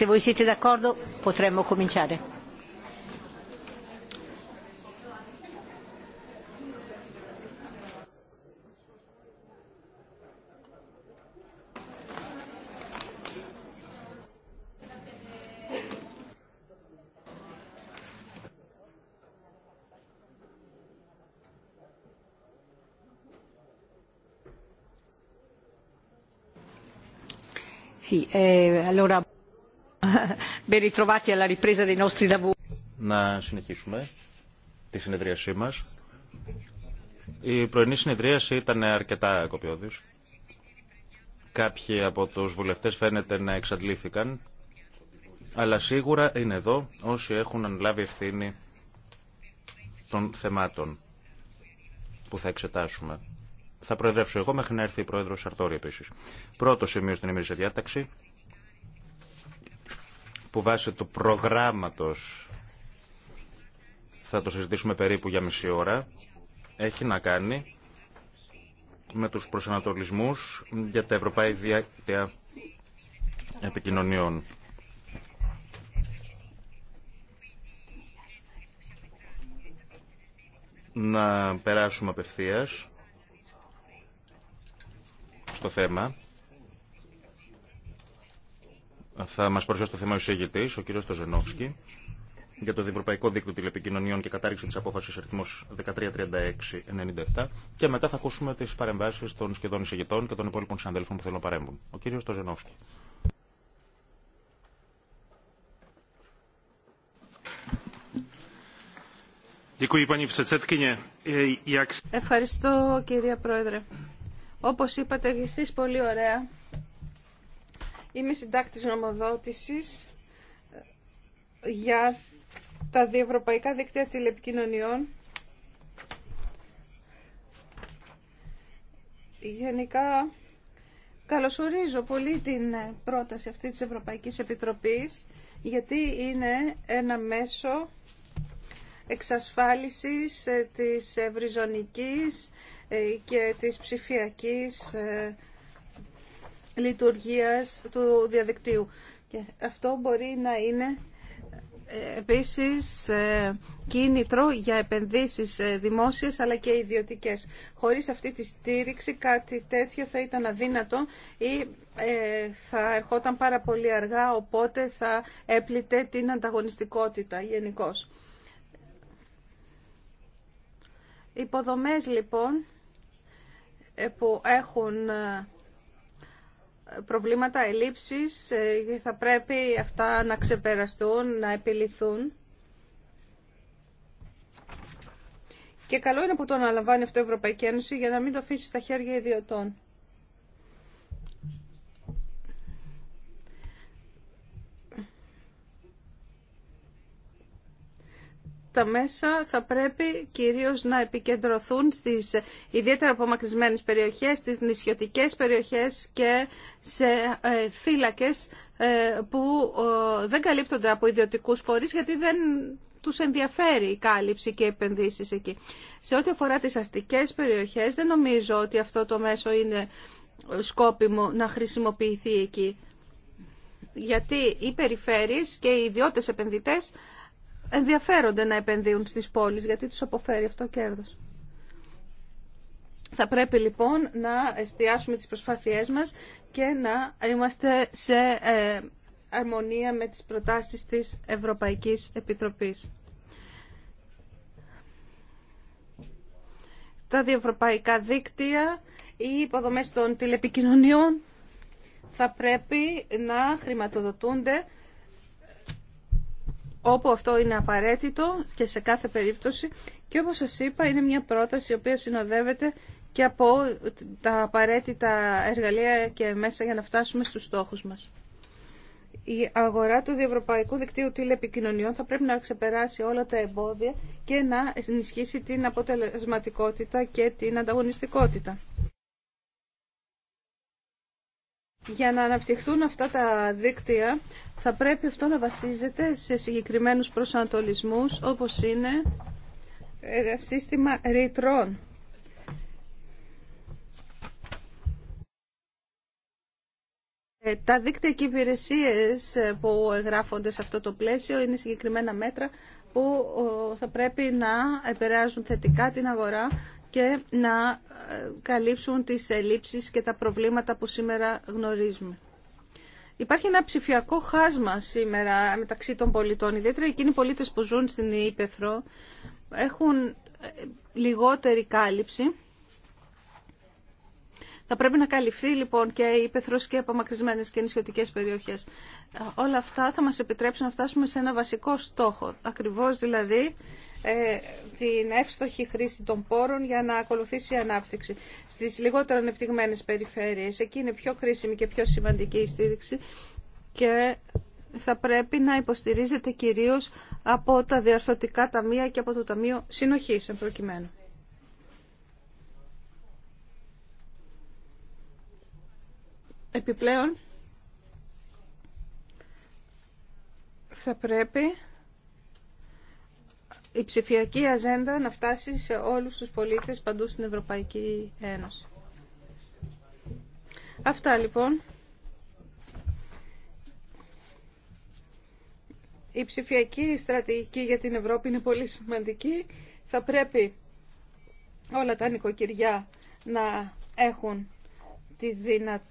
Se voi siete d'accordo potremmo cominciare. Sì, allora να συνεχίσουμε τη συνεδρίασή μας. Η πρωινή συνεδρίαση ήταν αρκετά κοπιώδης. Κάποιοι από τους βουλευτές φαίνεται να εξαντλήθηκαν, αλλά σίγουρα είναι εδώ όσοι έχουν αναλάβει ευθύνη των θεμάτων που θα εξετάσουμε. Θα προεδρεύσω εγώ μέχρι να έρθει η Πρόεδρος Σαρτόρη επίσης. Πρώτο σημείο στην ημερήσια διάταξη, που βάσει του προγράμματος θα το συζητήσουμε περίπου για μισή ώρα, έχει να κάνει με τους προσανατολισμούς για τα ευρωπαϊκά επικοινωνιών. Να περάσουμε απευθείας στο θέμα. Θα μα παρουσιάσει το θέμα ο εισηγητή, ο κύριος Τοζενόφσκι, για το Ευρωπαϊκό Δίκτυο Τηλεπικοινωνιών και κατάργηση τη αποφαση αριθμο αριθμός 1336-97 και μετά θα ακούσουμε τι παρεμβάσει των σχεδόν εισηγητών και των υπόλοιπων συναδέλφων που θέλουν να παρέμβουν. Ο κύριος Τοζενόφσκι. Ευχαριστώ κυρία Πρόεδρε. Όπως είπατε εσείς πολύ ωραία, Είμαι συντάκτης νομοδότησης για τα διευρωπαϊκά δίκτυα τηλεπικοινωνιών. Γενικά, καλωσορίζω πολύ την πρόταση αυτή της Ευρωπαϊκής Επιτροπής, γιατί είναι ένα μέσο εξασφάλισης ε, της ευρυζωνικής ε, και της ψηφιακής ε, λειτουργίας του διαδικτύου. Και αυτό μπορεί να είναι ε, επίσης ε, κίνητρο για επενδύσεις ε, δημόσιες αλλά και ιδιωτικές. Χωρίς αυτή τη στήριξη κάτι τέτοιο θα ήταν αδύνατο ή θα ερχόταν πάρα πολύ αργά οπότε θα έπλητε την ανταγωνιστικότητα γενικώ. Υποδομές λοιπόν που έχουν προβλήματα ελλείψεις και ε, θα πρέπει αυτά να ξεπεραστούν, να επιληθούν. Και καλό είναι που το αναλαμβάνει αυτό η Ευρωπαϊκή Ένωση για να μην το αφήσει στα χέρια ιδιωτών. τα μέσα θα πρέπει κυρίως να επικεντρωθούν στις ιδιαίτερα απομακρυσμένες περιοχές, στις νησιωτικές περιοχές και σε θύλακες ε, ε, που ε, δεν καλύπτονται από ιδιωτικούς φορείς γιατί δεν τους ενδιαφέρει η κάλυψη και οι επενδύσεις εκεί. Σε ό,τι αφορά τις αστικές περιοχές δεν νομίζω ότι αυτό το μέσο είναι σκόπιμο να χρησιμοποιηθεί εκεί. Γιατί οι περιφέρειες και οι ιδιώτες επενδυτές ενδιαφέρονται να επενδύουν στις πόλεις γιατί τους αποφέρει αυτό κέρδος. Θα πρέπει λοιπόν να εστιάσουμε τις προσπάθειές μας και να είμαστε σε ε, αρμονία με τις προτάσεις της Ευρωπαϊκής Επιτροπής. Τα διευρωπαϊκά δίκτυα, ή υποδομές των τηλεπικοινωνιών θα πρέπει να χρηματοδοτούνται όπου αυτό είναι απαραίτητο και σε κάθε περίπτωση. Και όπως σας είπα, είναι μια πρόταση η οποία συνοδεύεται και από τα απαραίτητα εργαλεία και μέσα για να φτάσουμε στους στόχους μας. Η αγορά του διευρωπαϊκού δικτύου τηλεπικοινωνιών θα πρέπει να ξεπεράσει όλα τα εμπόδια και να ενισχύσει την αποτελεσματικότητα και την ανταγωνιστικότητα. Για να αναπτυχθούν αυτά τα δίκτυα θα πρέπει αυτό να βασίζεται σε συγκεκριμένους προσανατολισμούς όπως είναι ένα σύστημα ρητρών. Ε, τα δίκτυα και υπηρεσίε ε, που εγγράφονται σε αυτό το πλαίσιο είναι συγκεκριμένα μέτρα που θα πρέπει να επηρεάζουν θετικά την αγορά και να ε, καλύψουν τις ελλείψεις και τα προβλήματα που σήμερα γνωρίζουμε. Υπάρχει ένα ψηφιακό χάσμα σήμερα μεταξύ των πολιτών, ιδιαίτερα εκείνοι οι πολίτες που ζουν στην Ήπεθρο έχουν ε, λιγότερη κάλυψη θα πρέπει να καλυφθεί λοιπόν και η πεθρός και απομακρυσμένε και νησιωτικέ περιοχές. Ε, όλα αυτά θα μα επιτρέψουν να φτάσουμε σε ένα βασικό στόχο, Ακριβώ δηλαδή ε, την εύστοχη χρήση των πόρων για να ακολουθήσει η ανάπτυξη. στι λιγότερο ανεπτυγμένε περιφέρειες, εκεί είναι πιο χρήσιμη και πιο σημαντική η στήριξη και θα πρέπει να υποστηρίζεται κυρίως από τα διαρθωτικά ταμεία και από το Ταμείο Συνοχής, εν προκειμένου. Επιπλέον, θα πρέπει η ψηφιακή αζέντα να φτάσει σε όλους τους πολίτες παντού στην Ευρωπαϊκή Ένωση. Αυτά λοιπόν. Η ψηφιακή στρατηγική για την Ευρώπη είναι πολύ σημαντική. Θα πρέπει όλα τα νοικοκυριά να έχουν τη δυνατότητα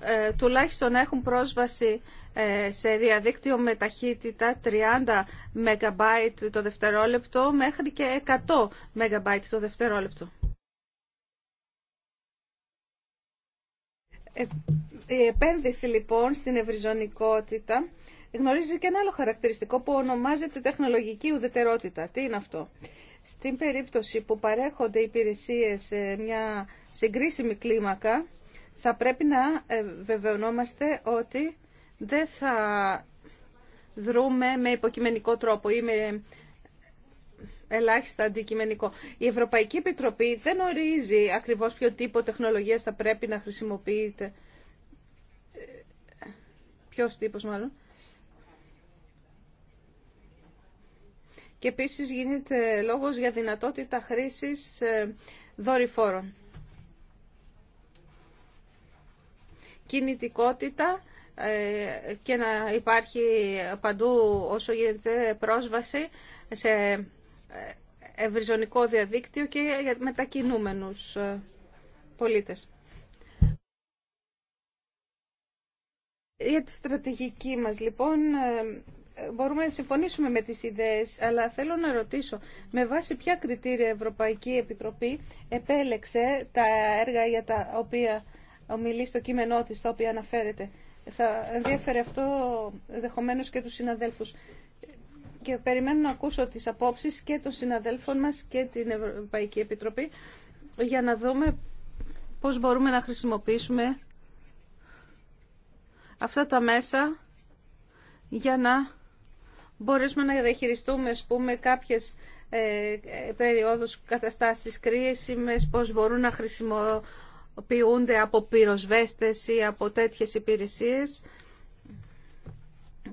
ε, τουλάχιστον έχουν πρόσβαση ε, σε διαδίκτυο με ταχύτητα 30 MB το δευτερόλεπτο μέχρι και 100 MB το δευτερόλεπτο. Ε, η επένδυση λοιπόν στην ευρυζωνικότητα γνωρίζει και ένα άλλο χαρακτηριστικό που ονομάζεται τεχνολογική ουδετερότητα. Τι είναι αυτό. Στην περίπτωση που παρέχονται υπηρεσίες σε μια συγκρίσιμη κλίμακα, θα πρέπει να ε, βεβαιωνόμαστε ότι δεν θα δρούμε με υποκειμενικό τρόπο ή με ελάχιστα αντικειμενικό. Η Ευρωπαϊκή Επιτροπή δεν ορίζει ακριβώς ποιο τύπο τεχνολογίας θα πρέπει να χρησιμοποιείται. Ποιος τύπος μάλλον. Και επίσης γίνεται λόγος για δυνατότητα χρήσης ε, δορυφόρων. κινητικότητα ε, και να υπάρχει παντού όσο γίνεται πρόσβαση σε ε, ευρυζωνικό διαδίκτυο και για μετακινούμενους ε, πολίτες. Για τη στρατηγική μας λοιπόν μπορούμε να συμφωνήσουμε με τις ιδέες, αλλά θέλω να ρωτήσω, με βάση ποια κριτήρια η Ευρωπαϊκή Επιτροπή επέλεξε τα έργα για τα οποία ομιλεί στο κείμενό της, το οποίο αναφέρεται. Θα ενδιαφέρει αυτό δεχομένω και του συναδέλφους. Και περιμένω να ακούσω τις απόψεις και των συναδέλφων μας και την Ευρωπαϊκή Επιτροπή για να δούμε πώς μπορούμε να χρησιμοποιήσουμε αυτά τα μέσα για να μπορέσουμε να διαχειριστούμε ας πούμε, κάποιες ε, ε περιόδους καταστάσεις κρίσιμες, πώς μπορούν να χρησιμοποιηθούν ποιούνται από πυροσβέστες ή από τέτοιες υπηρεσίες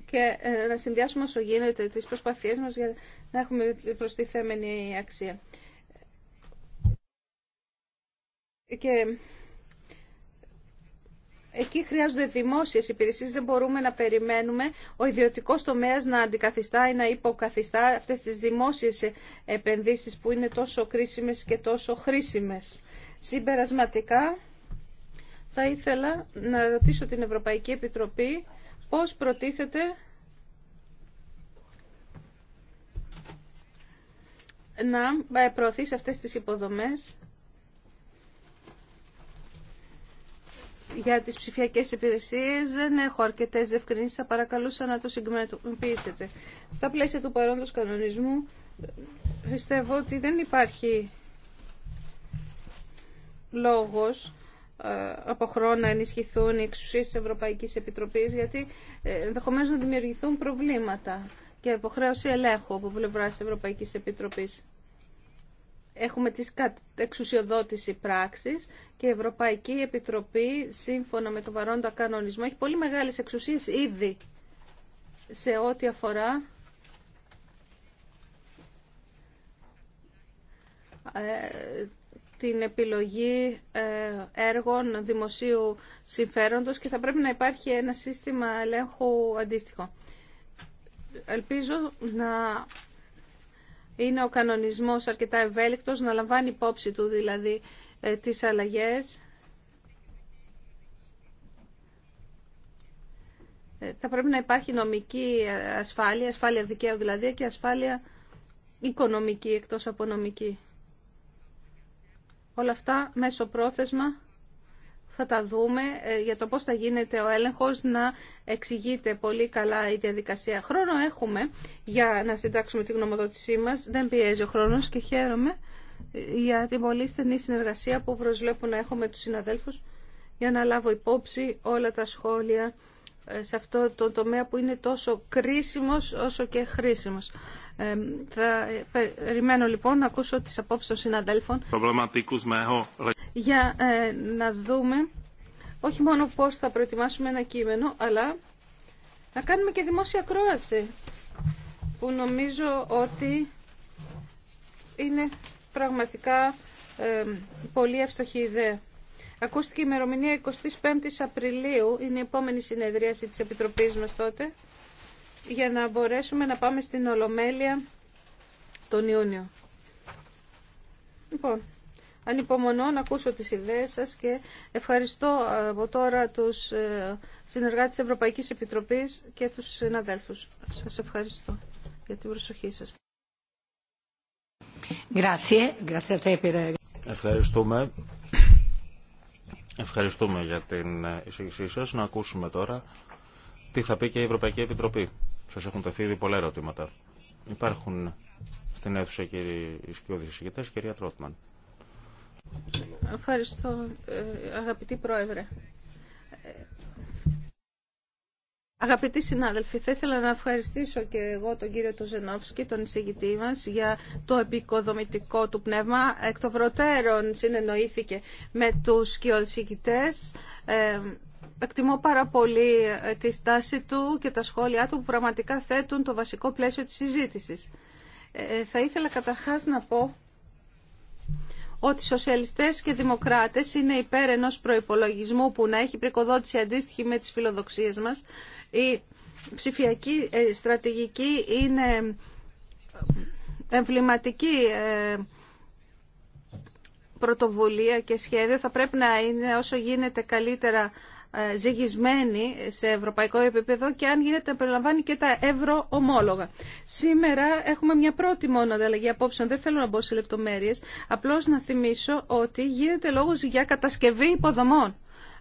και ε, να συνδυάσουμε όσο γίνεται τις προσπαθίες μας για να έχουμε προστιθέμενη αξία. Και εκεί χρειάζονται δημόσιες υπηρεσίες, δεν μπορούμε να περιμένουμε ο ιδιωτικός τομέας να αντικαθιστά ή να υποκαθιστά αυτές τις δημόσιες επενδύσεις που είναι τόσο κρίσιμες και τόσο χρήσιμες. Συμπερασματικά, θα ήθελα να ρωτήσω την Ευρωπαϊκή Επιτροπή πώς προτίθεται να ε, προωθεί σε αυτές τις υποδομές για τις ψηφιακές υπηρεσίες δεν έχω αρκετές διευκρινήσεις θα παρακαλούσα να το συγκεκριμένοποιήσετε στα πλαίσια του παρόντος κανονισμού πιστεύω ότι δεν υπάρχει λόγος ε, από χρόνο να ενισχυθούν οι εξουσίες της Ευρωπαϊκής Επιτροπής γιατί ε, ενδεχομένω να δημιουργηθούν προβλήματα και υποχρέωση ελέγχου από πλευρά της Ευρωπαϊκής Επιτροπής. Έχουμε τις εξουσιοδότηση πράξης και η Ευρωπαϊκή Επιτροπή σύμφωνα με τον παρόντα κανονισμό έχει πολύ μεγάλες εξουσίες ήδη σε ό,τι αφορά ε, την επιλογή ε, έργων δημοσίου συμφέροντος και θα πρέπει να υπάρχει ένα σύστημα ελέγχου αντίστοιχο. Ελπίζω να είναι ο κανονισμός αρκετά ευέλικτος, να λαμβάνει υπόψη του δηλαδή ε, τις αλλαγές. Ε, θα πρέπει να υπάρχει νομική ασφάλεια, ασφάλεια δικαίου δηλαδή και ασφάλεια οικονομική εκτός από νομική. Όλα αυτά μέσω πρόθεσμα θα τα δούμε ε, για το πώς θα γίνεται ο έλεγχος να εξηγείται πολύ καλά η διαδικασία. Χρόνο έχουμε για να συντάξουμε τη γνωμοδότησή μας. Δεν πιέζει ο χρόνος και χαίρομαι ε, για την πολύ στενή συνεργασία που προσβλέπω να έχω με τους συναδέλφους για να λάβω υπόψη όλα τα σχόλια ε, σε αυτό το τομέα που είναι τόσο κρίσιμος όσο και χρήσιμος θα περιμένω λοιπόν να ακούσω τις απόψεις των συναντέλφων για ε, να δούμε όχι μόνο πώς θα προετοιμάσουμε ένα κείμενο, αλλά να κάνουμε και δημόσια κρόαση, που νομίζω ότι είναι πραγματικά πολύ ευστοχή ιδέα. Ακούστηκε η ημερομηνία 25 Απριλίου, είναι η επόμενη συνεδρίαση της Επιτροπής μας τότε για να μπορέσουμε να πάμε στην Ολομέλεια τον Ιούνιο. Λοιπόν, ανυπομονώ να ακούσω τις ιδέες σας και ευχαριστώ από τώρα τους ε, συνεργάτες της Ευρωπαϊκής Επιτροπής και τους συναδέλφους. Σας ευχαριστώ για την προσοχή σας. Ευχαριστούμε. Ευχαριστούμε για την εισήγησή σας. Να ακούσουμε τώρα τι θα πει και η Ευρωπαϊκή Επιτροπή. Σα έχουν τεθεί ήδη πολλά ερωτήματα. Υπάρχουν στην αίθουσα κύριοι σκιώδης συγκεκριτές, κυρία Τρότμαν. Ευχαριστώ, ε, αγαπητή Πρόεδρε. Αγαπητοί συνάδελφοι, θα ήθελα να ευχαριστήσω και εγώ τον κύριο Τουζενόφσκι, τον εισηγητή μας, για το επικοδομητικό του πνεύμα. Εκ των προτέρων συνεννοήθηκε με τους Ε, εκτιμώ πάρα πολύ ε, τη στάση του και τα σχόλιά του που πραγματικά θέτουν το βασικό πλαίσιο της συζήτησης. Ε, ε, θα ήθελα καταρχάς να πω ότι σοσιαλιστές και δημοκράτες είναι υπέρ ενός προϋπολογισμού που να έχει πρικοδότηση αντίστοιχη με τις φιλοδοξίες μας. Η ψηφιακή στρατηγική είναι εμβληματική πρωτοβουλία και σχέδιο. Θα πρέπει να είναι όσο γίνεται καλύτερα ε, ζυγισμένη σε ευρωπαϊκό επίπεδο και αν γίνεται να περιλαμβάνει και τα ευρωομόλογα. Σήμερα έχουμε μια πρώτη μόνο ανταλλαγή απόψεων, δεν θέλω να μπω σε λεπτομέρειες, απλώς να θυμίσω ότι γίνεται λόγος για κατασκευή υποδομών.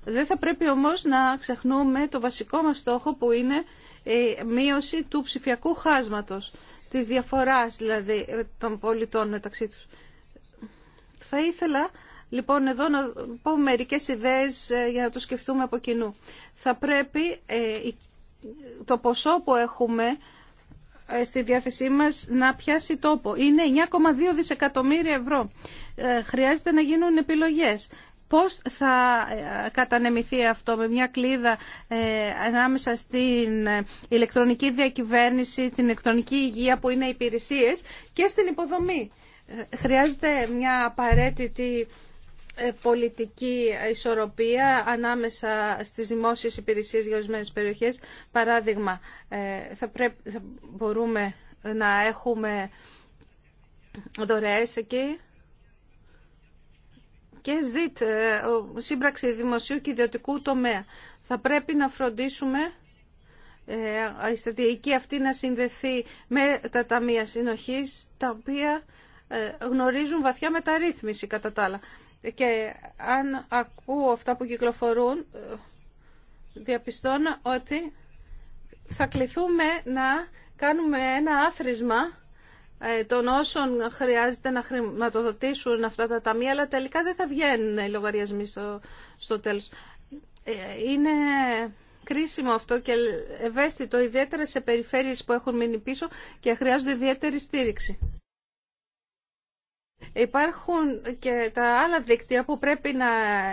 Δεν θα πρέπει όμως να ξεχνούμε το βασικό μας στόχο που είναι η μείωση του ψηφιακού χάσματος, της διαφοράς δηλαδή των πολιτών μεταξύ τους. Θα ήθελα Λοιπόν, εδώ να πω μερικές ιδέες ε, για να το σκεφτούμε από κοινού. Θα πρέπει ε, το ποσό που έχουμε ε, στη διάθεσή μας να πιάσει τόπο. Είναι 9,2 δισεκατομμύρια ευρώ. Χρειάζεται να γίνουν επιλογές. Πώς θα κατανεμηθεί αυτό με μια κλίδα ανάμεσα στην ηλεκτρονική διακυβέρνηση, την ηλεκτρονική υγεία που είναι υπηρεσίες και στην υποδομή. Χρειάζεται μια απαραίτητη ε, πολιτική ισορροπία ανάμεσα στις δημόσιες υπηρεσίες για ορισμένε περιοχές. Παράδειγμα, ε, θα, μπορούμε να έχουμε δωρεές εκεί και ΣΔΙΤ, ε, σύμπραξη δημοσίου και ιδιωτικού τομέα. Θα πρέπει να φροντίσουμε η στρατηγική αυτή να συνδεθεί με τα ταμεία συνοχής, τα οποία γνωρίζουν βαθιά μεταρρύθμιση κατά τα άλλα και αν ακούω αυτά που κυκλοφορούν, ε, διαπιστώνω ότι θα κληθούμε να κάνουμε ένα άθροισμα ε, των όσων χρειάζεται να χρηματοδοτήσουν αυτά τα ταμεία, αλλά τελικά δεν θα βγαίνουν οι λογαριασμοί στο, στο τέλος. Ε, είναι κρίσιμο αυτό και ευαίσθητο, ιδιαίτερα σε περιφέρειες που έχουν μείνει πίσω και χρειάζονται ιδιαίτερη στήριξη. Υπάρχουν και τα άλλα δίκτυα που πρέπει να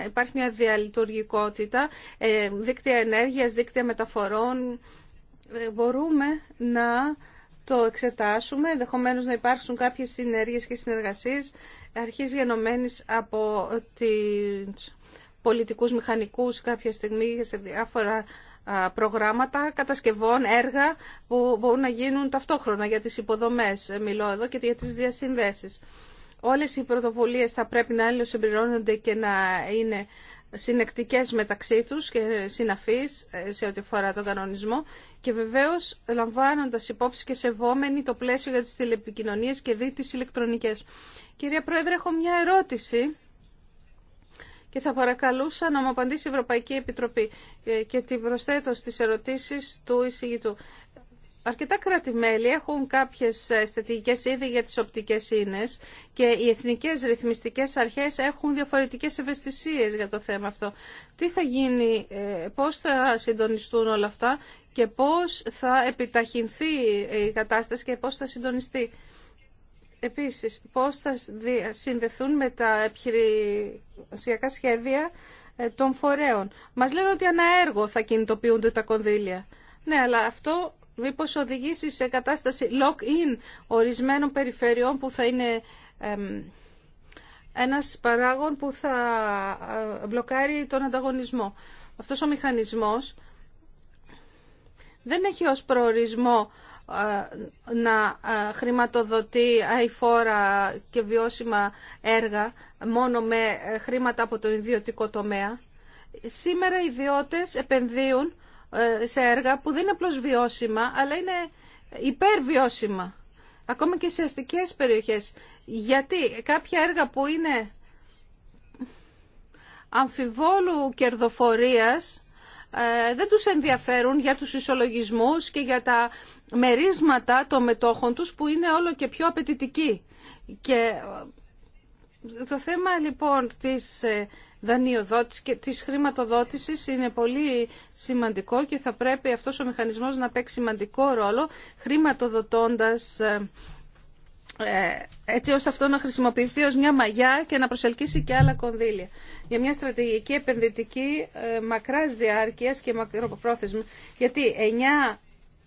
υπάρχει μια διαλειτουργικότητα, ε, δίκτυα ενέργειας, δίκτυα μεταφορών. Ε, μπορούμε να το εξετάσουμε, ενδεχομένως να υπάρξουν κάποιες συνέργειες και συνεργασίες, αρχής γενομένης από τις πολιτικούς μηχανικούς κάποια στιγμή σε διάφορα προγράμματα, κατασκευών, έργα που μπορούν να γίνουν ταυτόχρονα για τις υποδομές, ε, μιλώ εδώ, και για τις διασυνδέσεις. Όλες οι πρωτοβουλίες θα πρέπει να αλληλοσυμπληρώνονται και να είναι συνεκτικές μεταξύ τους και συναφείς ε, σε ό,τι αφορά τον κανονισμό και βεβαίως λαμβάνοντας υπόψη και σεβόμενοι το πλαίσιο για τις τηλεπικοινωνίες και δι' ηλεκτρονικές. Κυρία Πρόεδρε, έχω μια ερώτηση και θα παρακαλούσα να μου απαντήσει η Ευρωπαϊκή Επιτροπή ε, και την προσθέτω στις ερωτήσεις του εισηγητού. Αρκετά κράτη-μέλη έχουν κάποιες αισθητικές είδη για τις οπτικές ίνες και οι εθνικές ρυθμιστικές αρχές έχουν διαφορετικές ευαισθησίες για το θέμα αυτό. Τι θα γίνει, ε, πώς θα συντονιστούν όλα αυτά και πώς θα επιταχυνθεί η κατάσταση και πώς θα συντονιστεί. Επίσης, πώς θα συνδεθούν με τα επιχειρησιακά σχέδια ε, των φορέων. Μα λένε ότι ένα έργο θα κινητοποιούνται τα κονδύλια. Ναι, αλλά αυτό μήπως οδηγήσει σε κατάσταση lock-in ορισμένων περιφερειών που θα είναι ένας παράγων που θα ε, μπλοκάρει τον ανταγωνισμό. Αυτός ο μηχανισμός δεν έχει ως προορισμό ε, να ε, χρηματοδοτεί αηφόρα και βιώσιμα έργα μόνο με χρήματα από τον ιδιωτικό τομέα. Σήμερα οι ιδιώτες επενδύουν ε, σε έργα που δεν είναι απλώς βιώσιμα, αλλά είναι υπερβιώσιμα, ακόμα και σε αστικές περιοχές. Γιατί κάποια έργα που είναι αμφιβόλου κερδοφορίας ε, δεν τους ενδιαφέρουν για τους ισολογισμούς και για τα μερίσματα των μετόχων τους που είναι όλο και πιο απαιτητικοί. Και ε, το θέμα λοιπόν της δανειοδότηση και της χρηματοδότησης είναι πολύ σημαντικό και θα πρέπει αυτός ο μηχανισμός να παίξει σημαντικό ρόλο χρηματοδοτώντας ε, ε, έτσι ώστε αυτό να χρησιμοποιηθεί ως μια μαγιά και να προσελκύσει και άλλα κονδύλια. Για μια στρατηγική επενδυτική ε, μακράς διάρκειας και μακροπρόθεσμη. Γιατί 9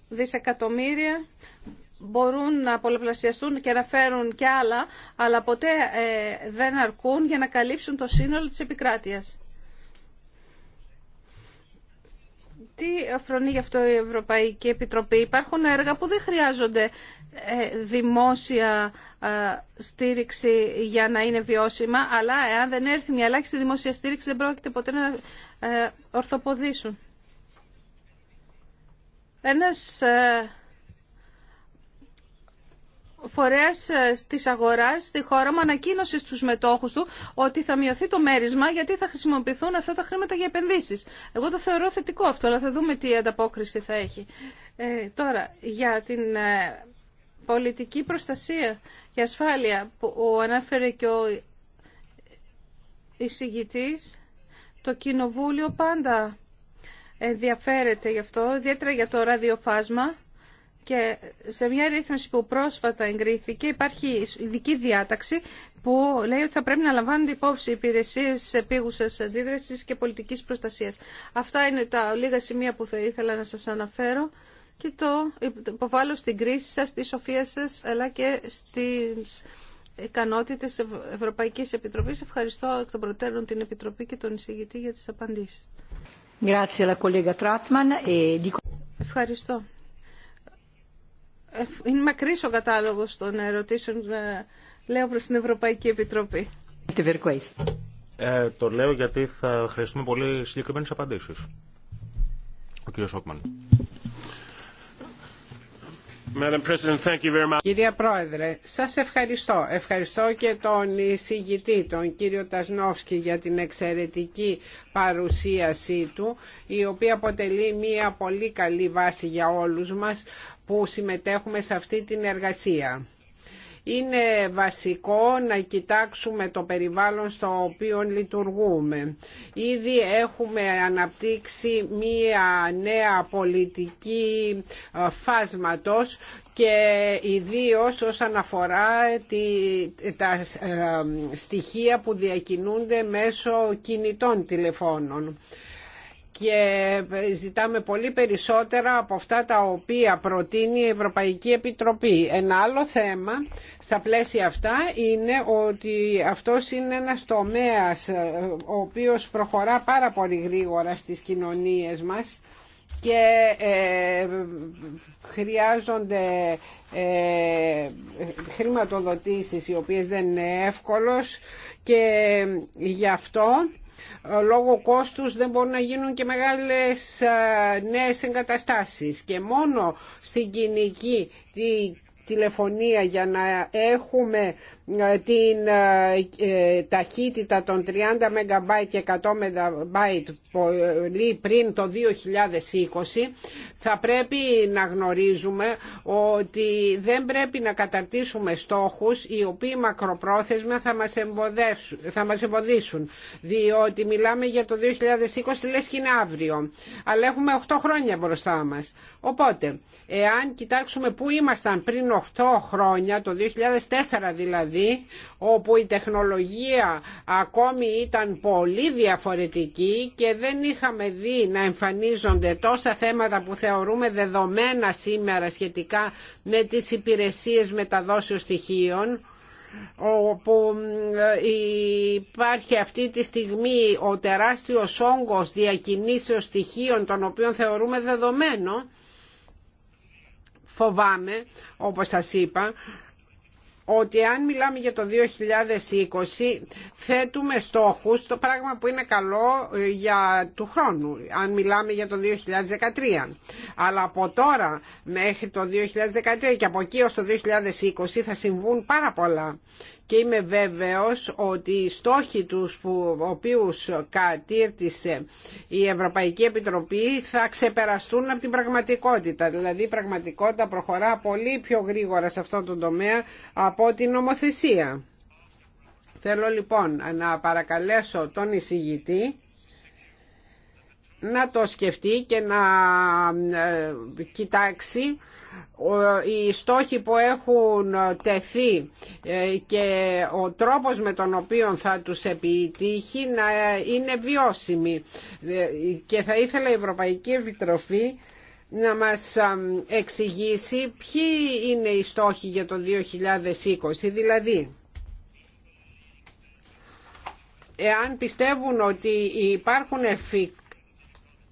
δισεκατομμύρια μπορούν να πολλαπλασιαστούν και να φέρουν και άλλα, αλλά ποτέ ε, δεν αρκούν για να καλύψουν το σύνολο της επικράτειας. Τι φρονεί γι' αυτό η Ευρωπαϊκή Επιτροπή. Υπάρχουν έργα που δεν χρειάζονται ε, δημόσια ε, στήριξη για να είναι βιώσιμα, αλλά εάν δεν έρθει μια ελάχιστη δημόσια στήριξη δεν πρόκειται ποτέ να ορθοποδήσουν. Ένας φορέα ε, τη αγορά στη χώρα μου ανακοίνωσε στου μετόχους του ότι θα μειωθεί το μέρισμα γιατί θα χρησιμοποιηθούν αυτά τα χρήματα για επενδύσεις. Εγώ το θεωρώ θετικό αυτό, αλλά θα δούμε τι ανταπόκριση θα έχει. Ε, τώρα, για την ε, πολιτική προστασία και ασφάλεια που ανάφερε και ο εισηγητή, το Κοινοβούλιο πάντα ενδιαφέρεται γι' αυτό, ιδιαίτερα για το ραδιοφάσμα και σε μια ρύθμιση που πρόσφατα εγκρίθηκε υπάρχει ειδική διάταξη που λέει ότι θα πρέπει να λαμβάνονται υπόψη υπηρεσίε επίγουσα αντίδραση και πολιτική προστασία. Αυτά είναι τα λίγα σημεία που θα ήθελα να σα αναφέρω και το υποβάλλω στην κρίση σα, στη σοφία σα, αλλά και στι ικανότητε Ευρωπαϊκή Επιτροπή. Ευχαριστώ εκ των προτέρων την Επιτροπή και τον εισηγητή για τι απαντήσει. E Ευχαριστώ. Είναι μακρύ ο κατάλογο των ερωτήσεων, ε, λέω προ την Ευρωπαϊκή Επιτροπή. Ε, το λέω γιατί θα χρειαστούμε πολύ συγκεκριμένε απαντήσει. Ο κύριος Σόκμαν. Κυρία Πρόεδρε, σας ευχαριστώ. Ευχαριστώ και τον εισηγητή, τον κύριο Τασνόφσκι, για την εξαιρετική παρουσίασή του, η οποία αποτελεί μια πολύ καλή βάση για όλους μας που συμμετέχουμε σε αυτή την εργασία. Είναι βασικό να κοιτάξουμε το περιβάλλον στο οποίο λειτουργούμε. Ήδη έχουμε αναπτύξει μία νέα πολιτική ε, φάσματος και ιδίως όσον αφορά τη, τα ε, στοιχεία που διακινούνται μέσω κινητών τηλεφώνων και ζητάμε πολύ περισσότερα από αυτά τα οποία προτείνει η Ευρωπαϊκή Επιτροπή. Ένα άλλο θέμα στα πλαίσια αυτά είναι ότι αυτός είναι ένας τομέας ε, ο οποίος προχωρά πάρα πολύ γρήγορα στις κοινωνίες μας και ε, χρειάζονται ε, χρηματοδοτήσεις οι οποίες δεν είναι εύκολος και γι' αυτό ε, λόγω κόστους δεν μπορούν να γίνουν και μεγάλες ε, νέες εγκαταστάσεις και μόνο στην κοινική τηλεφωνία για να έχουμε την ε, ε, ταχύτητα των 30 MB και 100 MB πολύ πριν το 2020 θα πρέπει να γνωρίζουμε ότι δεν πρέπει να καταρτήσουμε στόχους οι οποίοι μακροπρόθεσμα θα μας, θα μας εμποδίσουν διότι μιλάμε για το 2020 λες και είναι αύριο αλλά έχουμε 8 χρόνια μπροστά μας οπότε εάν κοιτάξουμε που ήμασταν πριν 8 χρόνια το 2004 δηλαδή Δηλαδή, όπου η τεχνολογία ακόμη ήταν πολύ διαφορετική και δεν είχαμε δει να εμφανίζονται τόσα θέματα που θεωρούμε δεδομένα σήμερα σχετικά με τις υπηρεσίες μεταδόσεως στοιχείων όπου ε, υπάρχει αυτή τη στιγμή ο τεράστιος όγκος διακινήσεως στοιχείων των οποίων θεωρούμε δεδομένο φοβάμαι όπως σας είπα ότι αν μιλάμε για το 2020 θέτουμε στόχους, το πράγμα που είναι καλό ε, για του χρόνου, αν μιλάμε για το 2013. Αλλά από τώρα μέχρι το 2013 και από εκεί ως το 2020 θα συμβούν πάρα πολλά και είμαι βέβαιος ότι οι στόχοι τους που οποίους κατήρτισε η Ευρωπαϊκή Επιτροπή θα ξεπεραστούν από την πραγματικότητα. Δηλαδή η πραγματικότητα προχωρά πολύ πιο γρήγορα σε αυτό το τομέα από την νομοθεσία. Θέλω λοιπόν να παρακαλέσω τον εισηγητή να το σκεφτεί και να ε, κοιτάξει οι στόχοι που έχουν τεθεί ε, και ο τρόπος με τον οποίο θα τους επιτύχει να είναι βιώσιμοι. Ε, και θα ήθελα η Ευρωπαϊκή Επιτροφή να μας εξηγήσει ποιοι είναι οι στόχοι για το 2020, δηλαδή εάν πιστεύουν ότι υπάρχουν εφικτές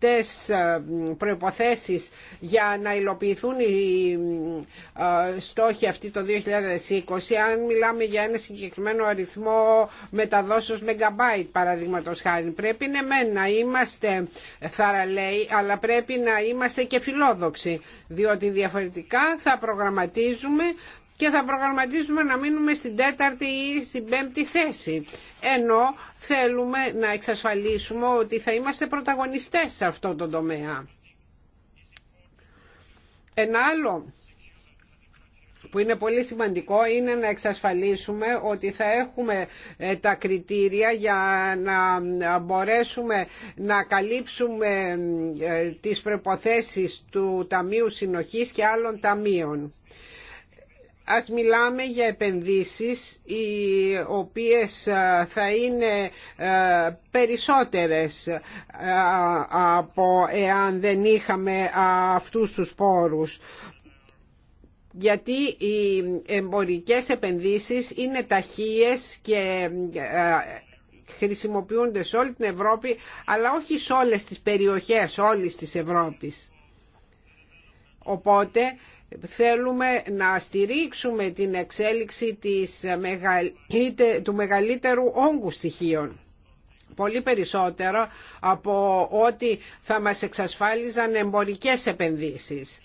αυτές ε, προϋποθέσεις για να υλοποιηθούν οι ε, στόχοι αυτοί το 2020 αν μιλάμε για ένα συγκεκριμένο αριθμό μεταδόσεως μεγαμπάιτ παραδείγματος χάρη πρέπει ναι μεν να είμαστε θαραλέοι αλλά πρέπει να είμαστε και φιλόδοξοι διότι διαφορετικά θα προγραμματίζουμε και θα προγραμματίζουμε να μείνουμε στην τέταρτη ή στην πέμπτη θέση. Ενώ θέλουμε να εξασφαλίσουμε ότι θα είμαστε πρωταγωνιστές σε αυτό το τομέα. Ένα άλλο που είναι πολύ σημαντικό είναι να εξασφαλίσουμε ότι θα έχουμε ε, τα κριτήρια για να μπορέσουμε να καλύψουμε ε, τις προποθέσεις του Ταμείου Συνοχής και άλλων ταμείων ας μιλάμε για επενδύσεις οι οποίες ε, θα είναι ε, περισσότερες ε, από εάν δεν είχαμε αυτούς τους πόρους γιατί οι εμπορικές επενδύσεις είναι ταχείες και χρησιμοποιούνται σε όλη την Ευρώπη αλλά όχι σε όλες τις περιοχές όλης της Ευρώπης. Οπότε θέλουμε να στηρίξουμε την εξέλιξη της, του μεγαλύτερου όγκου στοιχείων πολύ περισσότερο από ό,τι θα μας εξασφάλιζαν εμπορικές επενδύσεις.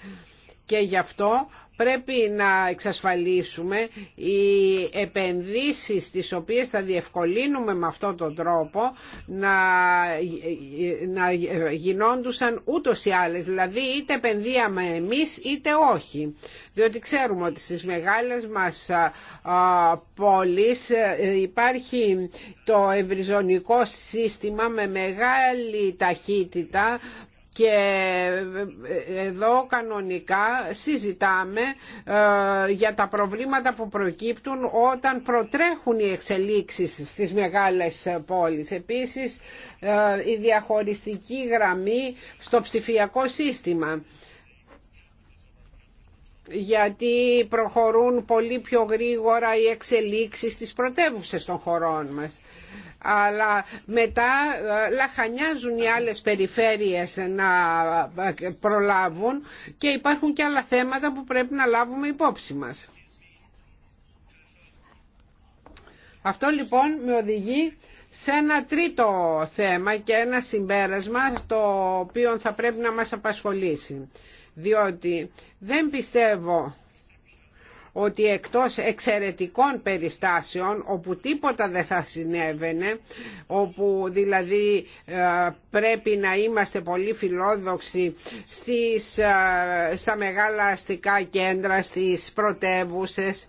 Και γι' αυτό πρέπει να εξασφαλίσουμε οι επενδύσεις τις οποίες θα διευκολύνουμε με αυτόν τον τρόπο να, να γινόντουσαν ούτως ή άλλες. Δηλαδή είτε επενδύαμε εμείς είτε όχι. Διότι ξέρουμε ότι στις μεγάλες μας πόλεις ε, υπάρχει το ευρυζωνικό σύστημα με μεγάλη ταχύτητα και ε, εδώ κανονικά συζητάμε ε, για τα προβλήματα που προκύπτουν όταν προτρέχουν οι εξελίξεις στις μεγάλες πόλεις. Επίσης ε, η διαχωριστική γραμμή στο ψηφιακό σύστημα γιατί προχωρούν πολύ πιο γρήγορα οι εξελίξεις στις πρωτεύουσες των χωρών μας αλλά μετά ε, λαχανιάζουν οι άλλες περιφέρειες να ε, προλάβουν και υπάρχουν και άλλα θέματα που πρέπει να λάβουμε υπόψη μας. Αυτό λοιπόν με οδηγεί σε ένα τρίτο θέμα και ένα συμπέρασμα το οποίο θα πρέπει να μας απασχολήσει. Διότι δεν πιστεύω ότι εκτός εξαιρετικών περιστάσεων όπου τίποτα δεν θα συνέβαινε όπου δηλαδή ε, πρέπει να είμαστε πολύ φιλόδοξοι στις, ε, στα μεγάλα αστικά κέντρα, στις πρωτεύουσες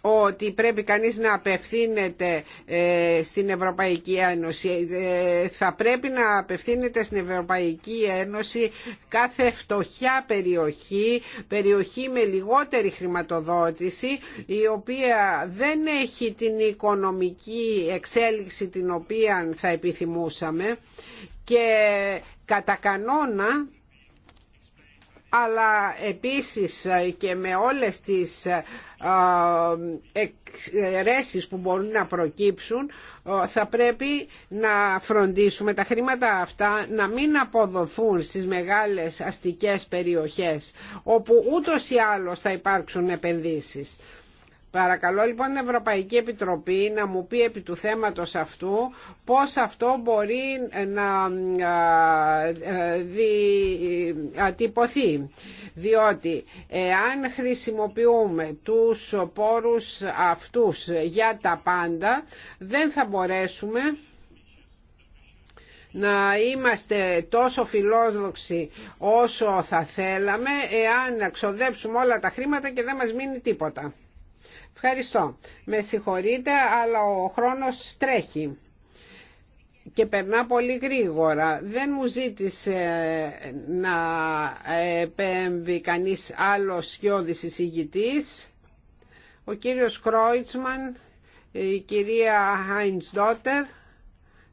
ότι πρέπει κανείς να απευθύνεται ε, στην Ευρωπαϊκή Ένωση. Ε, θα πρέπει να απευθύνεται στην Ευρωπαϊκή Ένωση κάθε φτωχιά περιοχή, περιοχή με λιγότερη χρηματοδότηση, η οποία δεν έχει την οικονομική εξέλιξη την οποία θα επιθυμούσαμε και κατά κανόνα αλλά επίσης και με όλες τις ε, εξαιρέσεις που μπορούν να προκύψουν ε, θα πρέπει να φροντίσουμε τα χρήματα αυτά να μην αποδοθούν στις μεγάλες αστικές περιοχές όπου ούτως ή άλλως θα υπάρξουν επενδύσεις. Παρακαλώ λοιπόν την Ευρωπαϊκή Επιτροπή να μου πει επί του θέματος αυτού πώς αυτό μπορεί να τυπωθεί. Διότι εάν χρησιμοποιούμε τους πόρους αυτούς για τα πάντα δεν θα μπορέσουμε να είμαστε τόσο φιλόδοξοι όσο θα θέλαμε εάν ξοδέψουμε όλα τα χρήματα και δεν μας μείνει τίποτα. Ευχαριστώ. Με συγχωρείτε, αλλά ο χρόνος τρέχει και περνά πολύ γρήγορα. Δεν μου ζήτησε ε, να επέμβει κανείς άλλος σιώδης εισηγητής. Ο κύριος Κρόιτσμαν, η κυρία Χάιντς Ντότερ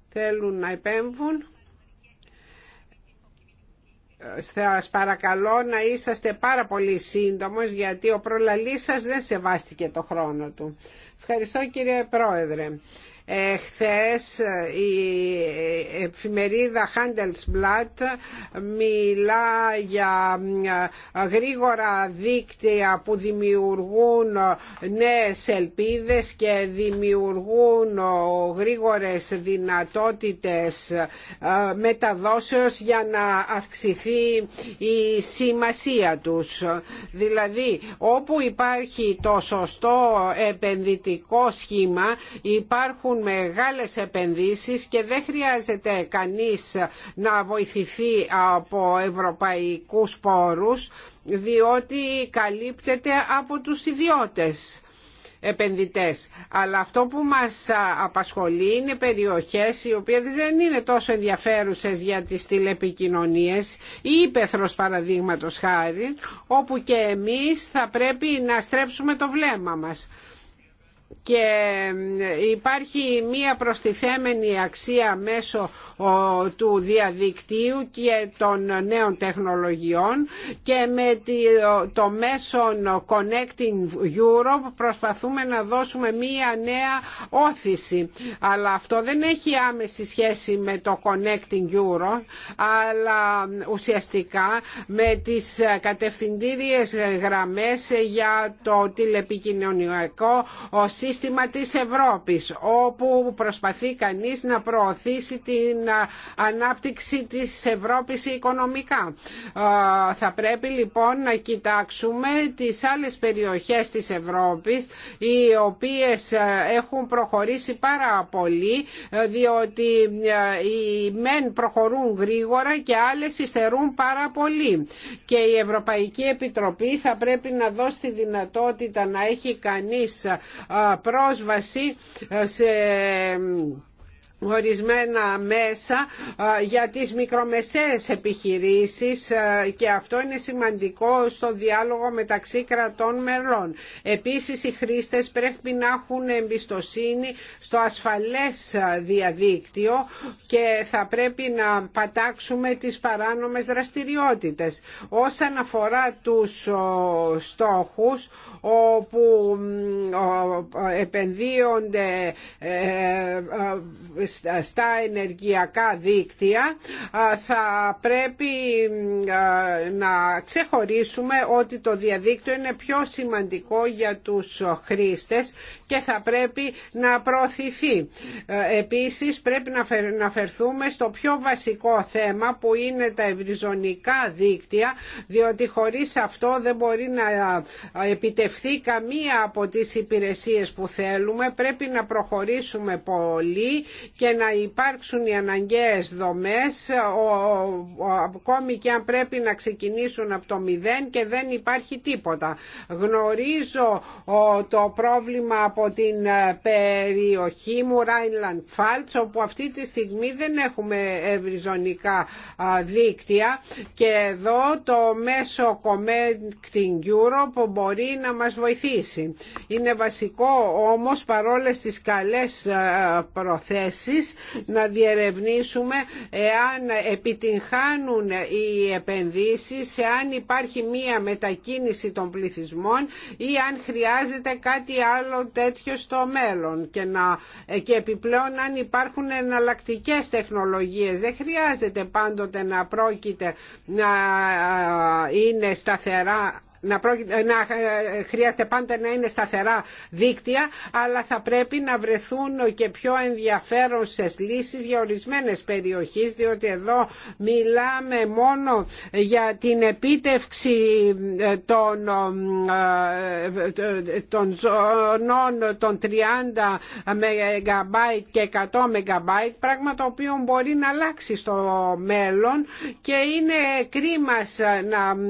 θέλουν να επέμβουν σας παρακαλώ να είσαστε πάρα πολύ σύντομος γιατί ο προλαλής σας δεν σεβάστηκε το χρόνο του. Ευχαριστώ κύριε Πρόεδρε. Ε, χθες ε, η εφημερίδα Handelsblatt μιλά για ε, γρήγορα δίκτυα που δημιουργούν νέες ελπίδες και δημιουργούν γρήγορες δυνατότητες μεταδόσεως για να αυξηθεί η σημασία τους. Δηλαδή όπου υπάρχει το σωστό επενδυτικό σχήμα υπάρχουν Μεγάλε μεγάλες επενδύσεις και δεν χρειάζεται κανείς να βοηθηθεί από ευρωπαϊκούς πόρους διότι καλύπτεται από τους ιδιώτες επενδυτές. Αλλά αυτό που μας απασχολεί είναι περιοχές οι οποίες δεν είναι τόσο ενδιαφέρουσες για τις τηλεπικοινωνίες ή υπεθρος παραδείγματος χάρη, όπου και εμείς θα πρέπει να στρέψουμε το βλέμμα μας και υπάρχει μία προστιθέμενη αξία μέσω του διαδικτύου και των νέων τεχνολογιών και με το μέσο Connecting Europe προσπαθούμε να δώσουμε μία νέα όθηση. Αλλά αυτό δεν έχει άμεση σχέση με το Connecting Europe αλλά ουσιαστικά με τις κατευθυντήριες γραμμές για το τηλεπικοινωνιακό σύστημα της Ευρώπης όπου προσπαθεί κανείς να προωθήσει την ανάπτυξη της Ευρώπης οικονομικά. Θα πρέπει λοιπόν να κοιτάξουμε τις άλλες περιοχές της Ευρώπης οι οποίες ε, έχουν προχωρήσει πάρα πολύ ε, διότι ε, οι μεν προχωρούν γρήγορα και άλλες υστερούν πάρα πολύ και η Ευρωπαϊκή Επιτροπή θα πρέπει να δώσει τη δυνατότητα να έχει κανείς πρόσβαση σε ορισμένα μέσα για τις μικρομεσαίες επιχειρήσεις και αυτό είναι σημαντικό στο διάλογο μεταξύ κρατών μελών. Επίσης οι χρήστες πρέπει να έχουν εμπιστοσύνη στο ασφαλές διαδίκτυο και θα πρέπει να πατάξουμε τις παράνομες δραστηριότητες. Όσον αφορά τους στόχους όπου επενδύονται ε, ε, στα ενεργειακά δίκτυα θα πρέπει να ξεχωρίσουμε ότι το διαδίκτυο είναι πιο σημαντικό για τους χρήστες και θα πρέπει να προωθηθεί. Ε, επίσης πρέπει να αναφερθούμε στο πιο βασικό θέμα που είναι τα ευρυζωνικά δίκτυα διότι χωρίς αυτό δεν μπορεί να επιτευχθεί καμία από τις υπηρεσίες που θέλουμε. Πρέπει να προχωρήσουμε πολύ και να υπάρξουν οι αναγκαίες δομές ακόμη και αν πρέπει να ξεκινήσουν από το μηδέν και δεν υπάρχει τίποτα. Γνωρίζω το πρόβλημα από την ε, περιοχή μου Rheinland Pfalz όπου αυτή τη στιγμή δεν έχουμε ευρυζωνικά δίκτυα και εδώ το μέσο Connecting Europe μπορεί να μας βοηθήσει. Είναι βασικό όμως παρόλες τις καλές ε, προθέσεις να διερευνήσουμε εάν επιτυγχάνουν οι επενδύσεις, εάν υπάρχει μία μετακίνηση των πληθυσμών ή αν χρειάζεται κάτι άλλο τέτοιο στο μέλλον και, να, και επιπλέον αν υπάρχουν εναλλακτικέ τεχνολογίες. Δεν χρειάζεται πάντοτε να πρόκειται να ε, είναι σταθερά να, ε, ε, χρειάζεται πάντα να είναι σταθερά δίκτυα, αλλά θα πρέπει να βρεθούν και πιο ενδιαφέρουσε λύσεις για ορισμένες περιοχές, διότι εδώ μιλάμε μόνο για την επίτευξη ε, των, των ζωνών των 30 και 100 MB, πράγμα το οποίο μπορεί να αλλάξει στο μέλλον και είναι κρίμα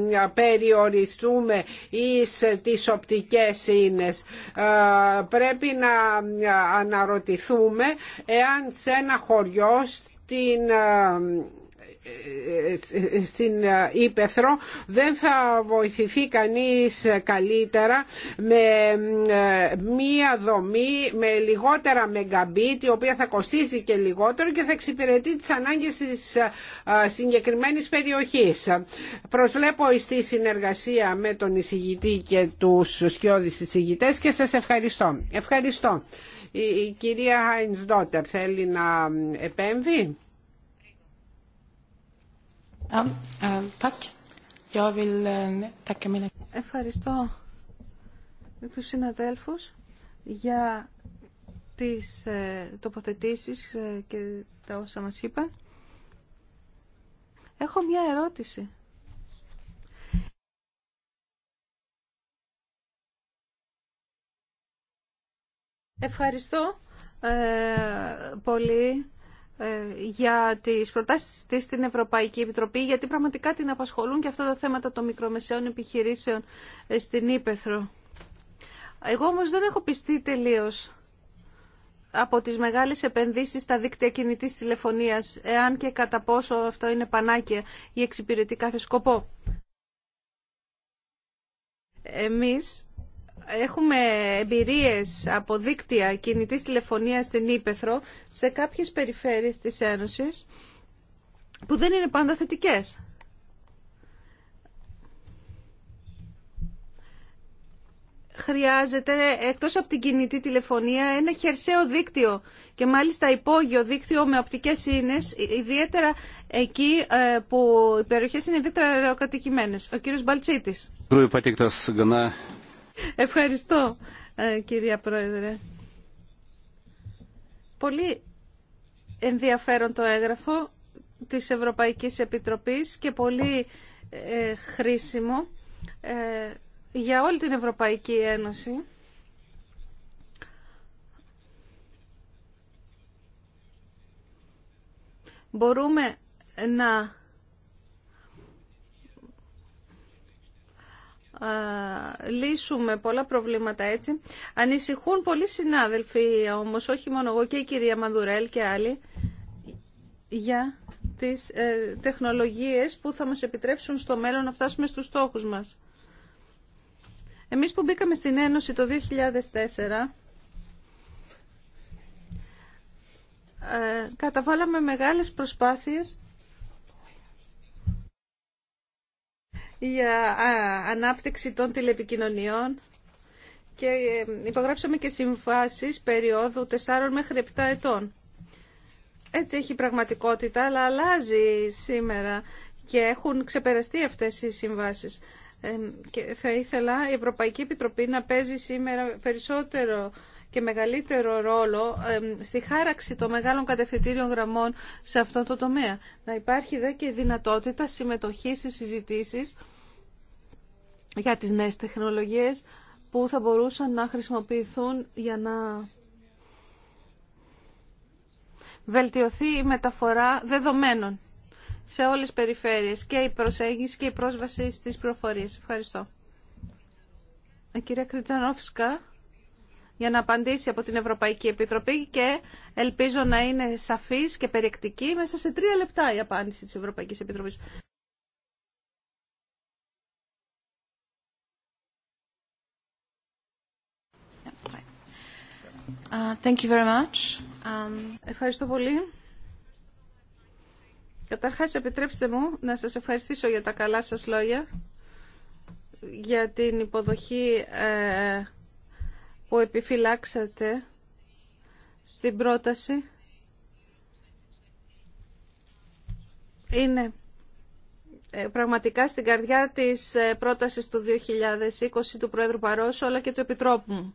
να περιοριστούμε η εις ε, τις οπτικές Πρέπει να ε, αναρωτηθούμε εάν σε ένα χωριό στην ε, στην Ήπεθρο δεν θα βοηθηθεί κανείς καλύτερα με ε, μία δομή με λιγότερα μεγαμπίτ η οποία θα κοστίζει και λιγότερο και θα εξυπηρετεί τις ανάγκες της ε, συγκεκριμένης περιοχής. Προσβλέπω στη συνεργασία με τον εισηγητή και τους σκιώδεις εισηγητές και σας ευχαριστώ. Ευχαριστώ. Η, κυρία Χάιντς Ντότερ θέλει να επέμβει. Eh, eh, Ευχαριστώ τους συναδέλφους για τις ε, τοποθετήσεις ε, και τα όσα μας είπαν. Έχω μια ερώτηση. Ευχαριστώ ε, πολύ ε, για τις προτάσεις της στην Ευρωπαϊκή Επιτροπή, γιατί πραγματικά την απασχολούν και αυτά τα θέματα των μικρομεσαίων επιχειρήσεων ε, στην Ήπεθρο. Εγώ όμως δεν έχω πιστεί τελείως από τις μεγάλες επενδύσεις στα δίκτυα κινητής τηλεφωνίας, εάν και κατά πόσο αυτό είναι πανάκια ή εξυπηρετεί κάθε σκοπό. Εμείς έχουμε εμπειρίες από δίκτυα κινητής τηλεφωνίας στην Ήπεθρο σε κάποιες περιφέρειες της Ένωσης που δεν είναι πάντα θετικές. Χρειάζεται εκτός από την κινητή τηλεφωνία ένα χερσαίο δίκτυο και μάλιστα υπόγειο δίκτυο με οπτικές ίνες, ιδιαίτερα εκεί ε, που οι περιοχές είναι ιδιαίτερα ρεοκατοικημένες. Ο κύριος Μπαλτσίτης. Ευχαριστώ, ε, κυρία Πρόεδρε. Πολύ ενδιαφέρον το έγγραφο της Ευρωπαϊκής Επιτροπής και πολύ ε, χρήσιμο ε, για όλη την Ευρωπαϊκή Ένωση. Μπορούμε να λύσουμε πολλά προβλήματα έτσι. Ανησυχούν πολλοί συνάδελφοι όμως, όχι μόνο εγώ και η κυρία Μανδουρέλ και άλλοι, για τις ε, τεχνολογίες που θα μας επιτρέψουν στο μέλλον να φτάσουμε στους στόχους μας. Εμείς που μπήκαμε στην Ένωση το 2004, ε, καταβάλαμε μεγάλες προσπάθειες για ανάπτυξη των τηλεπικοινωνιών και ε, υπογράψαμε και συμβάσεις περίοδου 4 μέχρι 7 ετών. Έτσι έχει πραγματικότητα, αλλά αλλάζει σήμερα και έχουν ξεπεραστεί αυτές οι συμβάσεις. Ε, και θα ήθελα η Ευρωπαϊκή Επιτροπή να παίζει σήμερα περισσότερο και μεγαλύτερο ρόλο στη χάραξη των μεγάλων κατευθυντήριων γραμμών σε αυτό το τομέα. Να υπάρχει δε και δυνατότητα συμμετοχή σε συζητήσει για τις νέες τεχνολογίες που θα μπορούσαν να χρησιμοποιηθούν για να βελτιωθεί η μεταφορά δεδομένων σε όλες τις περιφέρειες και η προσέγγιση και η πρόσβαση στις πληροφορίες. Ευχαριστώ. Ε, για να απαντήσει από την Ευρωπαϊκή Επιτροπή και ελπίζω να είναι σαφής και περιεκτική μέσα σε τρία λεπτά η απάντηση της Ευρωπαϊκής Επιτροπής. Uh, um, Ευχαριστώ πολύ. Καταρχάς, επιτρέψτε μου να σας ευχαριστήσω για τα καλά σας λόγια, για την υποδοχή ε, που επιφυλάξατε στην πρόταση είναι ε, πραγματικά στην καρδιά της ε, πρότασης του 2020 του Πρόεδρου Παρόσου αλλά και του Επιτρόπου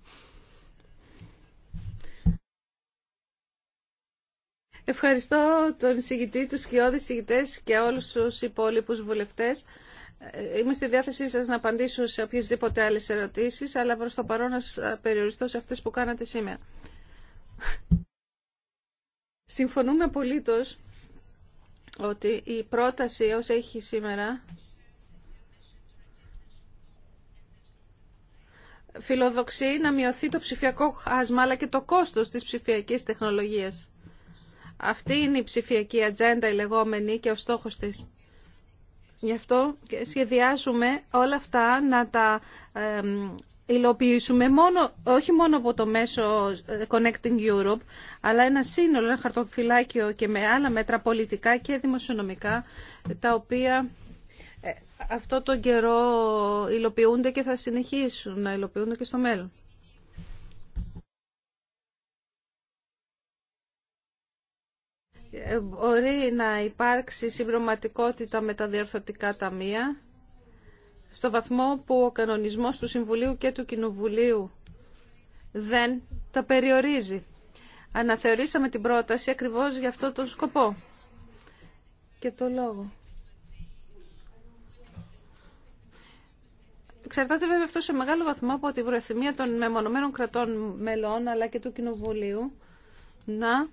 Ευχαριστώ τον συγητή, τους σκιώδης εισηγητές και όλους τους υπόλοιπους βουλευτές. Είμαι στη διάθεσή σας να απαντήσω σε οποιασδήποτε άλλες ερωτήσεις, αλλά προς το παρόν να περιοριστώ σε αυτές που κάνατε σήμερα. Συμφωνούμε απολύτως ότι η πρόταση ως έχει σήμερα φιλοδοξεί να μειωθεί το ψηφιακό χάσμα αλλά και το κόστος της ψηφιακής τεχνολογίας. Αυτή είναι η ψηφιακή ατζέντα η λεγόμενη και ο στόχος της. Γι' αυτό σχεδιάζουμε όλα αυτά να τα ε, υλοποιήσουμε μόνο, όχι μόνο από το μέσο ε, Connecting Europe, αλλά ένα σύνολο, ένα χαρτοφυλάκιο και με άλλα μέτρα πολιτικά και δημοσιονομικά, τα οποία ε, αυτό τον καιρό υλοποιούνται και θα συνεχίσουν να υλοποιούνται και στο μέλλον. Ε, μπορεί να υπάρξει συμπροματικότητα με τα διορθωτικά ταμεία στο βαθμό που ο κανονισμός του Συμβουλίου και του Κοινοβουλίου δεν τα περιορίζει. Αναθεωρήσαμε την πρόταση ακριβώς για αυτό τον σκοπό και το λόγο. Εξαρτάται βέβαια αυτό σε μεγάλο βαθμό από την προεθυμία των μεμονωμένων κρατών μελών αλλά και του Κοινοβουλίου να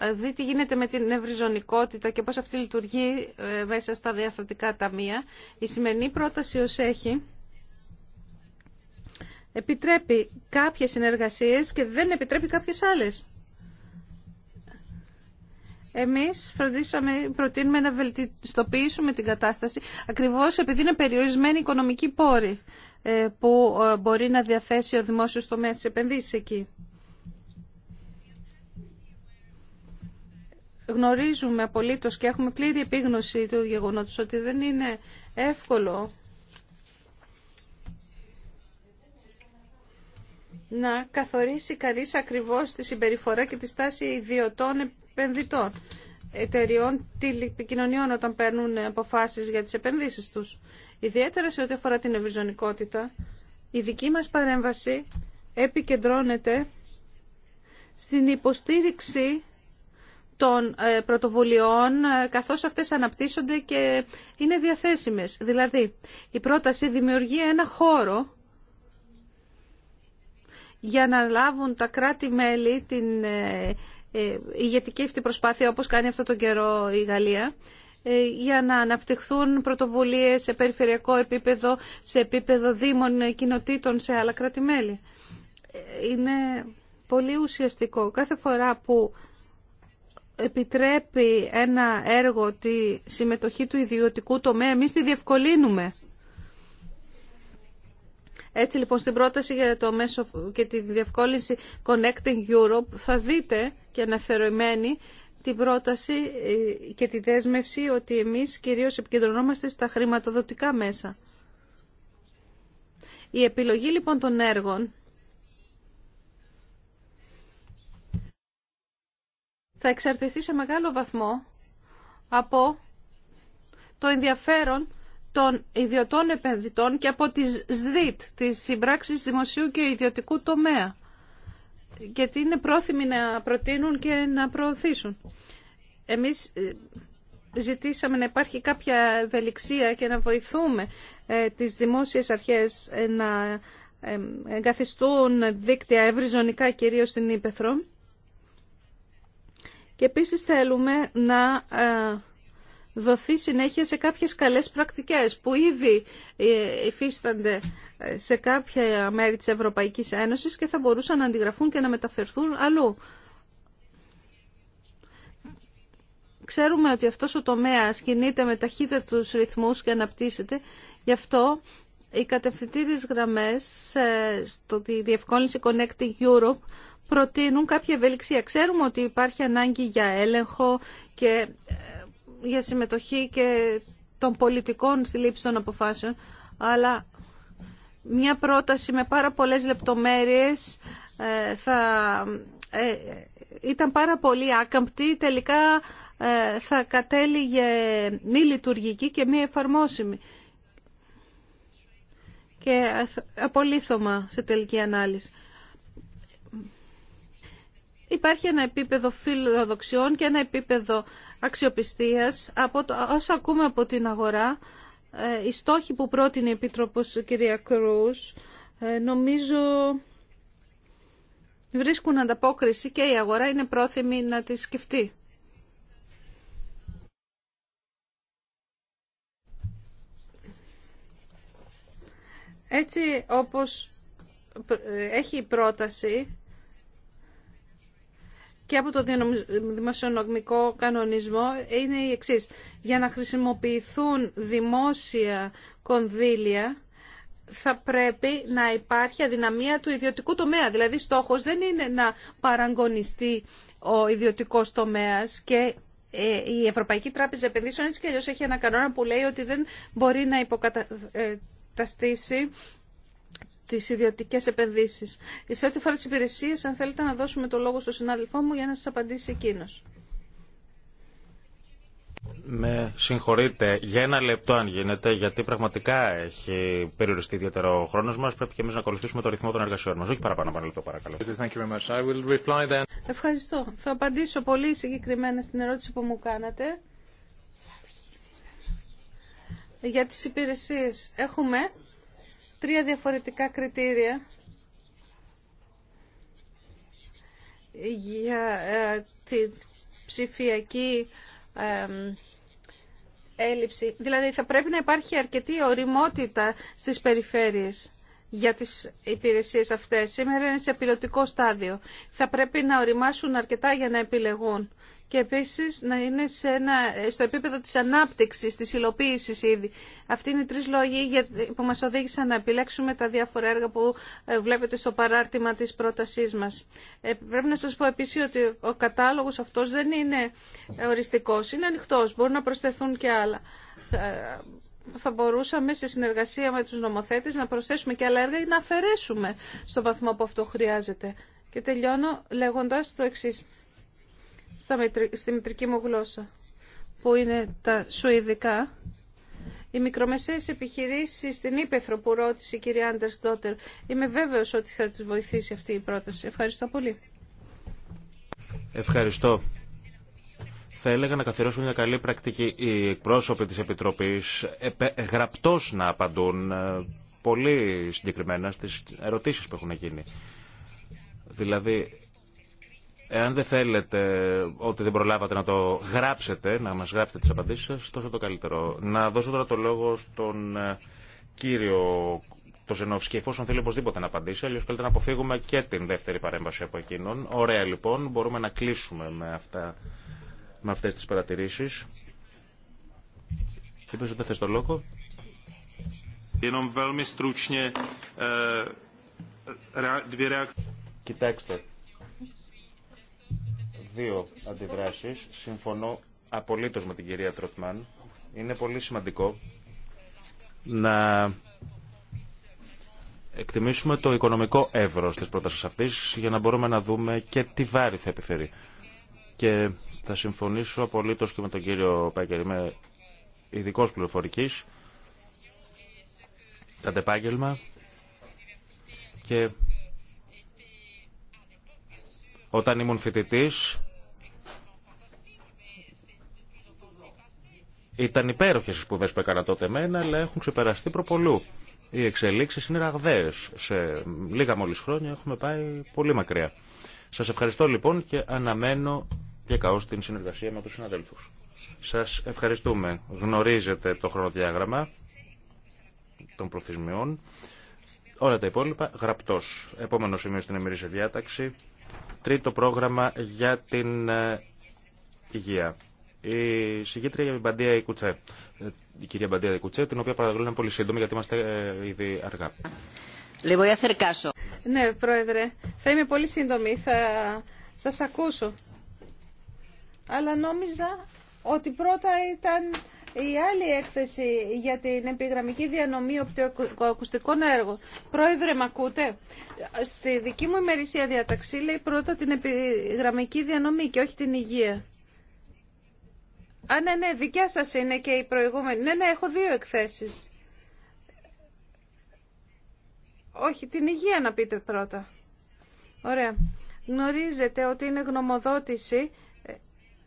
Ε, δει τι γίνεται με την ευρυζωνικότητα και πώς αυτή λειτουργεί ε, μέσα στα διαφορετικά ταμεία. Η σημερινή πρόταση ως έχει επιτρέπει κάποιες συνεργασίες και δεν επιτρέπει κάποιες άλλες. Εμείς φροντίσαμε, προτείνουμε να βελτιστοποιήσουμε την κατάσταση ακριβώς επειδή είναι περιορισμένη οικονομική πόρη ε, που μπορεί να διαθέσει ο δημόσιος τομέας της επενδύσης εκεί. γνωρίζουμε απολύτως και έχουμε πλήρη επίγνωση του γεγονότος ότι δεν είναι εύκολο να καθορίσει κανείς ακριβώς τη συμπεριφορά και τη στάση ιδιωτών επενδυτών εταιριών τηλεπικοινωνιών όταν παίρνουν αποφάσεις για τις επενδύσεις τους. Ιδιαίτερα σε ό,τι αφορά την ευρυζωνικότητα, η δική μας παρέμβαση επικεντρώνεται στην υποστήριξη των ε, πρωτοβουλειών ε, καθώς αυτές αναπτύσσονται και είναι διαθέσιμες. Δηλαδή, η πρόταση δημιουργεί ένα χώρο για να λάβουν τα κράτη-μέλη την ε, ηγετική αυτή προσπάθεια, όπως κάνει αυτό τον καιρό η Γαλλία, για να αναπτυχθούν πρωτοβουλίες σε περιφερειακό επίπεδο, σε επίπεδο δήμων, κοινοτήτων, σε άλλα κράτη-μέλη. Είναι πολύ ουσιαστικό κάθε φορά που επιτρέπει ένα έργο τη συμμετοχή του ιδιωτικού τομέα, εμείς τη διευκολύνουμε. Έτσι λοιπόν στην πρόταση για το μέσο και τη διευκόλυνση Connecting Europe θα δείτε και αναφερομένη την πρόταση ε, και τη δέσμευση ότι εμείς κυρίως επικεντρωνόμαστε στα χρηματοδοτικά μέσα. Η επιλογή λοιπόν των έργων θα εξαρτηθεί σε μεγάλο βαθμό από το ενδιαφέρον των ιδιωτών επενδυτών και από τις ΣΔΙΤ, τις συμπράξεις δημοσίου και ιδιωτικού τομέα, γιατί είναι πρόθυμοι να προτείνουν και να προωθήσουν. Εμείς ε, ζητήσαμε να υπάρχει κάποια ευελιξία και να βοηθούμε ε, τις δημόσιες αρχές ε, να εγκαθιστούν δίκτυα ευρυζωνικά κυρίως στην Ήπεθρο και επίσης θέλουμε να ε, δοθεί συνέχεια σε κάποιες καλές πρακτικές που ήδη ε, υφίστανται ε, σε κάποια μέρη της Ευρωπαϊκής Ένωσης και θα μπορούσαν να αντιγραφούν και να μεταφερθούν αλλού. Ξέρουμε ότι αυτός ο τομέας κινείται με ταχύτητα τους ρυθμούς και αναπτύσσεται. Γι' αυτό οι κατευθυντήριες γραμμές στο διευκόλυνση Connecting Europe προτείνουν κάποια ευελιξία. Ξέρουμε ότι υπάρχει ανάγκη για έλεγχο και ε, για συμμετοχή και των πολιτικών στη λήψη των αποφάσεων, αλλά μια πρόταση με πάρα πολλές λεπτομέρειες ε, θα ε, ήταν πάρα πολύ άκαμπτη, τελικά θα κατέληγε μη λειτουργική και μη εφαρμόσιμη και απολύθωμα σε τελική ανάλυση υπάρχει ένα επίπεδο φιλοδοξιών και ένα επίπεδο αξιοπιστίας. Από το, ακούμε από την αγορά, ε, οι στόχοι που πρότεινε η Επίτροπος κυρία Κρούς, ε, νομίζω βρίσκουν ανταπόκριση και η αγορά είναι πρόθυμη να τη σκεφτεί. Έτσι όπως ε, έχει η πρόταση, και από το δημοσιονομικό κανονισμό είναι η εξής. Για να χρησιμοποιηθούν δημόσια κονδύλια θα πρέπει να υπάρχει αδυναμία του ιδιωτικού τομέα. Δηλαδή στόχος δεν είναι να παραγωνιστεί ο ιδιωτικός τομέας και ε, η Ευρωπαϊκή Τράπεζα Επενδύσεων έτσι και έχει ένα κανόνα που λέει ότι δεν μπορεί να υποκαταστήσει ε, τις ιδιωτικές επενδύσεις. Σε ό,τι φορά τις υπηρεσίες, αν θέλετε να δώσουμε το λόγο στον συνάδελφό μου για να σας απαντήσει εκείνος. Με συγχωρείτε για ένα λεπτό αν γίνεται, γιατί πραγματικά έχει περιοριστεί ιδιαίτερο ο χρόνο μα, Πρέπει και εμεί να ακολουθήσουμε το ρυθμό των εργασιών μα. Όχι παραπάνω από λεπτό παρακαλώ. Ευχαριστώ. Θα απαντήσω πολύ συγκεκριμένα στην ερώτηση που μου κάνατε. Για τις υπηρεσίες έχουμε τρία διαφορετικά κριτήρια για ε, τη ψηφιακή έλλειψη. Δηλαδή θα πρέπει να υπάρχει αρκετή οριμότητα στις περιφέρειες για τις υπηρεσίες αυτές. Σήμερα είναι σε πιλωτικό στάδιο. Θα πρέπει να οριμάσουν αρκετά για να επιλεγούν και επίσης να είναι σε ένα, στο επίπεδο της ανάπτυξης, της υλοποίησης ήδη. Αυτοί είναι οι τρεις λόγοι που μας οδήγησαν να επιλέξουμε τα διάφορα έργα που ε, βλέπετε στο παράρτημα της πρότασής μας. Ε, πρέπει να σας πω επίσης ότι ο κατάλογος αυτός δεν είναι ε, οριστικός, είναι ανοιχτός, μπορούν να προσθεθούν και άλλα. Θα μπορούσαμε σε συνεργασία με τους νομοθέτες να προσθέσουμε και άλλα έργα ή να αφαιρέσουμε στον βαθμό που αυτό χρειάζεται. Και τελειώνω λέγοντας το εξή στη μητρική μου γλώσσα, που είναι τα σουηδικά. Οι μικρομεσαίες επιχειρήσεις στην Ήπεθρο που ρώτησε η κυρία Άντερς Ντότερ. Είμαι βέβαιος ότι θα τις βοηθήσει αυτή η πρόταση. Ευχαριστώ πολύ. Ευχαριστώ. Θα έλεγα να καθιερώσουν μια καλή πρακτική. Οι εκπρόσωποι της Επιτροπής γραπτώς να απαντούν ε, πολύ συγκεκριμένα στις ερωτήσεις που έχουν γίνει. Δηλαδή, Εάν δεν θέλετε ότι δεν προλάβατε να το γράψετε, να μας γράψετε τις απαντήσεις σας, τόσο το καλύτερο. Να δώσω τώρα το λόγο στον ε, κύριο το Ζενόφσκι, εφόσον θέλει οπωσδήποτε να απαντήσει, αλλιώ καλύτερα να αποφύγουμε και την δεύτερη παρέμβαση από εκείνον. Ωραία λοιπόν, μπορούμε να κλείσουμε με, αυτά, με αυτές τις παρατηρήσεις. Είπες ότι δεν θες το λόγο. Ε, Κοιτάξτε, δύο αντιδράσεις. Συμφωνώ απολύτως με την κυρία Τροτμάν. Είναι πολύ σημαντικό να εκτιμήσουμε το οικονομικό εύρος της πρότασης αυτής για να μπορούμε να δούμε και τι βάρη θα επιφέρει. Και θα συμφωνήσω απολύτως και με τον κύριο Πάκερ, είμαι ειδικό πληροφορικής, αντεπάγγελμα. και όταν ήμουν φοιτητής Ήταν υπέροχε οι σπουδέ που έκανα τότε εμένα, αλλά έχουν ξεπεραστεί προπολού. Οι εξελίξει είναι ραγδαίε. Σε λίγα μόλι χρόνια έχουμε πάει πολύ μακριά. Σα ευχαριστώ λοιπόν και αναμένω διακαώ την συνεργασία με του συναδέλφου. Σα ευχαριστούμε. Γνωρίζετε το χρονοδιάγραμμα των προθυσμιών. Όλα τα υπόλοιπα γραπτό. Επόμενο σημείο στην εμμυρίσια διάταξη. Τρίτο πρόγραμμα για την ε, υγεία η συγκήτρια Μπαντία Κουτσέ, ε, η κυρία Μπαντία Κουτσέ, την οποία είναι πολύ σύντομη γιατί είμαστε ε, ήδη αργά. Ναι, Πρόεδρε, θα είμαι πολύ σύντομη, θα σα ακούσω. Αλλά νόμιζα ότι πρώτα ήταν η άλλη έκθεση για την επιγραμμική διανομή οπτικοακουστικών έργων. Πρόεδρε, με ακούτε. Στη δική μου ημερησία διαταξή λέει πρώτα την επιγραμμική διανομή και όχι την υγεία. Α, ναι, ναι, δικιά σας είναι και η προηγούμενη. Ναι, ναι, έχω δύο εκθέσεις. Όχι, την υγεία να πείτε πρώτα. Ωραία. Γνωρίζετε ότι είναι γνωμοδότηση ε,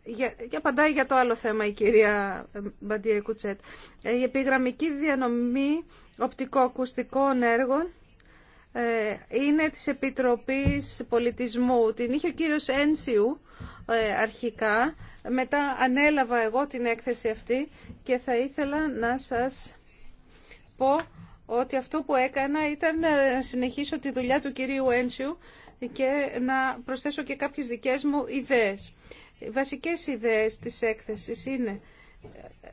για, για παντάει για το άλλο θέμα η κυρία ε, Μπαντία Κουτσέτ. Ε, η επιγραμμική διανομή οπτικοακουστικών έργων είναι της Επιτροπής Πολιτισμού. Την είχε ο κύριος Ένσιου ε, αρχικά. Μετά ανέλαβα εγώ την έκθεση αυτή και θα ήθελα να σας πω ότι αυτό που έκανα ήταν να συνεχίσω τη δουλειά του κυρίου Ένσιου και να προσθέσω και κάποιες δικές μου ιδέες. Οι βασικές ιδέες της έκθεσης είναι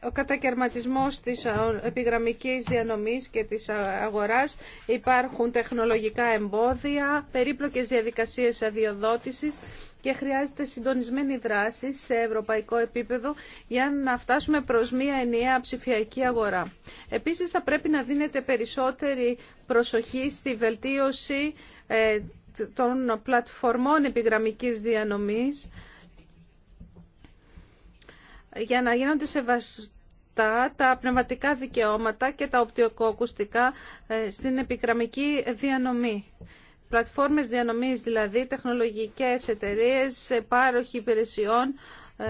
ο κατακαιρματισμός της επιγραμμικής διανομής και της αγοράς. Υπάρχουν τεχνολογικά εμπόδια, περίπλοκες διαδικασίες αδειοδότησης και χρειάζεται συντονισμένη δράση σε ευρωπαϊκό επίπεδο για να φτάσουμε προς μία ενιαία ψηφιακή αγορά. Επίσης θα πρέπει να δίνεται περισσότερη προσοχή στη βελτίωση ε, των πλατφορμών επιγραμμικής διανομής για να γίνονται σεβαστά τα πνευματικά δικαιώματα και τα οπτικοακουστικά ε, στην επιγραμμική διανομή πλατφόρμες διανομής, δηλαδή τεχνολογικές εταιρείες, πάροχοι υπηρεσιών ε,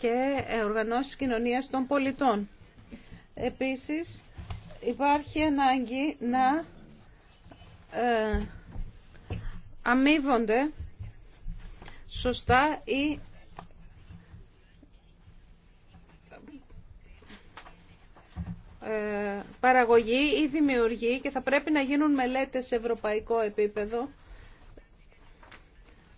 και ε, οργανώσεις κοινωνίας των πολιτών. Επίσης, υπάρχει ανάγκη να ε, αμείβονται σωστά οι Ε, παραγωγή ή δημιουργή και θα πρέπει να γίνουν μελέτες σε ευρωπαϊκό επίπεδο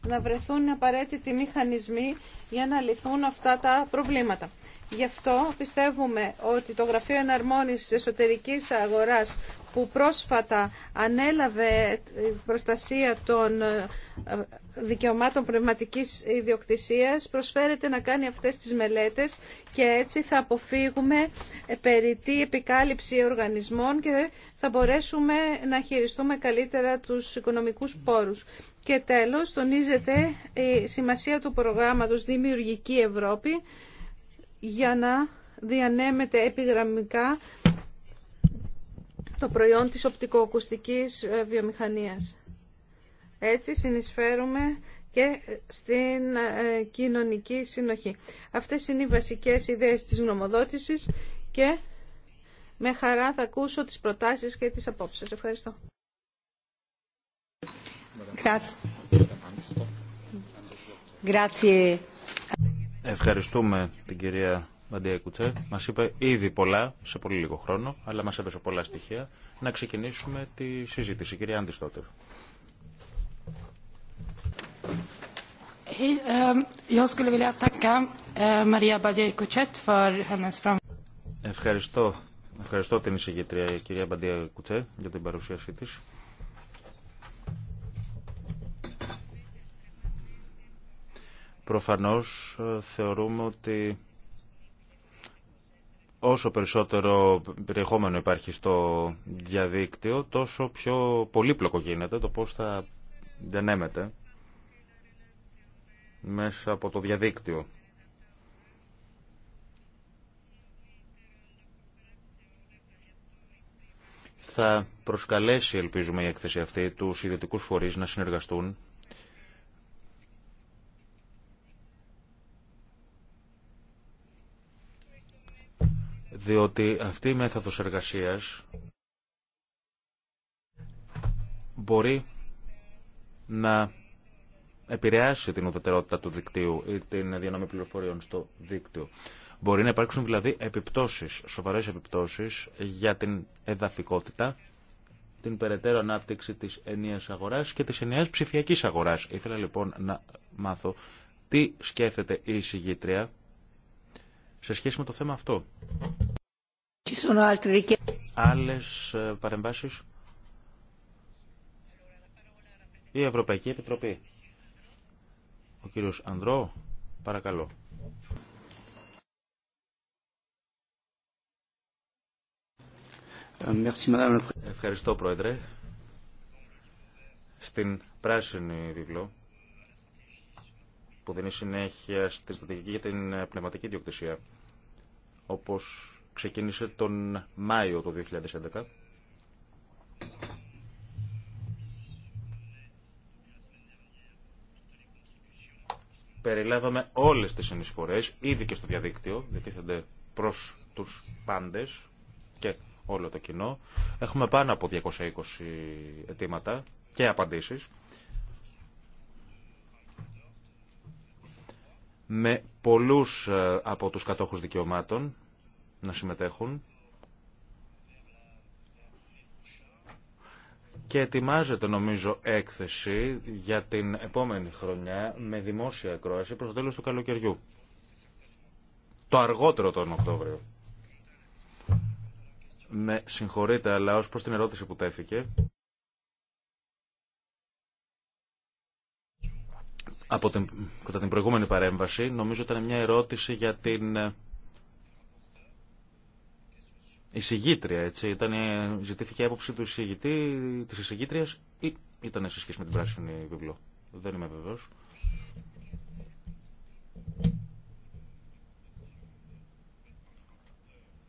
να βρεθούν απαραίτητοι μηχανισμοί για να λυθούν αυτά τα προβλήματα. Γι' αυτό πιστεύουμε ότι το Γραφείο Εναρμόνισης Εσωτερικής Αγοράς που πρόσφατα ανέλαβε προστασία των ε, δικαιωμάτων πνευματικής ιδιοκτησίας προσφέρεται να κάνει αυτές τις μελέτες και έτσι θα αποφύγουμε ε, περιττή επικάλυψη οργανισμών και θα μπορέσουμε να χειριστούμε καλύτερα τους οικονομικούς πόρους. Και τέλος, τονίζεται η σημασία του προγράμματος Δημιουργική Ευρώπη για να διανέμεται επιγραμμικά το προϊόν της οπτικοακουστικής ε, βιομηχανίας. Έτσι συνεισφέρουμε και στην ε, κοινωνική συνοχή. Αυτές είναι οι βασικές ιδέες της γνωμοδότησης και με χαρά θα ακούσω τις προτάσεις και τις απόψεις. Σας ευχαριστώ. Ευχαριστούμε την κυρία Μαντία Κουτσέ. Μας είπε ήδη πολλά, σε πολύ λίγο χρόνο, αλλά μας έδωσε πολλά στοιχεία. Να ξεκινήσουμε τη συζήτηση. Κυρία Άντιστότερ. Ευχαριστώ. την εισηγητρία η κυρία Μπαντία Κουτσέ για την παρουσίασή της. Προφανώς ε, θεωρούμε ότι όσο περισσότερο περιεχόμενο υπάρχει στο διαδίκτυο, τόσο πιο πολύπλοκο γίνεται το πώς θα δενέμεται μέσα από το διαδίκτυο. Θα προσκαλέσει, ελπίζουμε, η έκθεση αυτή του ιδιωτικού φορείς να συνεργαστούν διότι αυτή η μέθοδος εργασίας μπορεί να επηρεάσει την ουδετερότητα του δικτύου ή την διανομή πληροφοριών στο δίκτυο. Μπορεί να υπάρξουν δηλαδή επιπτώσεις, σοβαρές επιπτώσεις για την εδαφικότητα, την περαιτέρω ανάπτυξη της ενιαίας αγοράς και της ενιαίας ψηφιακής αγοράς. Ήθελα λοιπόν να μάθω τι σκέφτεται η εισηγήτρια σε σχέση με το θέμα αυτό. Άλλες ε, παρεμβάσεις. Η Ευρωπαϊκή Επιτροπή. Ο κύριος Ανδρό, παρακαλώ. Ευχαριστώ, Πρόεδρε. Στην πράσινη βιβλό, που δίνει συνέχεια στη στρατηγική για την πνευματική διοκτησία, όπως ξεκίνησε τον Μάιο του 2011, περιλάβαμε όλες τις ενισφορές, ήδη και στο διαδίκτυο, διατίθενται προς τους πάντες και όλο το κοινό. Έχουμε πάνω από 220 αιτήματα και απαντήσεις. Με πολλούς ε, από τους κατόχους δικαιωμάτων να συμμετέχουν και ετοιμάζεται νομίζω έκθεση για την επόμενη χρονιά με δημόσια ακρόαση προς το τέλος του καλοκαιριού. Το αργότερο τον Οκτώβριο. Με συγχωρείτε, αλλά ως προς την ερώτηση που τέθηκε... Από την, κατά την προηγούμενη παρέμβαση, νομίζω ήταν μια ερώτηση για την ε, εισηγήτρια, έτσι. Ήταν, ε, ζητήθηκε η άποψη του εισηγητή, της εισηγήτριας ή ήταν σε σχέση με την πράσινη βιβλό. Δεν είμαι βεβαίω.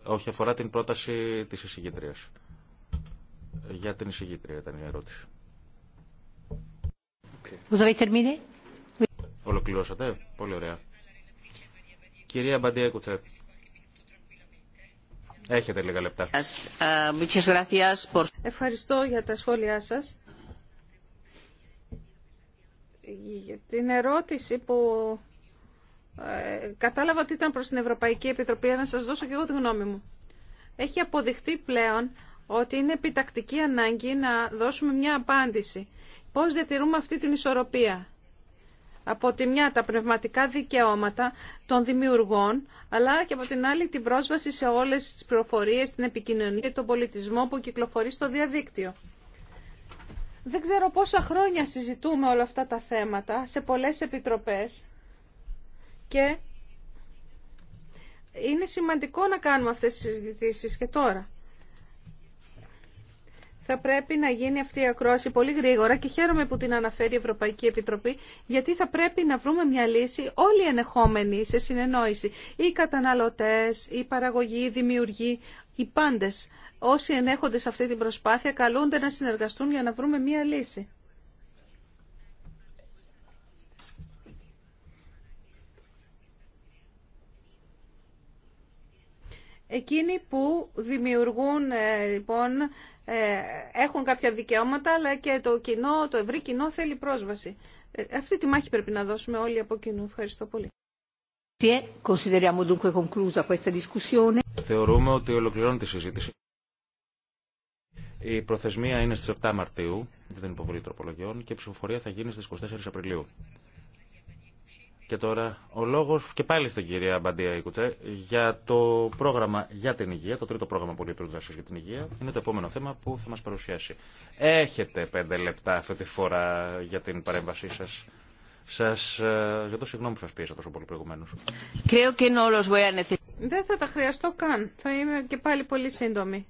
Όχι, αφορά την πρόταση της εισηγήτριας. Για την εισηγήτρια ήταν η ερώτηση. Ολοκληρώσατε. Πολύ ωραία. Κυρία Μπαντία Κουτσέ, Έχετε λίγα λεπτά. Ευχαριστώ για τα σχόλιά σας. Για την ερώτηση που ε, κατάλαβα ότι ήταν προς την Ευρωπαϊκή Επιτροπή, να σας δώσω και εγώ τη γνώμη μου. Έχει αποδειχτεί πλέον ότι είναι επιτακτική ανάγκη να δώσουμε μια απάντηση. Πώς διατηρούμε αυτή την ισορροπία από τη μια τα πνευματικά δικαιώματα των δημιουργών, αλλά και από την άλλη την πρόσβαση σε όλες τις πληροφορίες, την επικοινωνία και τον πολιτισμό που κυκλοφορεί στο διαδίκτυο. Δεν ξέρω πόσα χρόνια συζητούμε όλα αυτά τα θέματα σε πολλές επιτροπές και είναι σημαντικό να κάνουμε αυτές τις συζητήσεις και τώρα θα πρέπει να γίνει αυτή η ακρόαση πολύ γρήγορα και χαίρομαι που την αναφέρει η Ευρωπαϊκή Επιτροπή, γιατί θα πρέπει να βρούμε μια λύση όλοι οι ενεχόμενοι σε συνεννόηση. Οι καταναλωτές, οι παραγωγοί, οι δημιουργοί, οι πάντες, όσοι ενέχονται σε αυτή την προσπάθεια, καλούνται να συνεργαστούν για να βρούμε μια λύση. Εκείνοι που δημιουργούν, ε, λοιπόν, ε, έχουν κάποια δικαιώματα, αλλά και το κοινό, το ευρύ κοινό θέλει πρόσβαση. Ε, αυτή τη μάχη πρέπει να δώσουμε όλοι από κοινού. Ευχαριστώ πολύ. Θεωρούμε ότι ολοκληρώνει τη συζήτηση. Η προθεσμία είναι στις 7 Μαρτίου δεν την υποβολή τροπολογιών και η ψηφοφορία θα γίνει στις 24 Απριλίου. Και τώρα ο λόγος και πάλι στην κυρία Μπαντία Ικουτσέ για το πρόγραμμα για την υγεία, το τρίτο πρόγραμμα πολιτικού δράσης για την υγεία, είναι το επόμενο θέμα που θα μας παρουσιάσει. Έχετε πέντε λεπτά αυτή τη φορά για την παρέμβασή σας. Σας ε, ζητώ συγγνώμη που σας πίεσα τόσο πολύ προηγουμένως. Δεν θα τα χρειαστώ καν. Θα είμαι και πάλι πολύ σύντομη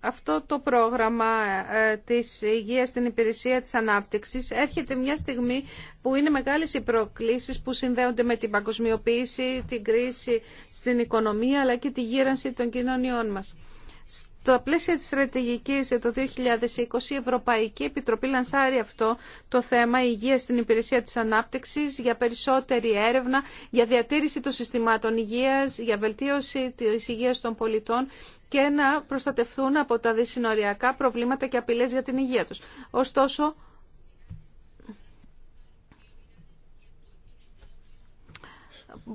αυτό το πρόγραμμα ε, της υγείας στην υπηρεσία της ανάπτυξης έρχεται μια στιγμή που είναι μεγάλες οι προκλήσεις που συνδέονται με την παγκοσμιοποίηση, την κρίση στην οικονομία αλλά και τη γύρανση των κοινωνιών μας. Το πλαίσιο της στρατηγικής για το 2020 η Ευρωπαϊκή Επιτροπή λανσάρει αυτό το θέμα υγεία στην υπηρεσία της ανάπτυξης για περισσότερη έρευνα, για διατήρηση των συστημάτων υγείας, για βελτίωση της υγείας των πολιτών και να προστατευτούν από τα δυσυνοριακά προβλήματα και απειλές για την υγεία τους. Ωστόσο,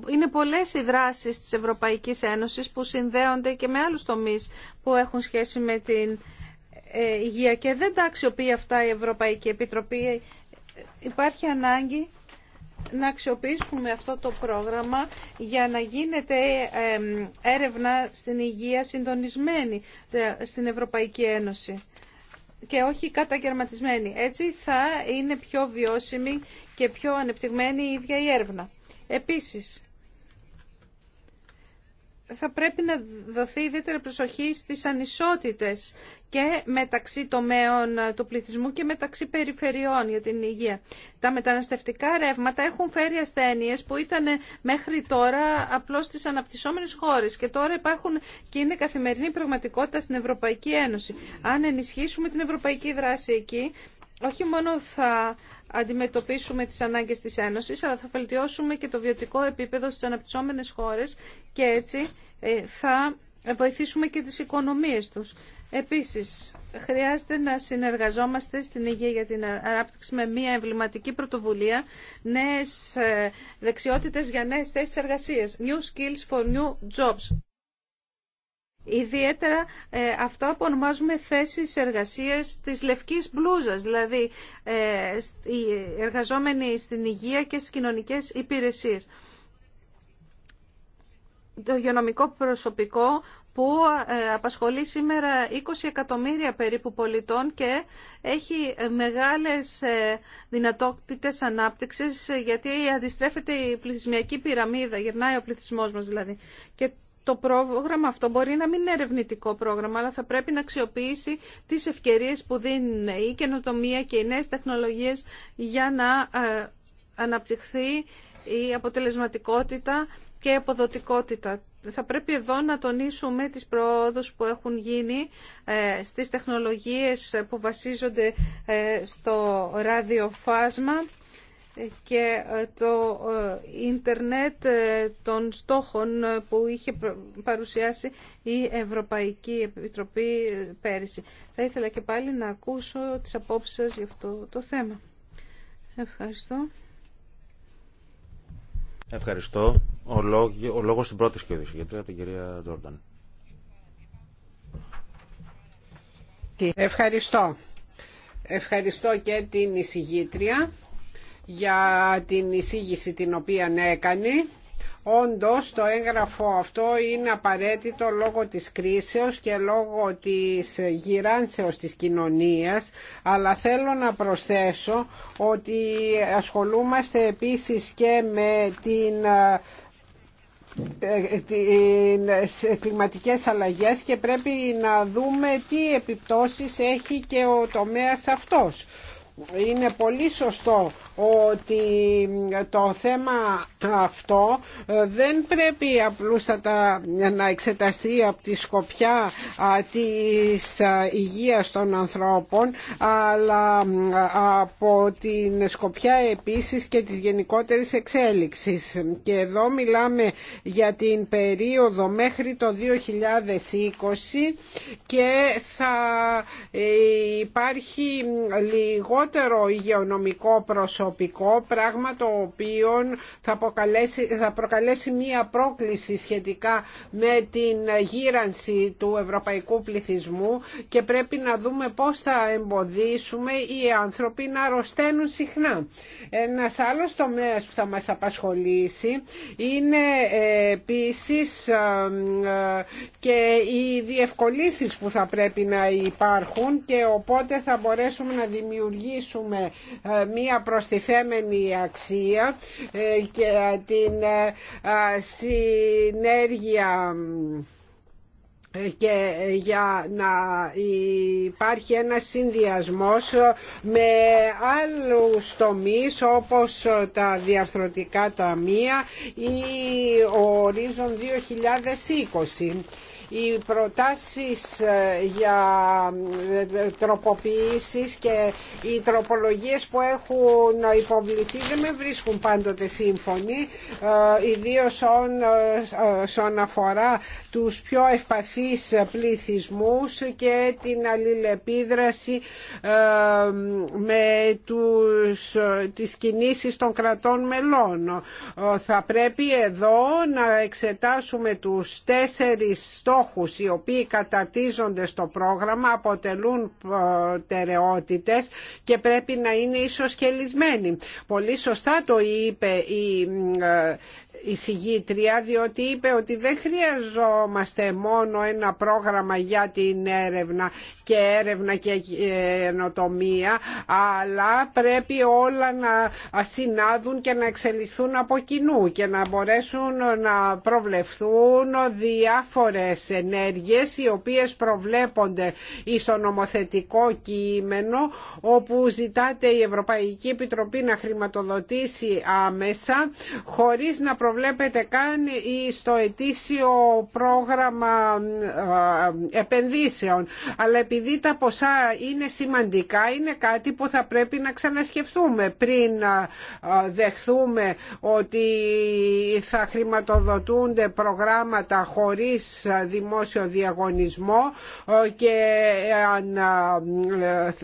είναι πολλές οι δράσεις της Ευρωπαϊκής Ένωσης που συνδέονται και με άλλους τομείς που έχουν σχέση με την ε, υγεία και δεν τα αξιοποιεί αυτά η Ευρωπαϊκή Επιτροπή. Υπάρχει ανάγκη να αξιοποιήσουμε αυτό το πρόγραμμα για να γίνεται έρευνα στην υγεία συντονισμένη ε, στην Ευρωπαϊκή Ένωση και όχι καταγερματισμένη. Έτσι θα είναι πιο βιώσιμη και πιο ανεπτυγμένη η ίδια η έρευνα. Επίσης, θα πρέπει να δοθεί ιδιαίτερη προσοχή στις ανισότητες και μεταξύ τομέων του πληθυσμού και μεταξύ περιφερειών για την υγεία. Τα μεταναστευτικά ρεύματα έχουν φέρει ασθένειες που ήταν μέχρι τώρα απλώς στις αναπτυσσόμενες χώρες και τώρα υπάρχουν και είναι καθημερινή πραγματικότητα στην Ευρωπαϊκή Ένωση. Αν ενισχύσουμε την ευρωπαϊκή δράση εκεί, όχι μόνο θα αντιμετωπίσουμε τις ανάγκες της Ένωσης, αλλά θα βελτιώσουμε και το βιωτικό επίπεδο στις αναπτυσσόμενες χώρες και έτσι ε, θα βοηθήσουμε και τις οικονομίες τους. Επίσης, χρειάζεται να συνεργαζόμαστε στην υγεία για την ανάπτυξη με μια εμβληματική πρωτοβουλία, νέες ε, δεξιότητες για νέες θέσεις εργασίας, new skills for new jobs. Ιδιαίτερα ε, αυτά που ονομάζουμε θέσεις εργασίας της λευκής μπλούζας, δηλαδή ε, οι εργαζόμενοι στην υγεία και στις κοινωνικές υπηρεσίες. Το υγειονομικό προσωπικό που ε, απασχολεί σήμερα 20 εκατομμύρια περίπου πολιτών και έχει ε, μεγάλες ε, δυνατότητες ανάπτυξης γιατί αντιστρέφεται η πληθυσμιακή πυραμίδα, γυρνάει ο πληθυσμός μας δηλαδή το πρόγραμμα αυτό μπορεί να μην είναι ερευνητικό πρόγραμμα, αλλά θα πρέπει να αξιοποιήσει τις ευκαιρίες που δίνουν η καινοτομία και οι νέες τεχνολογίες για να ε, αναπτυχθεί η αποτελεσματικότητα και η αποδοτικότητα. Θα πρέπει εδώ να τονίσουμε τις προόδους που έχουν γίνει ε, στις τεχνολογίες που βασίζονται ε, στο ραδιοφάσμα και ε, το ε, ίντερνετ ε, των στόχων που είχε παρουσιάσει η Ευρωπαϊκή Επιτροπή πέρυσι. Θα ήθελα και πάλι να ακούσω τις απόψεις σας για αυτό το θέμα. Ευχαριστώ. Ευχαριστώ. Ο, λόγ, ο λόγος στην πρώτη σχέδιση, γιατί την κυρία Τζόρνταν. Ευχαριστώ. Ευχαριστώ και την εισηγήτρια για την εισήγηση την οποία έκανε. Όντως το έγγραφο αυτό είναι απαραίτητο λόγω της κρίσεως και λόγω της γυράνσεως της κοινωνίας αλλά θέλω να προσθέσω ότι ασχολούμαστε επίσης και με την ε, τις κλιματικές αλλαγές και πρέπει να δούμε τι επιπτώσεις έχει και ο τομέας αυτός. Είναι πολύ σωστό ότι το θέμα αυτό ε, δεν πρέπει απλούστατα να εξεταστεί από τη σκοπιά της ε, υγείας των ανθρώπων αλλά ε, από την σκοπιά επίσης και της γενικότερης εξέλιξης. Και εδώ μιλάμε για την περίοδο μέχρι το 2020 και θα υπάρχει λίγο λιγότερο υγειονομικό προσωπικό, πράγμα το οποίο θα, θα προκαλέσει μία πρόκληση σχετικά με την γύρανση του ευρωπαϊκού πληθυσμού και πρέπει να δούμε πώς θα εμποδίσουμε οι άνθρωποι να αρρωσταίνουν συχνά. Ένας άλλος τομέας που θα μας απασχολήσει είναι ε, επίσης ε, ε, και οι διευκολύνσεις που θα πρέπει να υπάρχουν και οπότε θα μπορέσουμε να δημιουργήσουμε δημιουργήσουμε ε, μία προστιθέμενη αξία ε, και ε, την συνέργεια και για να υπάρχει ένα συνδυασμός με άλλους τομείς όπως τα διαρθρωτικά ταμεία ή ο ορίζον 2020 οι προτάσεις ε, για ε, τροποποιήσεις και οι τροπολογίες που έχουν υποβληθεί δεν με βρίσκουν πάντοτε σύμφωνοι ε, ιδίως όσον αφορά τους πιο ευπαθείς πληθυσμούς και την αλληλεπίδραση με τους, τις κινήσεις των κρατών μελών. Θα πρέπει εδώ να εξετάσουμε τους τέσσερις στόχους στόχους οι οποίοι καταρτίζονται στο πρόγραμμα αποτελούν ε, προτεραιότητες και πρέπει να είναι ισοσχελισμένοι. Πολύ σωστά το είπε η ε, η συγγήτρια διότι είπε ότι δεν χρειαζόμαστε μόνο ένα πρόγραμμα για την έρευνα και έρευνα και ενοτομία, αλλά πρέπει όλα να συνάδουν και να εξελιχθούν από κοινού και να μπορέσουν να προβλεφθούν διάφορες ενέργειες οι οποίες προβλέπονται στο νομοθετικό κείμενο όπου ζητάται η Ευρωπαϊκή Επιτροπή να χρηματοδοτήσει άμεσα χωρίς να προβλέπεται καν στο ετήσιο πρόγραμμα ε, ε, επενδύσεων αλλά επειδή τα ποσά είναι σημαντικά είναι κάτι που θα πρέπει να ξανασκεφτούμε πριν δεχθούμε ότι θα χρηματοδοτούνται προγράμματα χωρίς δημόσιο διαγωνισμό και ε, αν ε,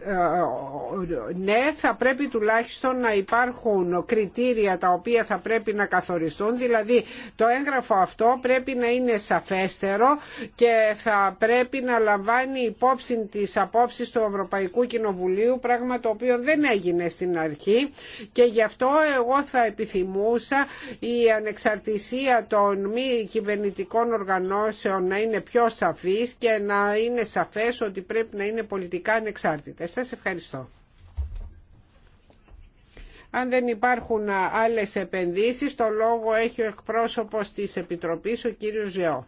ναι θα πρέπει τουλάχιστον να υπάρχουν κριτήρια τα οποία θα πρέπει να καθοριστούν δηλαδή το έγγραφο αυτό πρέπει να είναι σαφέστερο και θα πρέπει να λαμβάνει υπόψη τις απόψεις του Ευρωπαϊκού Κοινοβουλίου, πράγμα το οποίο δεν έγινε στην αρχή και γι' αυτό εγώ θα επιθυμούσα η ανεξαρτησία των μη κυβερνητικών οργανώσεων να είναι πιο σαφής και να είναι σαφές ότι πρέπει να είναι πολιτικά ανεξάρτητες. Σας ευχαριστώ. Αν δεν υπάρχουν άλλες επενδύσεις, το λόγο έχει ο εκπρόσωπος της Επιτροπής, ο κύριος Ζεώ.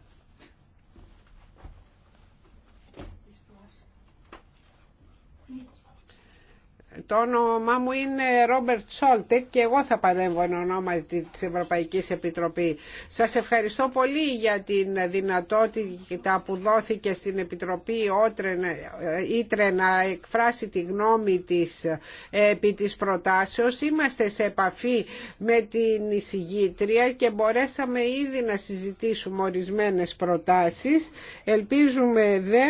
Το όνομά μου είναι Ρόμπερτ Σόλτεκ και εγώ θα παρέμβω εν ονόματι της Ευρωπαϊκής Επιτροπής. Σας ευχαριστώ πολύ για την δυνατότητα που δόθηκε στην Επιτροπή Ήτρε να εκφράσει τη γνώμη της επί της προτάσεως. Είμαστε σε επαφή με την εισηγήτρια και μπορέσαμε ήδη να συζητήσουμε ορισμένες προτάσεις. Ελπίζουμε δε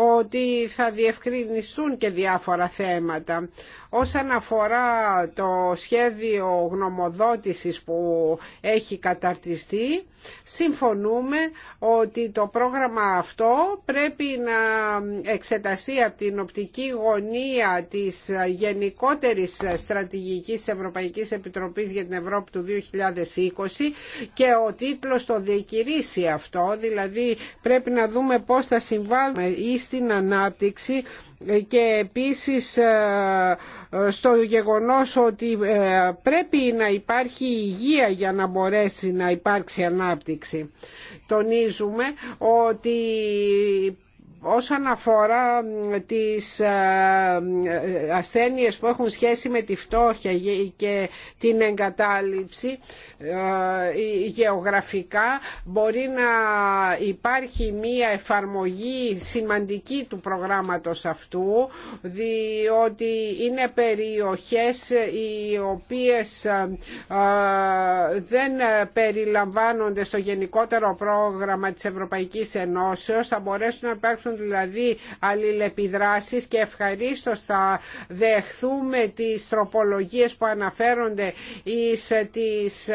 ότι θα διευκρινιστούν και διάφορα θέματα. Όσον αφορά το σχέδιο γνωμοδότησης που έχει καταρτιστεί, Συμφωνούμε ότι το πρόγραμμα αυτό πρέπει να εξεταστεί από την οπτική γωνία της γενικότερης στρατηγικής Ευρωπαϊκής Επιτροπής για την Ευρώπη του 2020 και ο τίτλος το διεκηρύσει αυτό, δηλαδή πρέπει να δούμε πώς θα συμβάλλουμε ή στην ανάπτυξη και επίσης ε, στο γεγονός ότι ε, πρέπει να υπάρχει υγεία για να μπορέσει να υπάρξει ανάπτυξη. Τονίζουμε ότι Όσον αφορά τις ε, ε, ασθένειες που έχουν σχέση με τη φτώχεια και την εγκατάλειψη ε, γεωγραφικά μπορεί να υπάρχει μία εφαρμογή σημαντική του προγράμματος αυτού διότι είναι περιοχές οι οποίες δεν περιλαμβάνονται στο γενικότερο πρόγραμμα της Ευρωπαϊκής Ενώσεως θα μπορέσουν να υπάρξουν δηλαδή αλληλεπιδράσεις και ευχαρίστως θα δεχθούμε τις τροπολογίες που αναφέρονται σε τις ε,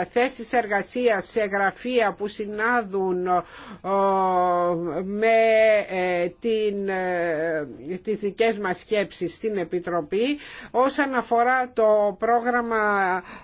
ε, θέσεις εργασίας σε γραφεία που συνάδουν ε, με την, τις δικές μας στην Επιτροπή όσον αφορά το πρόγραμμα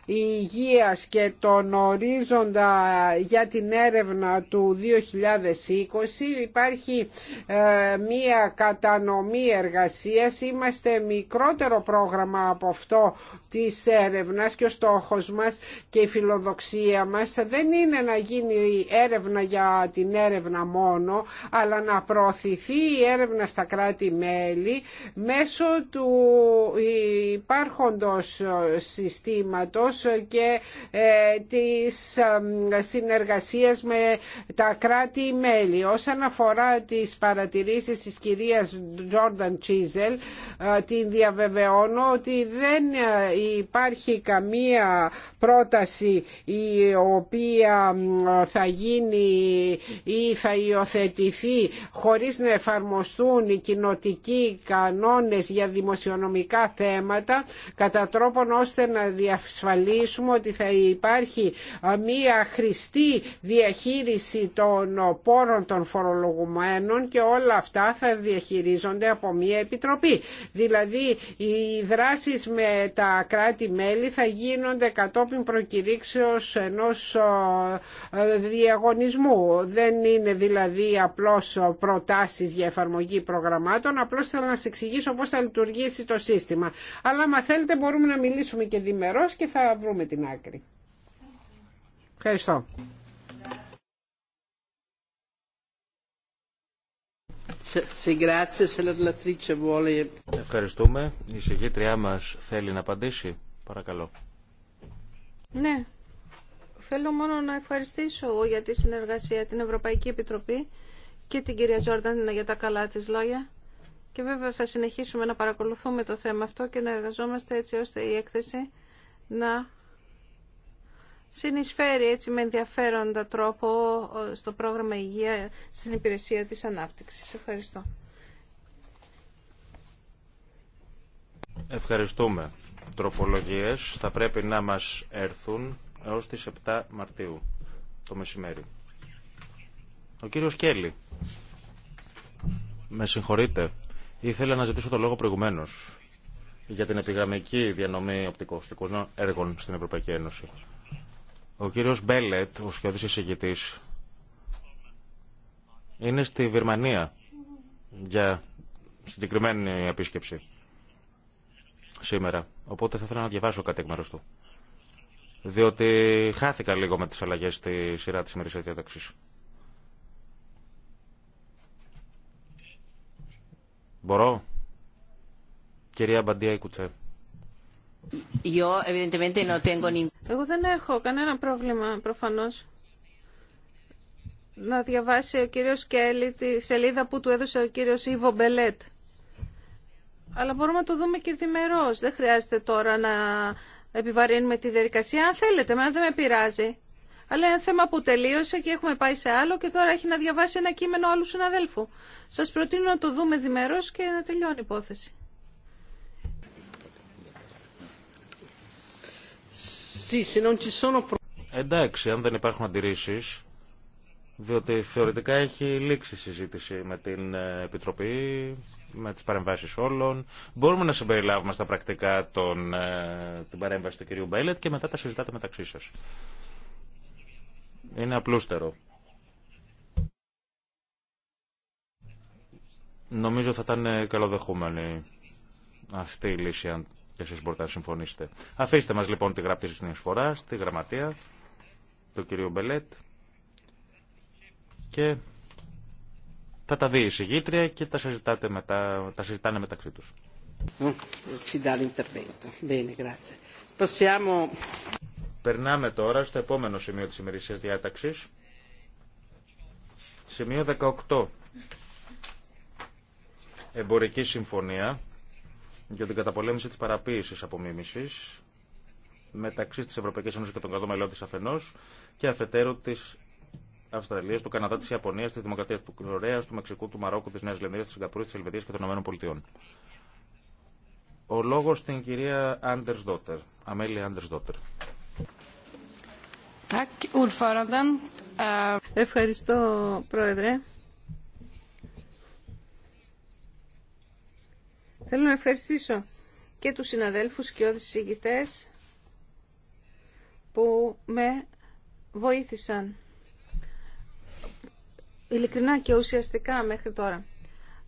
υγείας και τον ορίζοντα για την έρευνα του 2020 υπάρχει ε, μία κατανομή εργασίας. Είμαστε μικρότερο πρόγραμμα από αυτό της έρευνας και ο στόχος μας και η φιλοδοξία μας δεν είναι να γίνει έρευνα για την έρευνα μόνο αλλά να προωθηθεί η έρευνα στα κράτη-μέλη μέσω του υπάρχοντος συστήματος και ε, της συνεργασίας με τα κράτη-μέλη. Όσον αφορά τις παρατηρήσεις της κυρίας Τζόρνταν Τσίζελ την διαβεβαιώνω ότι δεν ε, υπάρχει καμία πρόταση η οποία θα γίνει ή θα υιοθετηθεί χωρίς να εφαρμοστούν οι κοινοτικοί κανόνες για δημοσιονομικά θέματα κατά τρόπον ώστε να διασφαλίσουμε ότι θα υπάρχει μία χρηστή διαχείριση των πόρων των φορολογουμένων και όλα αυτά θα διαχειρίζονται από μία επιτροπή. Δηλαδή οι δράσεις με τα κράτη-μέλη θα γίνονται κατόπιν προκηρύξεως ενός ε, διαγωνισμού. Δεν είναι δηλαδή απλώς προτάσεις για εφαρμογή προγραμμάτων, απλώς θέλω να σας εξηγήσω πώς θα λειτουργήσει το σύστημα. Αλλά αν θέλετε μπορούμε να μιλήσουμε και διμερώς και θα βρούμε την άκρη. Ευχαριστώ. Ευχαριστούμε. Η συγγήτριά μας θέλει να απαντήσει. Παρακαλώ. Ναι. Θέλω μόνο να ευχαριστήσω για τη συνεργασία την Ευρωπαϊκή Επιτροπή και την κυρία Τζόρνταν για τα καλά της λόγια. Και βέβαια θα συνεχίσουμε να παρακολουθούμε το θέμα αυτό και να εργαζόμαστε έτσι ώστε η έκθεση να συνεισφέρει έτσι με ενδιαφέροντα τρόπο ε, στο πρόγραμμα υγεία στην υπηρεσία της ανάπτυξης. Ευχαριστώ. Ευχαριστούμε. Τροπολογίες θα πρέπει να μας έρθουν έως τις 7 Μαρτίου το μεσημέρι. Ο κύριος Κέλλη. Με συγχωρείτε. Ήθελα να ζητήσω το λόγο προηγουμένως για την επιγραμμική διανομή οπτικοστικών έργων στην Ευρωπαϊκή Ένωση. Ο κύριος Μπέλετ, ο σχεδόν εισηγητής, είναι στη Βερμανία για συγκεκριμένη επίσκεψη σήμερα. Οπότε θα ήθελα να διαβάσω κάτι εκ μέρους του. Διότι χάθηκα λίγο με τις αλλαγές στη σειρά της ημερησία διάταξης. Μπορώ. Κυρία Μπαντία Ικουτσέ. Εγώ, evidentemente, no εγώ δεν έχω κανένα πρόβλημα προφανώς να διαβάσει ο κύριος Κέλλη τη σελίδα που του έδωσε ο κύριος Ιβο Μπελέτ. Αλλά μπορούμε να το δούμε και διμερώς. Δεν χρειάζεται τώρα να επιβαρύνουμε τη διαδικασία. Αν θέλετε, εμένα δεν με πειράζει. Αλλά είναι θέμα που τελείωσε και έχουμε πάει σε άλλο και τώρα έχει να διαβάσει ένα κείμενο άλλου συναδέλφου. Σας προτείνω να το δούμε διμερώς και να τελειώνει η υπόθεση. Εντάξει, αν δεν υπάρχουν αντιρρήσει, διότι θεωρητικά έχει λήξει η συζήτηση με την ε, Επιτροπή, με τις παρεμβάσεις όλων. Μπορούμε να συμπεριλάβουμε στα πρακτικά τον, ε, την παρέμβαση του κυρίου Μπέλετ και μετά τα συζητάτε μεταξύ σα. Είναι απλούστερο. Νομίζω θα ήταν καλοδεχούμενη αυτή η λύση αν και εσεί μπορείτε να συμφωνήσετε. Αφήστε μα λοιπόν τη γραπτή συνεισφορά τη γραμματεία του κυρίου Μπελέτ και θα τα δει η συγγήτρια και τα, συζητάτε μετά, τα συζητάνε μεταξύ τους. Περνάμε τώρα στο επόμενο σημείο της ημερησίας διάταξης. Σημείο 18. Εμπορική συμφωνία για την καταπολέμηση τη παραποίηση απομίμηση μεταξύ της Ευρωπαϊκής Ένωση και των κρατών μελών της αφενός και αφετέρου της Αυστραλίας, του Καναδά, της Ιαπωνίας, της Δημοκρατίας του Κορέας, του Μεξικού, του Μαρόκου, της Νέα, Ζηλανδίας, της Σιγκαπούρη, της Ελβετίας και των Πολιτειών. Ο λόγο στην κυρία Άντερ Δότερ, Αμέλη Άντερ Δότερ. Ευχαριστώ, Πρόεδρε. Θέλω να ευχαριστήσω και τους συναδέλφους και όλους τους που με βοήθησαν ειλικρινά και ουσιαστικά μέχρι τώρα.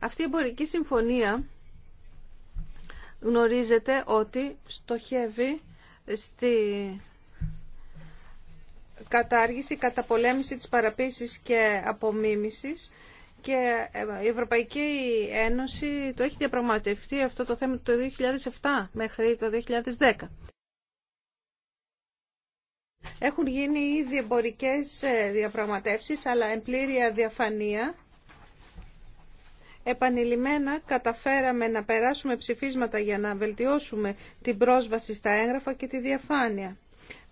Αυτή η εμπορική συμφωνία γνωρίζετε ότι στοχεύει στη κατάργηση, καταπολέμηση της παραπίσης και απομίμησης και ε, η Ευρωπαϊκή Ένωση το έχει διαπραγματευτεί αυτό το θέμα το 2007 μέχρι το 2010. Έχουν γίνει ήδη εμπορικέ ε, διαπραγματεύσεις, αλλά εν πλήρη αδιαφανία. Επανειλημμένα καταφέραμε να περάσουμε ψηφίσματα για να βελτιώσουμε την πρόσβαση στα έγγραφα και τη διαφάνεια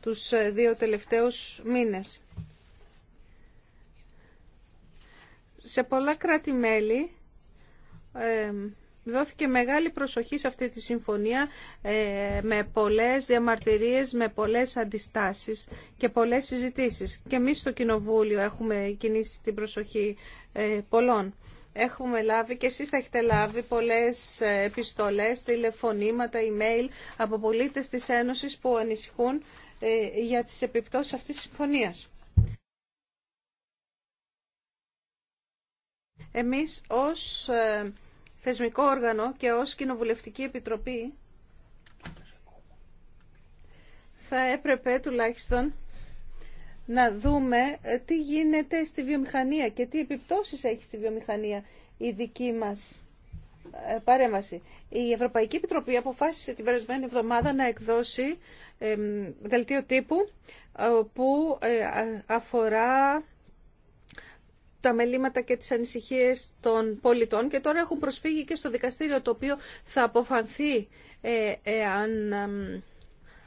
τους ε, δύο τελευταίους μήνες. σε πολλά κράτη-μέλη δόθηκε μεγάλη προσοχή σε αυτή τη συμφωνία ε, με πολλές διαμαρτυρίες, με πολλές αντιστάσεις και πολλές συζητήσεις. Και εμείς στο Κοινοβούλιο έχουμε κινήσει την προσοχή ε, πολλών. Έχουμε λάβει και εσείς θα έχετε λάβει πολλές ε, επιστολές, τηλεφωνήματα, email από πολίτες της Ένωσης που ανησυχούν για τις επιπτώσεις αυτής της συμφωνίας. Εμείς ως ε, θεσμικό όργανο και ως Κοινοβουλευτική Επιτροπή θα έπρεπε τουλάχιστον να δούμε ε, τι γίνεται στη βιομηχανία και τι επιπτώσεις έχει στη βιομηχανία η δική μας ε, παρέμβαση. Η Ευρωπαϊκή Επιτροπή αποφάσισε την περασμένη εβδομάδα να εκδώσει δελτίο τύπου που αφορά τα μελήματα και τις ανησυχίες των πολιτών και τώρα έχουν προσφύγει και στο δικαστήριο το οποίο θα αποφανθεί ε, εάν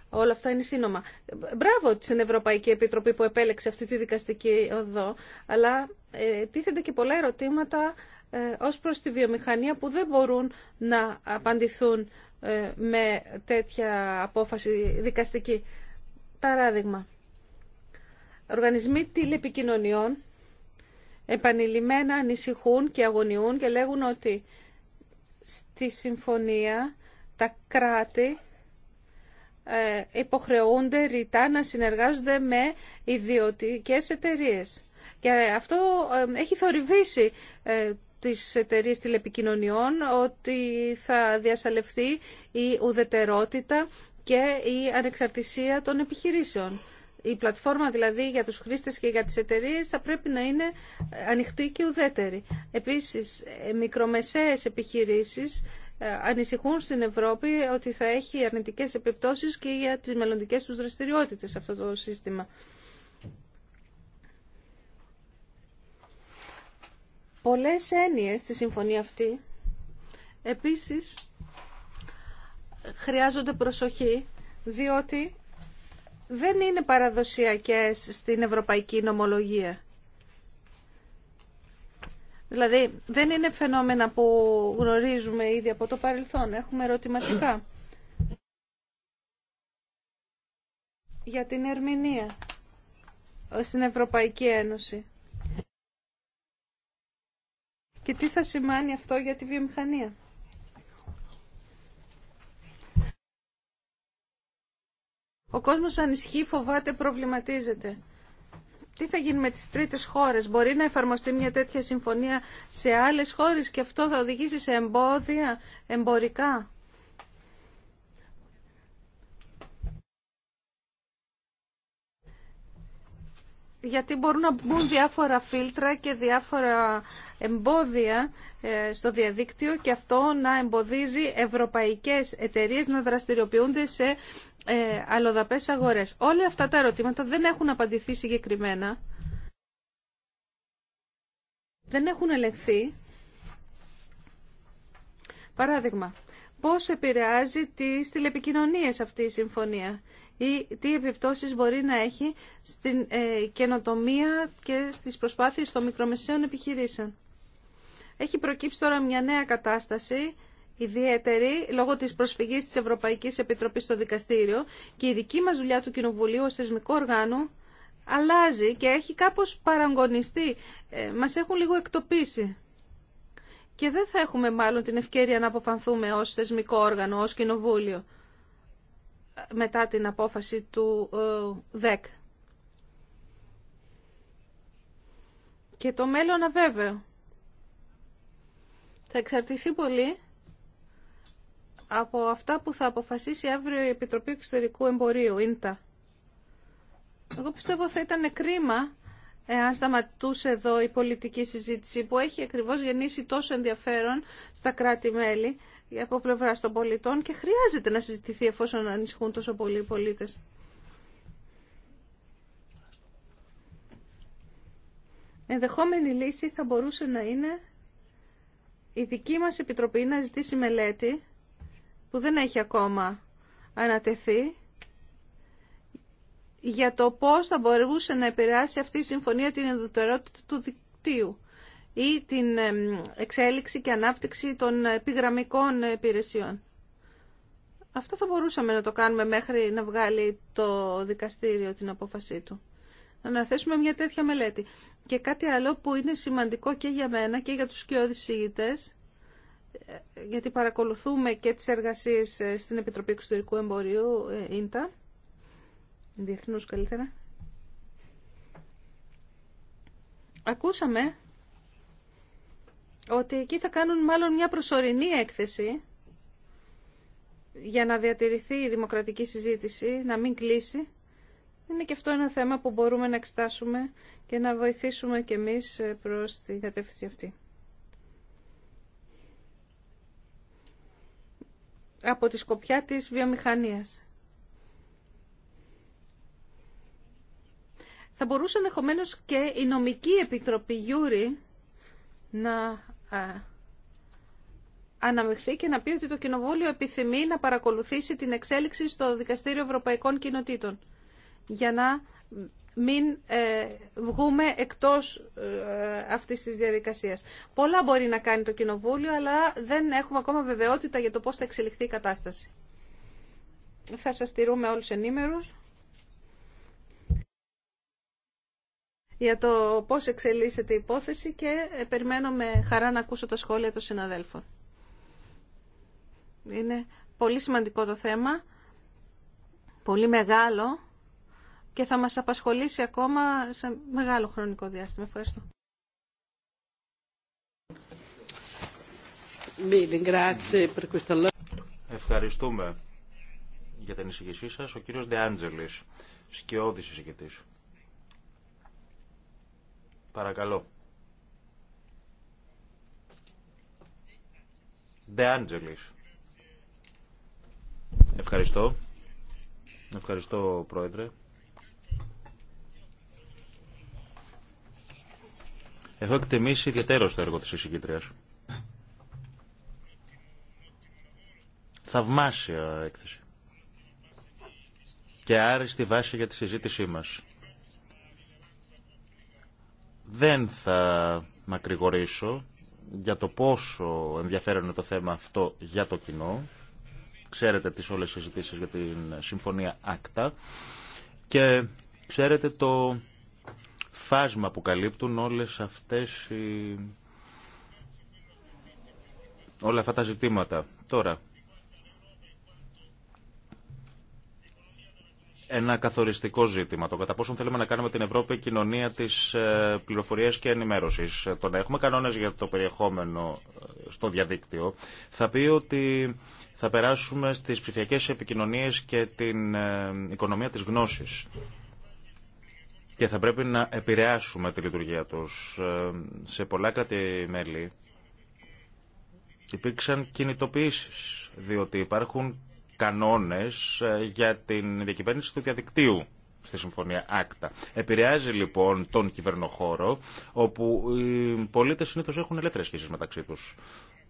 όλα αυτά είναι σύνομα. Μπράβο στην Ευρωπαϊκή Επιτροπή που επέλεξε αυτή τη δικαστική οδό, αλλά ε, τίθενται και πολλά ερωτήματα ε, ως προς τη βιομηχανία που δεν μπορούν να απαντηθούν ε, με τέτοια απόφαση δικαστική. Παράδειγμα, οργανισμοί τηλεπικοινωνιών επανειλημμένα ανησυχούν και αγωνιούν και λέγουν ότι στη συμφωνία τα κράτη ε, υποχρεούνται ρητά να συνεργάζονται με ιδιωτικές εταιρείες. Και αυτό ε, έχει θορυβήσει ε, τις εταιρείες τηλεπικοινωνιών ότι θα διασαλευτεί η ουδετερότητα και η ανεξαρτησία των επιχειρήσεων. Η πλατφόρμα δηλαδή για τους χρήστες και για τις εταιρείες θα πρέπει να είναι ανοιχτή και ουδέτερη. Επίσης, ε, μικρομεσαίες επιχειρήσεις ε, ανησυχούν στην Ευρώπη ότι θα έχει αρνητικές επιπτώσεις και για τις μελλοντικές τους δραστηριότητες αυτό το σύστημα. Πολλές έννοιες στη συμφωνία αυτή. Επίσης, χρειάζονται προσοχή, διότι δεν είναι παραδοσιακές στην ευρωπαϊκή νομολογία. Δηλαδή, δεν είναι φαινόμενα που γνωρίζουμε ήδη από το παρελθόν. Έχουμε ερωτηματικά. Για την ερμηνεία ε, στην Ευρωπαϊκή Ένωση. Και τι θα σημαίνει αυτό για τη βιομηχανία. Ο κόσμος ανισχύει, φοβάται, προβληματίζεται. Τι θα γίνει με τις τρίτες χώρες. Μπορεί να εφαρμοστεί μια τέτοια συμφωνία σε άλλες χώρες και αυτό θα οδηγήσει σε εμπόδια εμπορικά. γιατί μπορούν να μπουν διάφορα φίλτρα και διάφορα εμπόδια ε, στο διαδίκτυο και αυτό να εμποδίζει ευρωπαϊκές εταιρείες να δραστηριοποιούνται σε ε, αλλοδαπές αγορές. Όλα αυτά τα ερωτήματα δεν έχουν απαντηθεί συγκεκριμένα, δεν έχουν ελεγχθεί. Παράδειγμα, πώς επηρεάζει τις τηλεπικοινωνίες αυτή η συμφωνία ή τι επιπτώσεις μπορεί να έχει στην ε, καινοτομία και στις προσπάθειες των μικρομεσαίων επιχειρήσεων. Έχει προκύψει τώρα μια νέα κατάσταση ιδιαίτερη λόγω της προσφυγής της Ευρωπαϊκής Επιτροπής στο δικαστήριο και η δική μας δουλειά του Κοινοβουλίου ως θεσμικό οργάνου αλλάζει και έχει κάπως παραγωνιστεί. Ε, μας έχουν λίγο εκτοπίσει. Και δεν θα έχουμε μάλλον την ευκαιρία να αποφανθούμε ως θεσμικό όργανο, ως κοινοβούλιο, μετά την απόφαση του ε, ΔΕΚ. Και το μέλλον αβέβαιο θα εξαρτηθεί πολύ από αυτά που θα αποφασίσει αύριο η Επιτροπή Εξωτερικού Εμπορίου, ΙΝΤΑ. Εγώ πιστεύω θα ήταν κρίμα εάν σταματούσε εδώ η πολιτική συζήτηση που έχει ακριβώς γεννήσει τόσο ενδιαφέρον στα κράτη-μέλη από πλευρά των πολιτών και χρειάζεται να συζητηθεί εφόσον ανησυχούν τόσο πολλοί οι πολίτες. Ενδεχόμενη λύση θα μπορούσε να είναι η δική μας Επιτροπή να ζητήσει μελέτη που δεν έχει ακόμα ανατεθεί για το πώς θα μπορούσε να επηρεάσει αυτή η συμφωνία την ενδοτερότητα του δικτύου ή την εξέλιξη και ανάπτυξη των επιγραμμικών υπηρεσιών. Αυτό θα μπορούσαμε να το κάνουμε μέχρι να βγάλει το δικαστήριο την απόφασή του να αναθέσουμε μια τέτοια μελέτη. Και κάτι άλλο που είναι σημαντικό και για μένα και για τους σκιώδης ε, γιατί παρακολουθούμε και τις εργασίες ε, στην Επιτροπή Εξωτερικού Εμπορίου, ε, ΙΝΤΑ, Διεθνού καλύτερα. Ακούσαμε ότι εκεί θα κάνουν μάλλον μια προσωρινή έκθεση για να διατηρηθεί η δημοκρατική συζήτηση, να μην κλείσει είναι και αυτό ένα θέμα που μπορούμε να εξετάσουμε και να βοηθήσουμε κι εμείς ε, προς την κατεύθυνση αυτή. Από τη σκοπιά της βιομηχανίας. Θα μπορούσε ενδεχομένω και η νομική επιτροπή Γιούρι να αναμειχθεί και να πει ότι το Κοινοβούλιο επιθυμεί να παρακολουθήσει την εξέλιξη στο Δικαστήριο Ευρωπαϊκών Κοινοτήτων για να μην ε, βγούμε εκτός ε, αυτής της διαδικασίας. Πολλά μπορεί να κάνει το Κοινοβούλιο, αλλά δεν έχουμε ακόμα βεβαιότητα για το πώς θα εξελιχθεί η κατάσταση. Θα σας τηρούμε όλους ενήμερους για το πώς εξελίσσεται η υπόθεση και ε, περιμένω με χαρά να ακούσω τα σχόλια των συναδέλφων. Είναι πολύ σημαντικό το θέμα, πολύ μεγάλο και θα μας απασχολήσει ακόμα σε μεγάλο χρονικό διάστημα. Ευχαριστώ. Ευχαριστούμε για την εισηγησή σας. Ο κύριος Ντεάντζελης, σκιώδης εισηγητής. Παρακαλώ. Άντζελης. Ευχαριστώ. Ευχαριστώ, Πρόεδρε. Έχω εκτιμήσει ιδιαίτερο το έργο τη εισηγήτρια. Θαυμάσια έκθεση. Και άριστη βάση για τη συζήτησή μας. Δεν θα μακρηγορήσω για το πόσο ενδιαφέρον είναι το θέμα αυτό για το κοινό. Ξέρετε τις όλες τις συζητήσεις για την Συμφωνία Άκτα και ξέρετε το φάσμα που καλύπτουν όλες αυτές οι... όλα αυτά τα ζητήματα. Τώρα, ένα καθοριστικό ζήτημα. Το κατά πόσον θέλουμε να κάνουμε την Ευρώπη κοινωνία της ε, πληροφορίας και ενημέρωσης. Το να έχουμε κανόνες για το περιεχόμενο ε, στο διαδίκτυο θα πει ότι θα περάσουμε στις ψηφιακές επικοινωνίες και την ε, οικονομία της γνώσης και θα πρέπει να επηρεάσουμε τη λειτουργία τους. Ε, σε πολλά κράτη-μέλη υπήρξαν κινητοποιήσεις, διότι υπάρχουν κανόνες ε, για την διακυβέρνηση του διαδικτύου στη Συμφωνία Άκτα. Επηρεάζει λοιπόν τον κυβερνοχώρο, όπου οι πολίτες συνήθως έχουν ελεύθερες σχέσεις μεταξύ τους,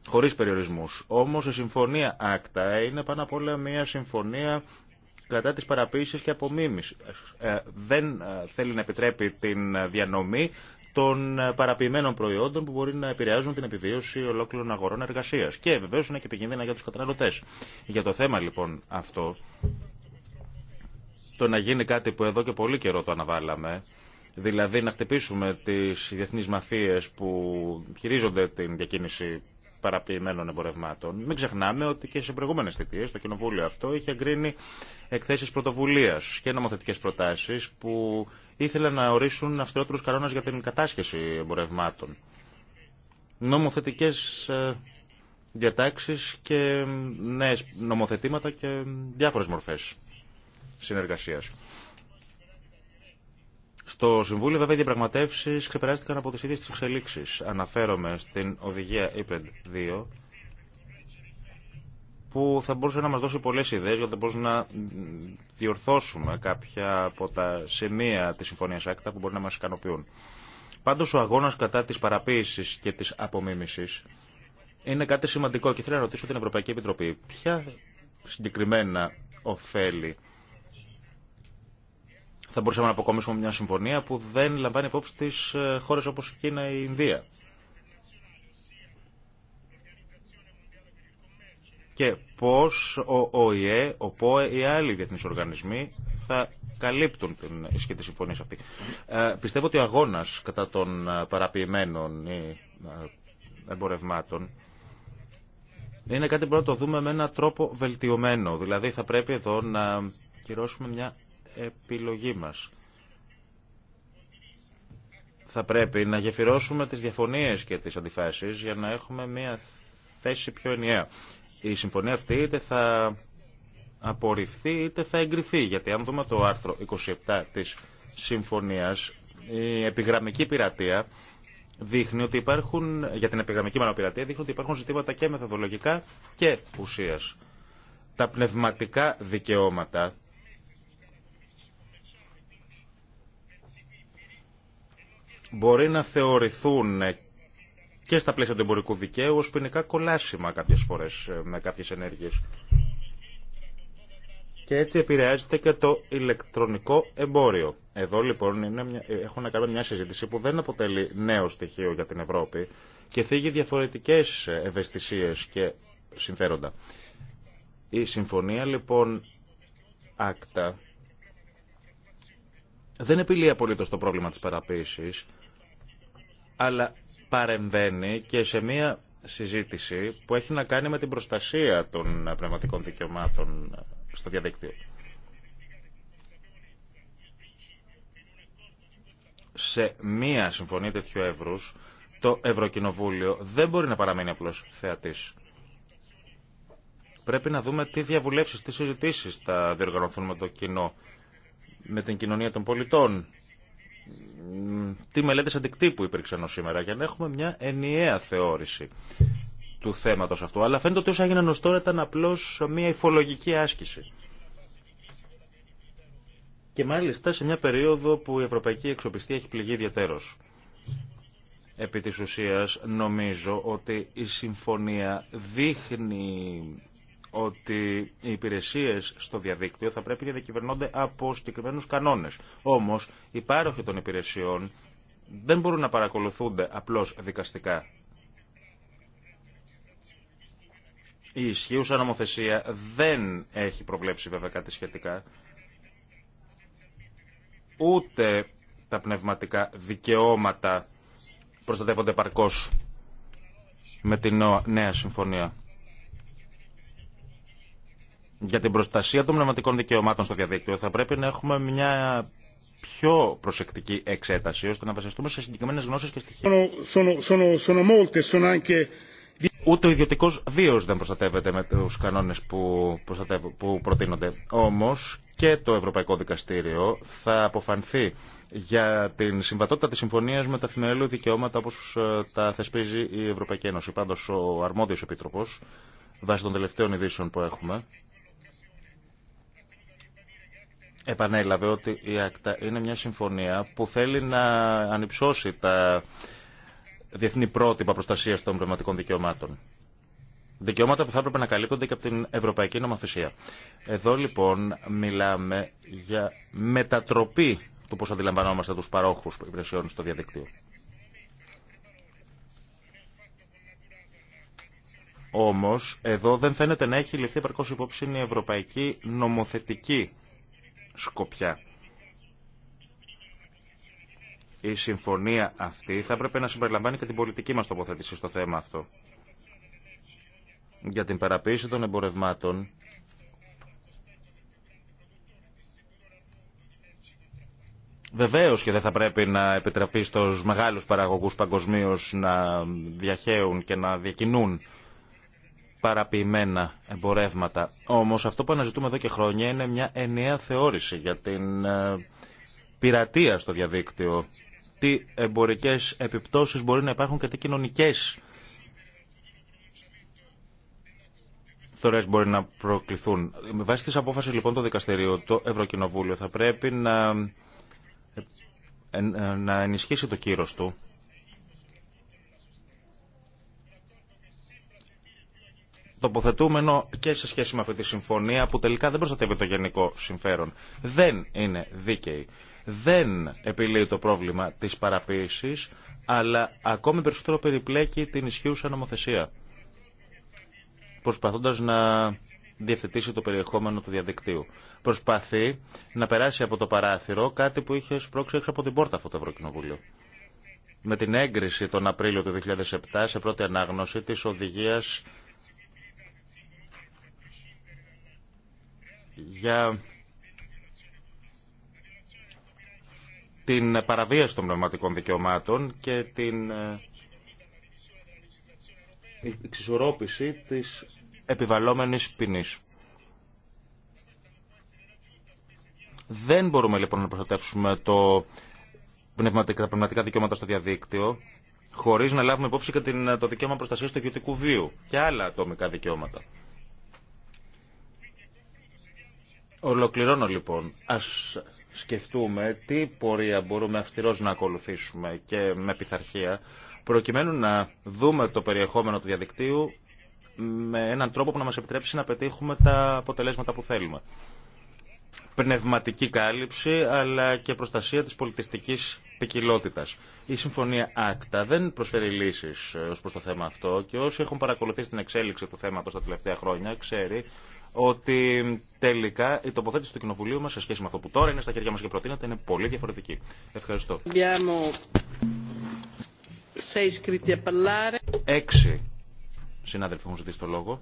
χωρίς περιορισμούς. Όμως η Συμφωνία Άκτα είναι πάνω απ' όλα μια συμφωνία κατά τις παραποίηση και απομίμησης. Ε, δεν ε, θέλει να επιτρέπει την ε, διανομή των παραποιημένων προϊόντων που μπορεί να επηρεάζουν την επιβίωση ολόκληρων αγορών εργασία. Και βεβαίω είναι και επικίνδυνα για του καταναλωτέ. Για το θέμα λοιπόν αυτό, το να γίνει κάτι που εδώ και πολύ καιρό το αναβάλαμε, δηλαδή να χτυπήσουμε τι διεθνεί μαφίε που χειρίζονται την διακίνηση παραποιημένων εμπορευμάτων. Μην ξεχνάμε ότι και σε προηγούμενε θητείε το Κοινοβούλιο αυτό είχε εγκρίνει εκθέσει πρωτοβουλία και νομοθετικέ προτάσει που ήθελαν να ορίσουν αυστηρότερου κανόνε για την κατάσχεση εμπορευμάτων. Νομοθετικέ ε, διατάξει και ε, νέε νομοθετήματα και διάφορε μορφέ συνεργασία. Στο Συμβούλιο, βέβαια, οι διαπραγματεύσει ξεπεράστηκαν από τι ίδιε τι εξελίξει. Αναφέρομαι στην οδηγία ΕΠΕΝΤ 2, που θα μπορούσε να μα δώσει πολλέ ιδέε για το πώ να διορθώσουμε κάποια από τα σημεία τη Συμφωνία Άκτα που μπορεί να μα ικανοποιούν. Πάντω, ο αγώνα κατά τη παραποίηση και τη απομίμηση είναι κάτι σημαντικό και θέλω να ρωτήσω την Ευρωπαϊκή Επιτροπή ποια συγκεκριμένα ωφέλη θα μπορούσαμε να αποκομίσουμε μια συμφωνία που δεν λαμβάνει υπόψη τι ε, χώρες όπως η Κίνα ή η Ινδία. Και πώς ο ΟΗΕ, ο ΠΟΕ ή άλλοι διεθνείς οργανισμοί θα καλύπτουν την ισχύ της συμφωνίας αυτή. Ε, πιστεύω ότι ο αγώνας κατά των ε, παραποιημένων ή ε, εμπορευμάτων είναι κάτι που να το δούμε με έναν τρόπο βελτιωμένο. Δηλαδή θα πρέπει εδώ να κυρώσουμε μια επιλογή μας. Θα πρέπει να γεφυρώσουμε τις διαφωνίες και τις αντιφάσεις για να έχουμε μια θέση πιο ενιαία. Η συμφωνία αυτή είτε θα απορριφθεί είτε θα εγκριθεί, γιατί αν δούμε το άρθρο 27 της συμφωνίας, η επιγραμμική πειρατεία δείχνει ότι υπάρχουν, για την επιγραμμική πειρατεία δείχνει ότι υπάρχουν ζητήματα και μεθοδολογικά και ουσίας. Τα πνευματικά δικαιώματα μπορεί να θεωρηθούν και στα πλαίσια του εμπορικού δικαίου ως ποινικά κολάσιμα κάποιες φορές ε, με κάποιες ενέργειες. Και έτσι επηρεάζεται και το ηλεκτρονικό εμπόριο. Εδώ λοιπόν είναι μια... έχω να κάνω μια συζήτηση που δεν αποτελεί νέο στοιχείο για την Ευρώπη και θίγει διαφορετικές ευαισθησίες και συμφέροντα. Η συμφωνία λοιπόν άκτα δεν επιλύει απολύτως το πρόβλημα της παραποίησης, αλλά παρεμβαίνει και σε μια συζήτηση που έχει να κάνει με την προστασία των πνευματικών δικαιωμάτων στο διαδίκτυο. Σε μία συμφωνία τέτοιου εύρους, το Ευρωκοινοβούλιο δεν μπορεί να παραμείνει απλώς θεατής. Πρέπει να δούμε τι διαβουλεύσεις, τι συζητήσεις θα διοργανωθούν με το κοινό, με την κοινωνία των πολιτών, τι μελέτες αντικτύπου υπήρξαν σήμερα για να έχουμε μια ενιαία θεώρηση του θέματος αυτού. Αλλά φαίνεται ότι όσα έγιναν ως τώρα ήταν απλώς μια υφολογική άσκηση. Και μάλιστα σε μια περίοδο που η ευρωπαϊκή εξοπιστία έχει πληγεί ιδιαίτερως. Επί της ουσίας νομίζω ότι η συμφωνία δείχνει ότι οι υπηρεσίε στο διαδίκτυο θα πρέπει να διακυβερνώνται από συγκεκριμένου κανόνε. Όμω, οι πάροχοι των υπηρεσιών δεν μπορούν να παρακολουθούνται απλώ δικαστικά. Η ισχύουσα νομοθεσία δεν έχει προβλέψει βέβαια κάτι σχετικά. Ούτε τα πνευματικά δικαιώματα προστατεύονται παρκώς με την νέα συμφωνία για την προστασία των πνευματικών δικαιωμάτων στο διαδίκτυο θα πρέπει να έχουμε μια πιο προσεκτική εξέταση ώστε να βασιστούμε σε συγκεκριμένε γνώσει και στοιχεία. Ούτε ο ιδιωτικό βίο δεν προστατεύεται με του κανόνε που, που προτείνονται. Όμω και το Ευρωπαϊκό Δικαστήριο θα αποφανθεί για την συμβατότητα τη συμφωνία με τα θεμελιώδη δικαιώματα όπω ε, τα θεσπίζει η Ευρωπαϊκή Ένωση. Πάντω, ο αρμόδιο επίτροπο, βάσει των τελευταίων ειδήσεων που έχουμε, επανέλαβε ότι η ΑΚΤΑ είναι μια συμφωνία που θέλει να ανυψώσει τα διεθνή πρότυπα προστασίας των πνευματικών δικαιωμάτων. Δικαιώματα που θα έπρεπε να καλύπτονται και από την Ευρωπαϊκή Νομοθεσία. Εδώ λοιπόν μιλάμε για μετατροπή του πώς αντιλαμβανόμαστε τους παρόχους υπηρεσιών στο διαδικτύο. Όμως εδώ δεν φαίνεται να έχει ληφθεί επαρκώς υπόψη η Ευρωπαϊκή Νομοθετική σκοπιά. Η συμφωνία αυτή θα έπρεπε να συμπεριλαμβάνει και την πολιτική μας τοποθέτηση στο θέμα αυτό. Για την παραποίηση των εμπορευμάτων Βεβαίω και δεν θα πρέπει να επιτραπεί στους μεγάλους παραγωγούς παγκοσμίω να διαχέουν και να διακινούν παραποιημένα εμπορεύματα. Όμως αυτό που αναζητούμε εδώ και χρόνια είναι μια ενιαία θεώρηση για την ε, πειρατεία στο διαδίκτυο. Τι εμπορικές επιπτώσεις μπορεί να υπάρχουν και τι κοινωνικές φθορέ μπορεί να προκληθούν. Με βάση τη απόφαση λοιπόν το δικαστήριο, το Ευρωκοινοβούλιο θα πρέπει να, ε, ε, να ενισχύσει το κύρος του τοποθετούμενο και σε σχέση με αυτή τη συμφωνία που τελικά δεν προστατεύει το γενικό συμφέρον. Δεν είναι δίκαιη. Δεν επιλύει το πρόβλημα της παραποίησης, αλλά ακόμη περισσότερο περιπλέκει την ισχύουσα νομοθεσία, προσπαθώντας να διευθετήσει το περιεχόμενο του διαδικτύου. Προσπαθεί να περάσει από το παράθυρο κάτι που είχε σπρώξει έξω από την πόρτα αυτό το Ευρωκοινοβούλιο με την έγκριση τον Απρίλιο του 2007 σε πρώτη ανάγνωση τη οδηγία. για την παραβίαση των πνευματικών δικαιωμάτων και την ε, εξισορρόπηση της επιβαλλόμενης ποινής. Δεν μπορούμε λοιπόν να προστατεύσουμε το πνευματικά, τα πνευματικά δικαιώματα στο διαδίκτυο χωρίς να λάβουμε υπόψη και το δικαίωμα προστασίας του ιδιωτικού βίου και άλλα ατομικά δικαιώματα. Ολοκληρώνω λοιπόν. Ας σκεφτούμε τι πορεία μπορούμε αυστηρώς να ακολουθήσουμε και με πειθαρχία προκειμένου να δούμε το περιεχόμενο του διαδικτύου με έναν τρόπο που να μας επιτρέψει να πετύχουμε τα αποτελέσματα που θέλουμε. Πνευματική κάλυψη αλλά και προστασία της πολιτιστικής ποικιλότητας. Η συμφωνία ΑΚΤΑ δεν προσφέρει λύσεις ε, ως προς το θέμα αυτό και όσοι έχουν παρακολουθήσει την εξέλιξη του θέματος τα τελευταία χρόνια ξέρει ότι τελικά η τοποθέτηση του Κοινοβουλίου μας σε σχέση με αυτό που τώρα είναι στα χέρια μα και προτείνεται είναι πολύ διαφορετική. Ευχαριστώ. Έξι συνάδελφοι έχουν ζητήσει το λόγο.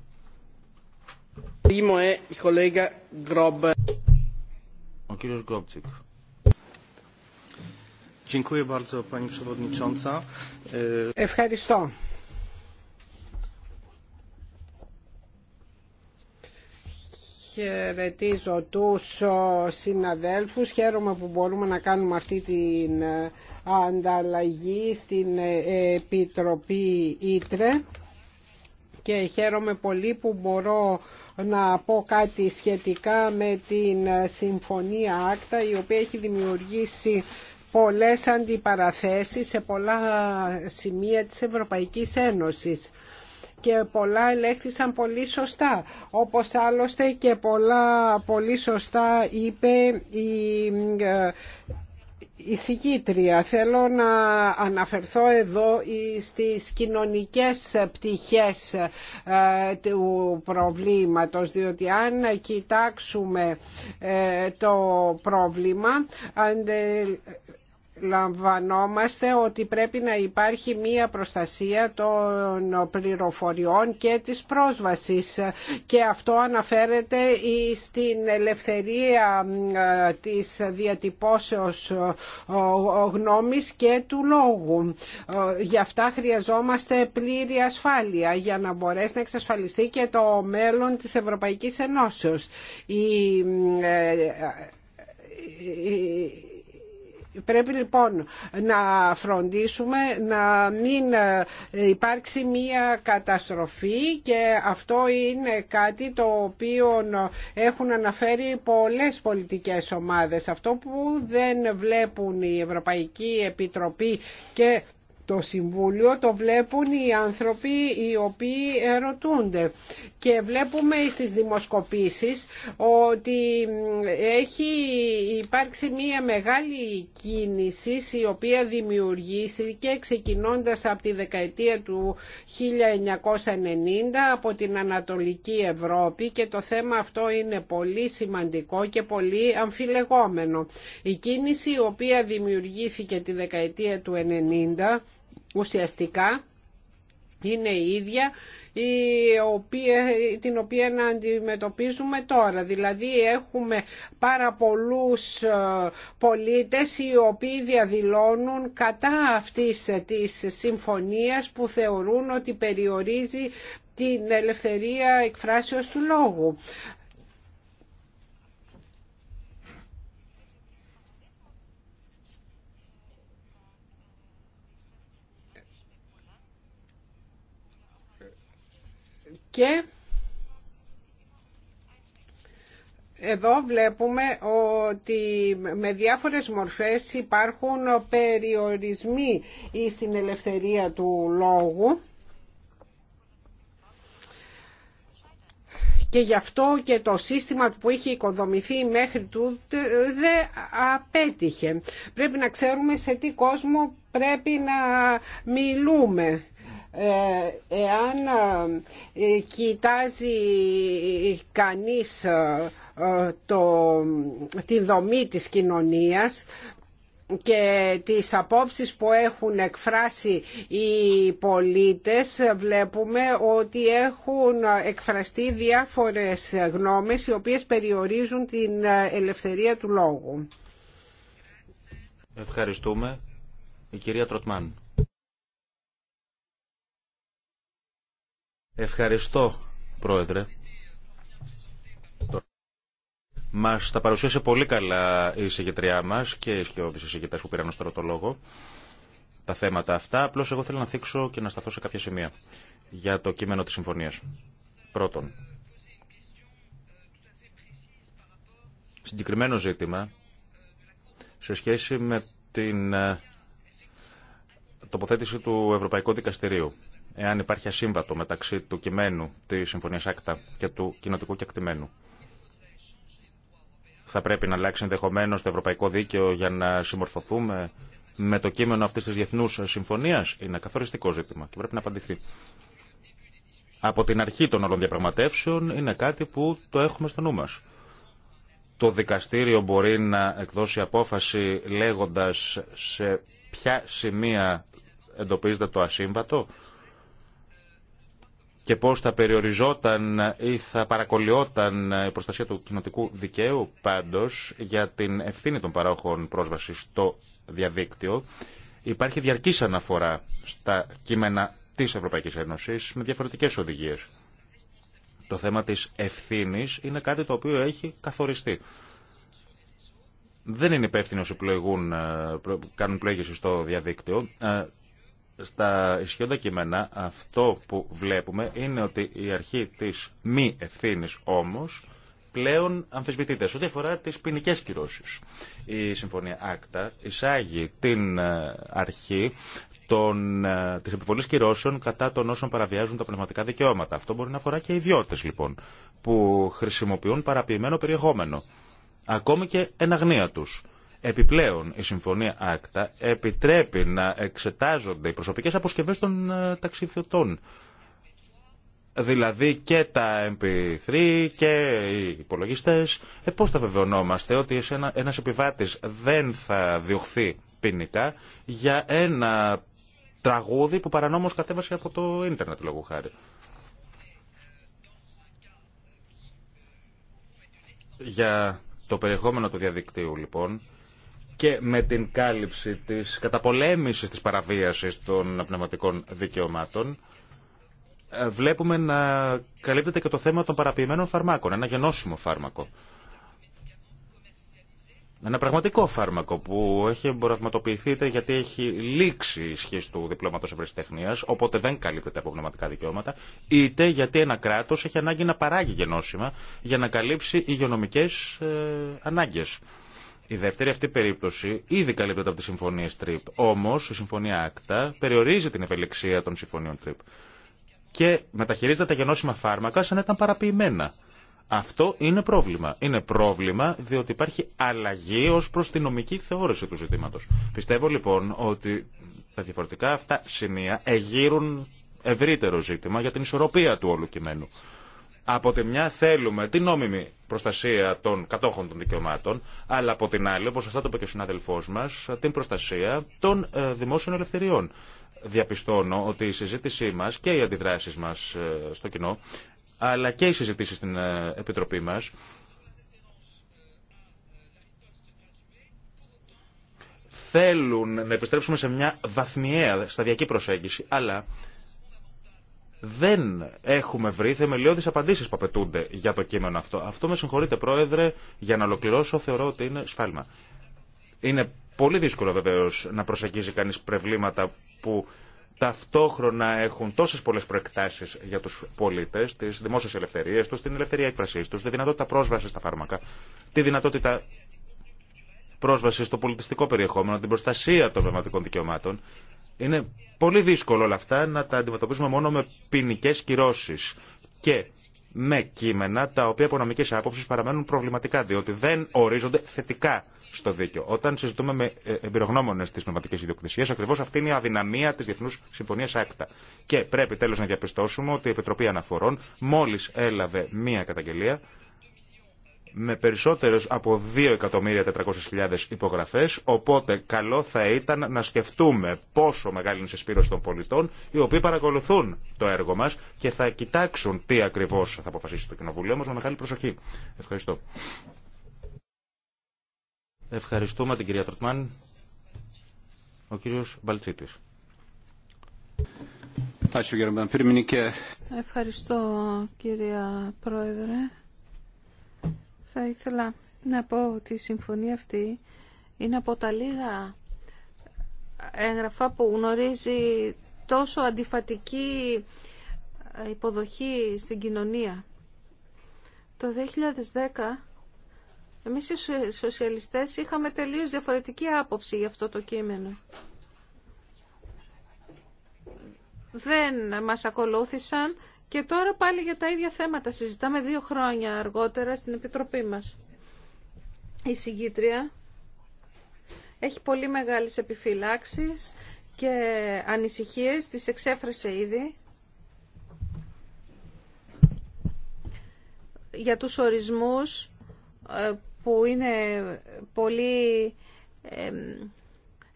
Ο κύριος Γκρόμπτσικ. Ευχαριστώ. χαιρετίζω τους ε, συναδέλφους. Χαίρομαι που μπορούμε να κάνουμε αυτή την ε, ανταλλαγή στην ε, Επιτροπή Ήτρε και χαίρομαι πολύ που μπορώ να πω κάτι σχετικά με την Συμφωνία Άκτα η οποία έχει δημιουργήσει πολλές αντιπαραθέσεις σε πολλά σημεία της Ευρωπαϊκής Ένωσης και πολλά ελέγχθησαν πολύ σωστά. Όπως άλλωστε και πολλά πολύ σωστά είπε η ε, η συγκήτρια. Θέλω να αναφερθώ εδώ στις κοινωνικές πτυχές ε, του προβλήματος, διότι αν κοιτάξουμε ε, το πρόβλημα λαμβανόμαστε ότι πρέπει να υπάρχει μία προστασία των πληροφοριών και της πρόσβασης και αυτό αναφέρεται στην ελευθερία ε, της διατυπώσεως ε, γνώμης και του λόγου. Ε, γι' αυτά χρειαζόμαστε πλήρη ασφάλεια για να μπορέσει να εξασφαλιστεί και το μέλλον της Ευρωπαϊκής Ενώσεως. Η Πρέπει λοιπόν να φροντίσουμε να μην υπάρξει μία καταστροφή και αυτό είναι κάτι το οποίο έχουν αναφέρει πολλές πολιτικές ομάδες. Αυτό που δεν βλέπουν η Ευρωπαϊκή Επιτροπή και το Συμβούλιο το βλέπουν οι άνθρωποι οι οποίοι ερωτούνται και βλέπουμε στις δημοσκοπήσεις ότι έχει υπάρξει μια μεγάλη κίνηση η οποία δημιουργήθηκε ξεκινώντας από τη δεκαετία του 1990 από την Ανατολική Ευρώπη και το θέμα αυτό είναι πολύ σημαντικό και πολύ αμφιλεγόμενο. Η κίνηση η οποία δημιουργήθηκε τη δεκαετία του 1990 ουσιαστικά είναι η ίδια η οποία, την οποία να αντιμετωπίζουμε τώρα. Δηλαδή έχουμε πάρα πολλούς ε, πολίτες οι οποίοι διαδηλώνουν κατά αυτής της συμφωνίας που θεωρούν ότι περιορίζει την ελευθερία εκφράσεως του λόγου. Και εδώ βλέπουμε ότι με διάφορες μορφές υπάρχουν περιορισμοί στην ελευθερία του λόγου. και γι' αυτό και το σύστημα που είχε οικοδομηθεί μέχρι του δεν απέτυχε. Πρέπει να ξέρουμε σε τι κόσμο πρέπει να μιλούμε ε, εάν ε, κοιτάζει κανείς ε, το, τη δομή της κοινωνίας και τις απόψεις που έχουν εκφράσει οι πολίτες βλέπουμε ότι έχουν εκφραστεί διάφορες γνώμες οι οποίες περιορίζουν την ελευθερία του λόγου. Ευχαριστούμε. Η κυρία Τροτμάν. Ευχαριστώ, Πρόεδρε. Μα τα παρουσίασε πολύ καλά η συγκεκριά μα και οι σκιώδει συγκεκριτέ που πήραν ω τώρα το λόγο τα θέματα αυτά. Απλώ εγώ θέλω να θίξω και να σταθώ σε κάποια σημεία για το κείμενο τη συμφωνία. Πρώτον, συγκεκριμένο ζήτημα σε σχέση με την ε, τοποθέτηση του Ευρωπαϊκού Δικαστηρίου εάν υπάρχει ασύμβατο μεταξύ του κειμένου τη Συμφωνία Άκτα και του κοινοτικού κεκτημένου. Θα πρέπει να αλλάξει ενδεχομένω το ευρωπαϊκό δίκαιο για να συμμορφωθούμε με το κείμενο αυτή τη διεθνού συμφωνία. Είναι καθοριστικό ζήτημα και πρέπει να απαντηθεί. Από την αρχή των όλων διαπραγματεύσεων είναι κάτι που το έχουμε στο νου μας. Το δικαστήριο μπορεί να εκδώσει απόφαση λέγοντας σε ποια σημεία εντοπίζεται το ασύμβατο και πώς θα περιοριζόταν ή θα παρακολιόταν η προστασία του κοινοτικού δικαίου πάντως για την ευθύνη των παρόχων πρόσβασης στο διαδίκτυο. Υπάρχει διαρκής αναφορά στα κείμενα της Ευρωπαϊκής Ένωσης με διαφορετικές οδηγίες. Το θέμα της ευθύνης είναι κάτι το οποίο έχει καθοριστεί. Δεν είναι υπεύθυνοι που ε, κάνουν πλέγηση στο διαδίκτυο. Ε, στα ισχυρά κείμενα αυτό που βλέπουμε είναι ότι η αρχή της μη ευθύνη όμως πλέον αμφισβητείται σε ό,τι αφορά τις ποινικέ κυρώσεις. Η Συμφωνία Άκτα εισάγει την ε, αρχή των, ε, της επιβολής κυρώσεων κατά των όσων παραβιάζουν τα πνευματικά δικαιώματα. Αυτό μπορεί να αφορά και ιδιώτες λοιπόν που χρησιμοποιούν παραποιημένο περιεχόμενο. Ακόμη και εν αγνία τους. Επιπλέον, η Συμφωνία Άκτα επιτρέπει να εξετάζονται οι προσωπικές αποσκευές των ε, ταξιδιωτών. Δηλαδή και τα MP3 και οι υπολογιστές. Ε, πώς θα βεβαιωνόμαστε ότι ένας επιβάτης δεν θα διωχθεί ποινικά για ένα τραγούδι που παρανόμως κατέβασε από το ίντερνετ λόγω χάρη. Για το περιεχόμενο του διαδικτύου λοιπόν και με την κάλυψη της καταπολέμησης της παραβίασης των πνευματικών δικαιωμάτων ε, βλέπουμε να καλύπτεται και το θέμα των παραποιημένων φαρμάκων, ένα γενώσιμο φάρμακο. Ένα πραγματικό φάρμακο που έχει εμπορευματοποιηθεί γιατί έχει λήξει η σχέση του διπλώματο ευρεσιτεχνία, οπότε δεν καλύπτεται από πνευματικά δικαιώματα, είτε γιατί ένα κράτο έχει ανάγκη να παράγει γενώσιμα για να καλύψει υγειονομικέ ε, ανάγκες. ανάγκε. Η δεύτερη αυτή περίπτωση ήδη καλύπτεται από τι συμφωνίε TRIP. Όμω η συμφωνία ACTA περιορίζει την ευελιξία των συμφωνίων TRIP και μεταχειρίζεται τα γενώσιμα φάρμακα σαν να ήταν παραποιημένα. Αυτό είναι πρόβλημα. Είναι πρόβλημα διότι υπάρχει αλλαγή ω προς τη νομική θεώρηση του ζητήματος. Πιστεύω λοιπόν ότι τα διαφορετικά αυτά σημεία εγείρουν ευρύτερο ζήτημα για την ισορροπία του όλου κειμένου. Από τη μια θέλουμε την νόμιμη προστασία των κατόχων των δικαιωμάτων, αλλά από την άλλη, όπως αυτά το είπε και ο συνάδελφός μας, την προστασία των ε, δημόσιων ελευθεριών. Διαπιστώνω ότι η συζήτησή μας και οι αντιδράσεις μας ε, στο κοινό, αλλά και οι συζητήσει στην ε, Επιτροπή μας, θέλουν να επιστρέψουμε σε μια βαθμιαία σταδιακή προσέγγιση, αλλά δεν έχουμε βρει θεμελιώδεις απαντήσεις που απαιτούνται για το κείμενο αυτό. Αυτό με συγχωρείτε πρόεδρε, για να ολοκληρώσω θεωρώ ότι είναι σφάλμα. Είναι πολύ δύσκολο βεβαίω να προσεγγίζει κανείς προβλήματα που ταυτόχρονα έχουν τόσε πολλέ προεκτάσει για του πολίτε, τι δημόσιε ελευθερίε του, την ελευθερία έκφρασή του, τη δυνατότητα πρόσβαση στα φάρμακα, τη δυνατότητα πρόσβαση στο πολιτιστικό περιεχόμενο, την προστασία των πνευματικών δικαιωμάτων. Είναι πολύ δύσκολο όλα αυτά να τα αντιμετωπίσουμε μόνο με ποινικέ κυρώσει και με κείμενα τα οποία από νομική άποψη παραμένουν προβληματικά, διότι δεν ορίζονται θετικά στο δίκαιο. Όταν συζητούμε με ε, εμπειρογνώμονε τη πνευματική ιδιοκτησία, ακριβώ αυτή είναι η αδυναμία τη Διεθνού Συμφωνία Άκτα. Και πρέπει τέλο να διαπιστώσουμε ότι η Επιτροπή Αναφορών μόλι έλαβε μία καταγγελία με περισσότερες από 2.400.000 υπογραφές, οπότε καλό θα ήταν να σκεφτούμε πόσο μεγάλη είναι η συσπήρωση των πολιτών, οι οποίοι παρακολουθούν το έργο μας και θα κοιτάξουν τι ακριβώς θα αποφασίσει το Κοινοβουλίο μας με μεγάλη προσοχή. Ευχαριστώ. Ευχαριστούμε την κυρία Τροτμάν. Ο κύριος Μπαλτσίτης. Ευχαριστώ κύριε Πρόεδρε. Θα ήθελα να πω ότι η συμφωνία αυτή είναι από τα λίγα έγγραφα που γνωρίζει τόσο αντιφατική υποδοχή στην κοινωνία. Το 2010 εμείς οι σοσιαλιστές είχαμε τελείως διαφορετική άποψη για αυτό το κείμενο. Δεν μας ακολούθησαν και τώρα πάλι για τα ίδια θέματα συζητάμε δύο χρόνια αργότερα στην Επιτροπή μας. Η συγκήτρια έχει πολύ μεγάλες επιφυλάξεις και ανησυχίες, τις εξέφρασε ήδη. Για τους ορισμούς ε, που είναι πολύ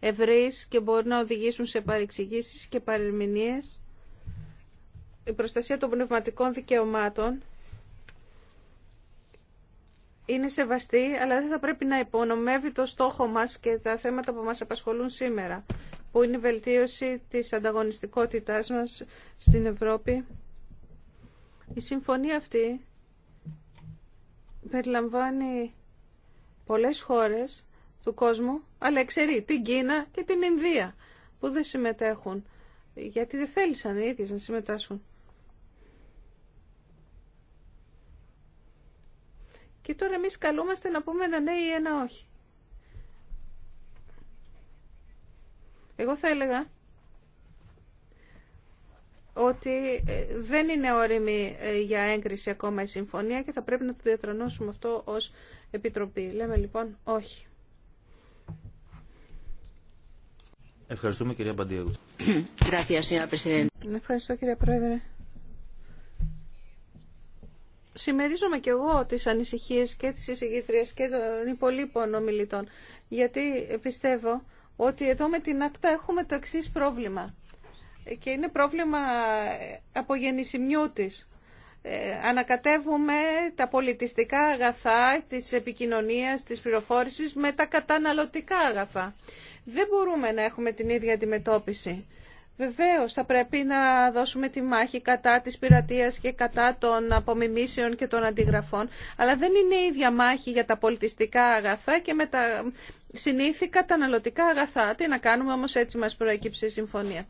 ευρύς και μπορεί να οδηγήσουν σε παρεξηγήσεις και παρερμηνίες η προστασία των πνευματικών δικαιωμάτων είναι σεβαστή, αλλά δεν θα πρέπει να υπονομεύει το στόχο μας και τα θέματα που μας απασχολούν σήμερα, που είναι η βελτίωση της ανταγωνιστικότητάς μας στην Ευρώπη. Η συμφωνία αυτή περιλαμβάνει πολλές χώρες του κόσμου, αλλά ξέρει την Κίνα και την Ινδία, που δεν συμμετέχουν, γιατί δεν θέλησαν οι ίδιες να συμμετάσχουν. Και τώρα εμείς καλούμαστε να πούμε ένα ναι ή ένα όχι. Εγώ θα έλεγα ότι ε, δεν είναι όριμη ε, για έγκριση ακόμα η συμφωνία και θα πρέπει να το διατρανώσουμε αυτό ως Επιτροπή. Λέμε λοιπόν όχι. Ευχαριστούμε κυρία Παντιέγου. Ευχαριστώ κυρία Πρόεδρε συμμερίζομαι και εγώ τις ανησυχίες και τις εισηγήτριες και των υπολείπων ομιλητών, γιατί πιστεύω ότι εδώ με την ΑΚΤΑ έχουμε το εξή πρόβλημα. Και είναι πρόβλημα από γεννησιμιού της. Ε, ανακατεύουμε τα πολιτιστικά αγαθά της επικοινωνίας, της πληροφόρησης με τα καταναλωτικά αγαθά. Δεν μπορούμε να έχουμε την ίδια αντιμετώπιση. Βεβαίως θα πρέπει να δώσουμε τη μάχη κατά της πειρατείας και κατά των απομιμήσεων και των αντιγραφών, αλλά δεν είναι η ίδια μάχη για τα πολιτιστικά αγαθά και με τα συνήθη καταναλωτικά αγαθά. Τι να κάνουμε όμως έτσι μας προέκυψε η συμφωνία.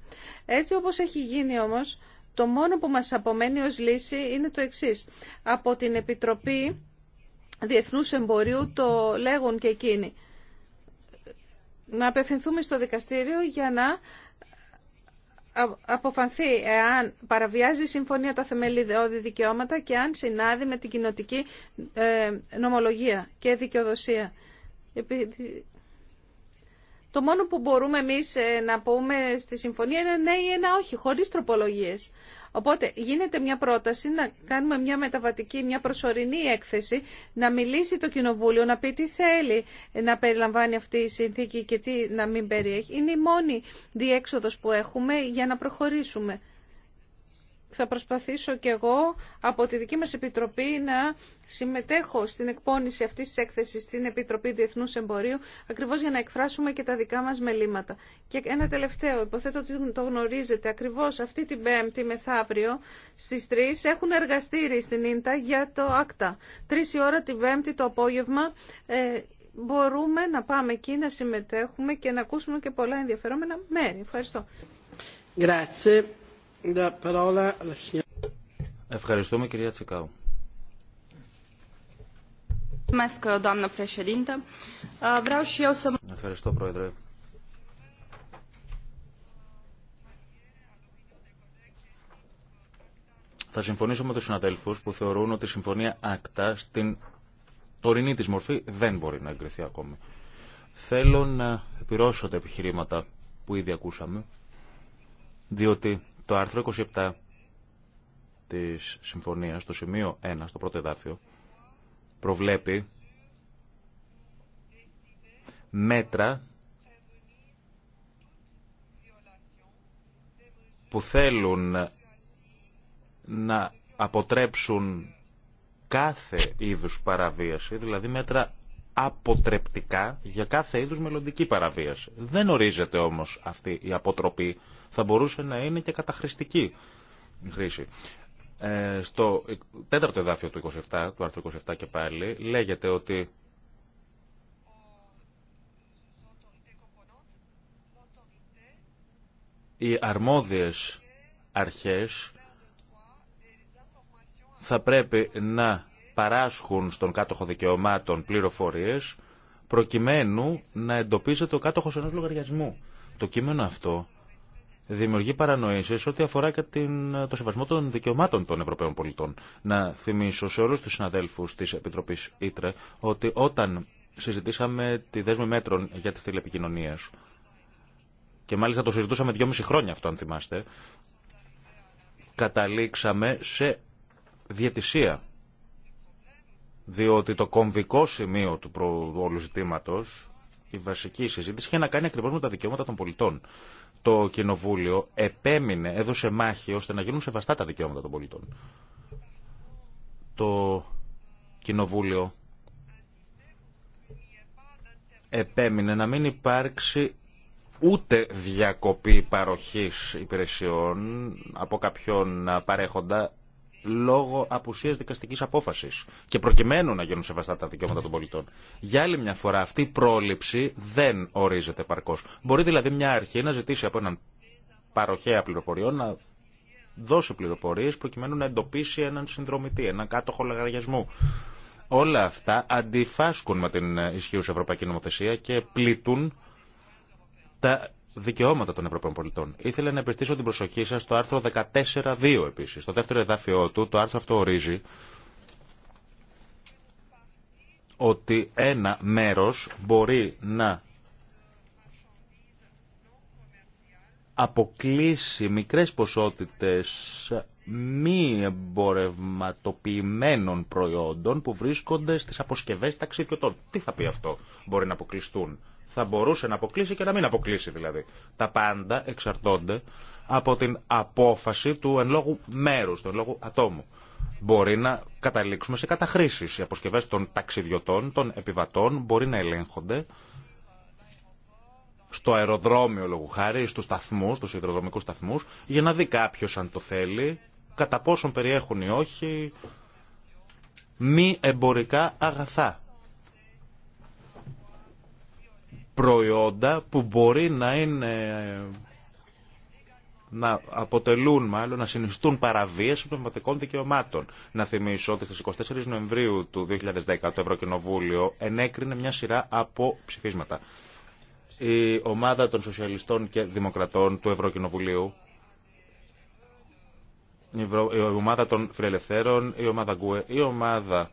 Έτσι όπως έχει γίνει όμως, το μόνο που μας απομένει ως λύση είναι το εξής. Από την Επιτροπή Διεθνούς Εμπορίου το λέγουν και εκείνοι. Να απευθυνθούμε στο δικαστήριο για να αποφανθεί εάν παραβιάζει η συμφωνία τα θεμελιώδη δικαιώματα και αν συνάδει με την κοινοτική ε, νομολογία και δικαιοδοσία. Το μόνο που μπορούμε εμείς ε, να πούμε στη συμφωνία είναι ναι ή ένα όχι, χωρίς τροπολογίες. Οπότε γίνεται μια πρόταση να κάνουμε μια μεταβατική, μια προσωρινή έκθεση, να μιλήσει το Κοινοβούλιο, να πει τι θέλει να περιλαμβάνει αυτή η συνθήκη και τι να μην περιέχει. Είναι η μόνη διέξοδος που έχουμε για να προχωρήσουμε θα προσπαθήσω και εγώ από τη δική μας Επιτροπή να συμμετέχω στην εκπόνηση αυτής της έκθεσης στην Επιτροπή Διεθνούς Εμπορίου ακριβώς για να εκφράσουμε και τα δικά μας μελήματα. Και ένα τελευταίο, υποθέτω ότι το γνωρίζετε, ακριβώς αυτή την Πέμπτη μεθαύριο στις 3 έχουν εργαστήρι στην Ίντα για το ΑΚΤΑ. Τρεις η ώρα την Πέμπτη το απόγευμα ε, μπορούμε να πάμε εκεί να συμμετέχουμε και να ακούσουμε και πολλά ενδιαφερόμενα μέρη. Ευχαριστώ. Grazie. Ευχαριστούμε κυρία Τσικάου. Uh, Ευχαριστώ πρόεδρε. Θα συμφωνήσω με τους συναδέλφους που θεωρούν ότι η συμφωνία ΑΚΤΑ στην τωρινή της μορφή δεν μπορεί να εγκριθεί ακόμη. Θέλω να επιρρώσω τα επιχειρήματα που ήδη ακούσαμε, διότι το άρθρο 27 της συμφωνίας, το σημείο 1, στο πρώτο εδάφιο, προβλέπει μέτρα που θέλουν να αποτρέψουν κάθε είδους παραβίαση, δηλαδή μέτρα αποτρεπτικά για κάθε είδους μελλοντική παραβίαση. Δεν ορίζεται όμως αυτή η αποτροπή θα μπορούσε να είναι και καταχρηστική χρήση. Ε, στο τέταρτο εδάφιο του 27, του άρθρου 27 και πάλι, λέγεται ότι οι αρμόδιες αρχές θα πρέπει να παράσχουν στον κάτοχο δικαιωμάτων πληροφορίες προκειμένου να εντοπίζεται ο κάτοχος ενός λογαριασμού. Το κείμενο αυτό δημιουργεί παρανοήσεις ό,τι αφορά και την, το σεβασμό των δικαιωμάτων των Ευρωπαίων πολιτών. Να θυμίσω σε όλους τους συναδέλφους της Επιτροπής Ήτρε ότι όταν συζητήσαμε τη δέσμη μέτρων για τις τηλεπικοινωνίες και μάλιστα το συζητούσαμε δυόμιση χρόνια αυτό αν θυμάστε καταλήξαμε σε διαιτησία διότι το κομβικό σημείο του όλου ζητήματος η βασική συζήτηση είχε να κάνει ακριβώς με τα δικαιώματα των πολιτών το Κοινοβούλιο επέμεινε, έδωσε μάχη ώστε να γίνουν σεβαστά τα δικαιώματα των πολιτών. Το Κοινοβούλιο επέμεινε να μην υπάρξει ούτε διακοπή παροχής υπηρεσιών από κάποιον παρέχοντα λόγω απουσία δικαστική απόφαση και προκειμένου να γίνουν σεβαστά τα δικαιώματα των πολιτών. Για άλλη μια φορά, αυτή η πρόληψη δεν ορίζεται παρκώ. Μπορεί δηλαδή μια αρχή να ζητήσει από έναν παροχέα πληροφοριών να δώσει πληροφορίε προκειμένου να εντοπίσει έναν συνδρομητή, έναν κάτοχο λαγαριασμού. Όλα αυτά αντιφάσκουν με την ισχύουσα ευρωπαϊκή νομοθεσία και πλήττουν τα δικαιώματα των Ευρωπαίων πολιτών. Ήθελε να επιστήσω την προσοχή σας στο άρθρο 14.2 επίσης. Στο δεύτερο εδάφιό του, το άρθρο αυτό ορίζει ότι ένα μέρος μπορεί να αποκλείσει μικρές ποσότητες μη εμπορευματοποιημένων προϊόντων που βρίσκονται στις αποσκευές ταξιδιωτών. Τι θα πει αυτό, μπορεί να αποκλειστούν θα μπορούσε να αποκλείσει και να μην αποκλείσει δηλαδή. Τα πάντα εξαρτώνται από την απόφαση του εν λόγου μέρους, του εν λόγου ατόμου. Μπορεί να καταλήξουμε σε καταχρήσεις. Οι αποσκευές των ταξιδιωτών, των επιβατών μπορεί να ελέγχονται στο αεροδρόμιο λόγου χάρη, στους σταθμούς, στους υδροδρομικούς σταθμούς, για να δει κάποιος αν το θέλει, κατά πόσον περιέχουν ή όχι μη εμπορικά αγαθά. προϊόντα που μπορεί να είναι να αποτελούν μάλλον, να συνιστούν παραβίαση των πνευματικών δικαιωμάτων. Να θυμίσω ότι στις 24 Νοεμβρίου του 2010 το Ευρωκοινοβούλιο ενέκρινε μια σειρά από ψηφίσματα. Η ομάδα των Σοσιαλιστών και Δημοκρατών του Ευρωκοινοβουλίου, η ομάδα των Φιλελευθέρων, η ομάδα Γκουε, η ομάδα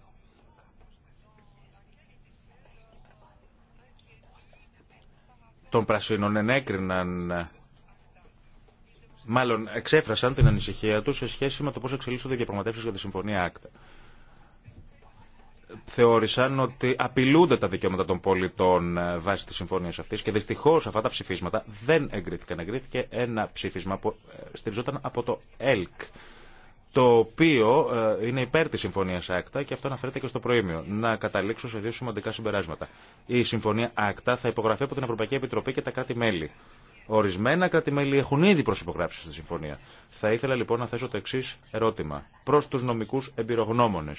των Πρασίνων ενέκριναν, μάλλον εξέφρασαν την ανησυχία τους σε σχέση με το πώς εξελίσσονται οι διαπραγματεύσεις για τη Συμφωνία Άκτα. Θεώρησαν ότι απειλούνται τα δικαιώματα των πολιτών ε, βάσει τη συμφωνία αυτή και δυστυχώ αυτά τα ψηφίσματα δεν εγκρίθηκαν. Εγκρίθηκε ένα ψήφισμα που ε, στηριζόταν από το ΕΛΚ το οποίο ε, είναι υπέρ τη συμφωνία ΑΚΤΑ και αυτό αναφέρεται και στο προήμιο. Να καταλήξω σε δύο σημαντικά συμπεράσματα. Η συμφωνία ΑΚΤΑ θα υπογραφεί από την Ευρωπαϊκή Επιτροπή και τα κράτη-μέλη. Ορισμένα κράτη-μέλη έχουν ήδη προσυπογράψει στη συμφωνία. Θα ήθελα λοιπόν να θέσω το εξή ερώτημα προ του νομικού εμπειρογνώμονε.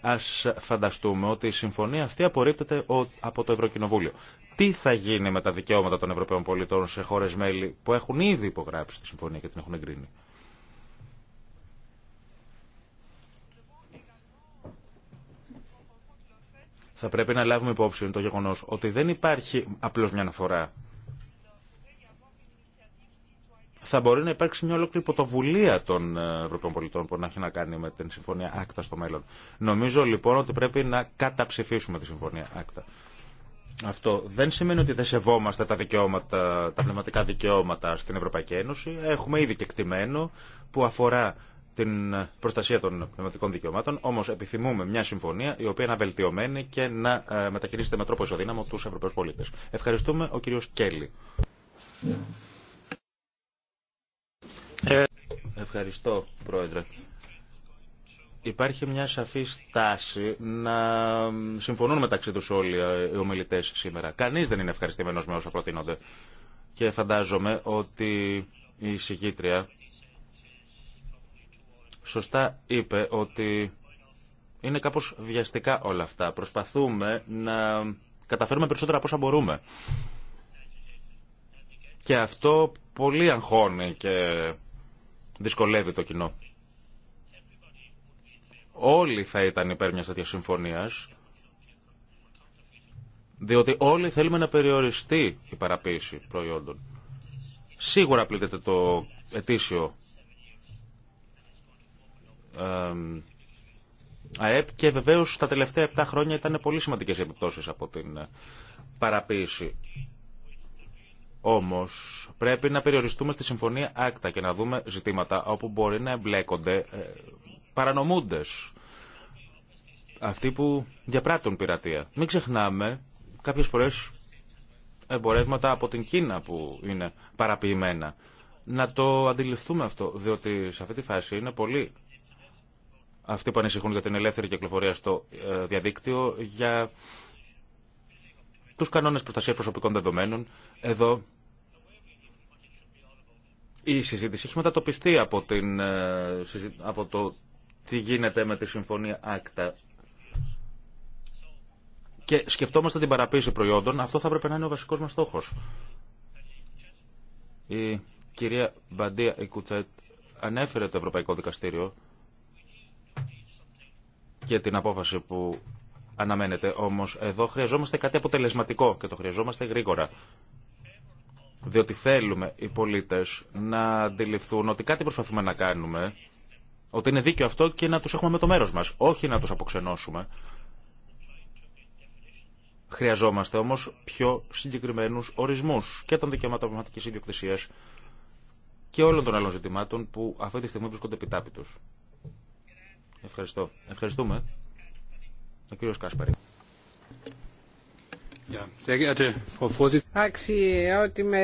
Α φανταστούμε ότι η συμφωνία αυτή απορρίπτεται από το Ευρωκοινοβούλιο. Τι θα γίνει με τα δικαιώματα των Ευρωπαίων πολιτών σε χώρε μέλη που έχουν ήδη υπογράψει τη συμφωνία και την έχουν εγκρίνει. Θα πρέπει να λάβουμε υπόψη το γεγονός ότι δεν υπάρχει απλώς μια αναφορά. Θα μπορεί να υπάρξει μια ολόκληρη πρωτοβουλία των ε, Ευρωπαίων πολιτών που να έχει να κάνει με την Συμφωνία Άκτα στο μέλλον. Νομίζω λοιπόν ότι πρέπει να καταψηφίσουμε τη Συμφωνία Άκτα. Αυτό δεν σημαίνει ότι δεν σεβόμαστε τα, δικαιώματα, τα πνευματικά δικαιώματα στην Ευρωπαϊκή Ένωση. Έχουμε ήδη κεκτημένο που αφορά την προστασία των πνευματικών δικαιωμάτων, όμω επιθυμούμε μια συμφωνία η οποία να βελτιωμένη και να ε, μεταχειρίζεται με τρόπο ισοδύναμο του Ευρωπαίου πολίτε. Ευχαριστούμε, ο κύριο Κέλλη. Ευχαριστώ, Πρόεδρε. Υπάρχει μια σαφή στάση να συμφωνούν μεταξύ του όλοι ε, οι ομιλητέ σήμερα. Κανεί δεν είναι ευχαριστημένο με όσα προτείνονται. Και φαντάζομαι ότι η συγκήτρια σωστά είπε ότι είναι κάπως βιαστικά όλα αυτά. Προσπαθούμε να καταφέρουμε περισσότερα από όσα μπορούμε. Και αυτό πολύ αγχώνει και δυσκολεύει το κοινό. Όλοι θα ήταν υπέρ μιας τέτοιας συμφωνίας, διότι όλοι θέλουμε να περιοριστεί η παραποίηση προϊόντων. Σίγουρα πλήττεται το ετήσιο ΑΕΠ και βεβαίως τα τελευταία 7 χρόνια ήταν πολύ σημαντικές οι επιπτώσεις από την ε, παραποίηση. όμως πρέπει να περιοριστούμε στη συμφωνία άκτα και να δούμε ζητήματα όπου μπορεί να εμπλέκονται ε, παρανομούντες Αυτοί που διαπράττουν πειρατεία. Μην ξεχνάμε κάποιες φορές εμπορεύματα από την Κίνα που είναι παραποιημένα. Να το αντιληφθούμε αυτό, διότι σε αυτή τη φάση είναι πολύ αυτοί που ανησυχούν για την ελεύθερη κυκλοφορία στο ε, διαδίκτυο, για τους κανόνες προστασίας προσωπικών δεδομένων. Εδώ η συζήτηση έχει μετατοπιστεί από, την, ε, από το τι γίνεται με τη Συμφωνία Άκτα. Και σκεφτόμαστε την παραποίηση προϊόντων. Αυτό θα έπρεπε να είναι ο βασικός μας στόχος. Η κυρία Μπαντία Ικουτσέτ ανέφερε το Ευρωπαϊκό Δικαστήριο και την απόφαση που αναμένεται. Όμως εδώ χρειαζόμαστε κάτι αποτελεσματικό και το χρειαζόμαστε γρήγορα. Διότι θέλουμε οι πολίτες να αντιληφθούν ότι κάτι προσπαθούμε να κάνουμε, ότι είναι δίκαιο αυτό και να τους έχουμε με το μέρος μας, όχι να τους αποξενώσουμε. Χρειαζόμαστε όμως πιο συγκεκριμένους ορισμούς και των δικαιωμάτων πραγματική ιδιοκτησία και όλων των άλλων ζητημάτων που αυτή τη στιγμή βρίσκονται επιτάπητος. Ευχαριστώ. Ευχαριστούμε. Ο κύριος Κάσπαρη. Αξιότιμε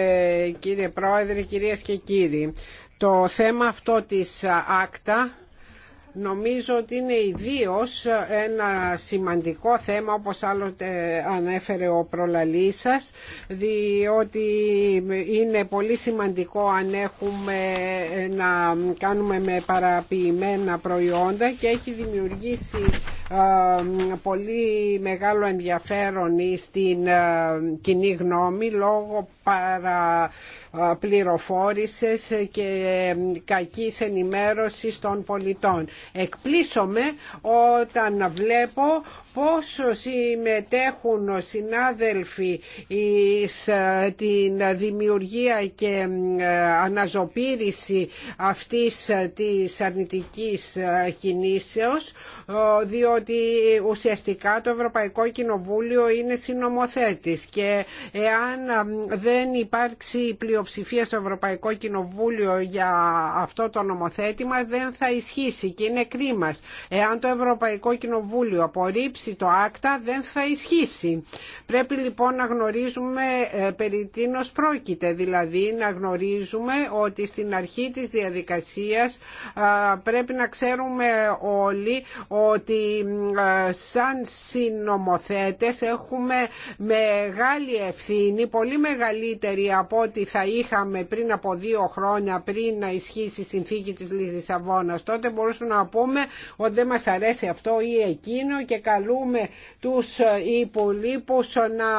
κύριε Πρόεδρε, κυρίες και κύριοι. Το θέμα αυτό της άκτα Νομίζω ότι είναι ιδίω ένα σημαντικό θέμα όπως άλλοτε ανέφερε ο προλαλής σας διότι είναι πολύ σημαντικό αν έχουμε να κάνουμε με παραποιημένα προϊόντα και έχει δημιουργήσει ε, πολύ μεγάλο ενδιαφέρον στην ε, κοινή γνώμη λόγω παραπληροφόρησης και κακής ενημέρωσης των πολιτών. Εκπλήσωμαι όταν βλέπω πόσο συμμετέχουν συνάδελφοι εις ε, την δημιουργία και ε, αναζωπήρηση αυτής ε, της αρνητικής κινήσεως διότι ουσιαστικά το Ευρωπαϊκό Κοινοβούλιο είναι συνομοθέτης και εάν δεν δεν υπάρξει πλειοψηφία στο Ευρωπαϊκό Κοινοβούλιο για αυτό το νομοθέτημα δεν θα ισχύσει και είναι κρίμα. Εάν το Ευρωπαϊκό Κοινοβούλιο απορρίψει το άκτα δεν θα ισχύσει. Πρέπει λοιπόν να γνωρίζουμε ε, περί τίνος πρόκειται, δηλαδή να γνωρίζουμε ότι στην αρχή της διαδικασίας ε, πρέπει να ξέρουμε όλοι ότι ε, σαν συνομοθέτες έχουμε μεγάλη ευθύνη, πολύ μεγάλη από ό,τι θα είχαμε πριν από δύο χρόνια πριν να ισχύσει η συνθήκη της Αβώνας. Τότε μπορούσαμε να πούμε ότι δεν μας αρέσει αυτό ή εκείνο και καλούμε τους ε, υπολείπους να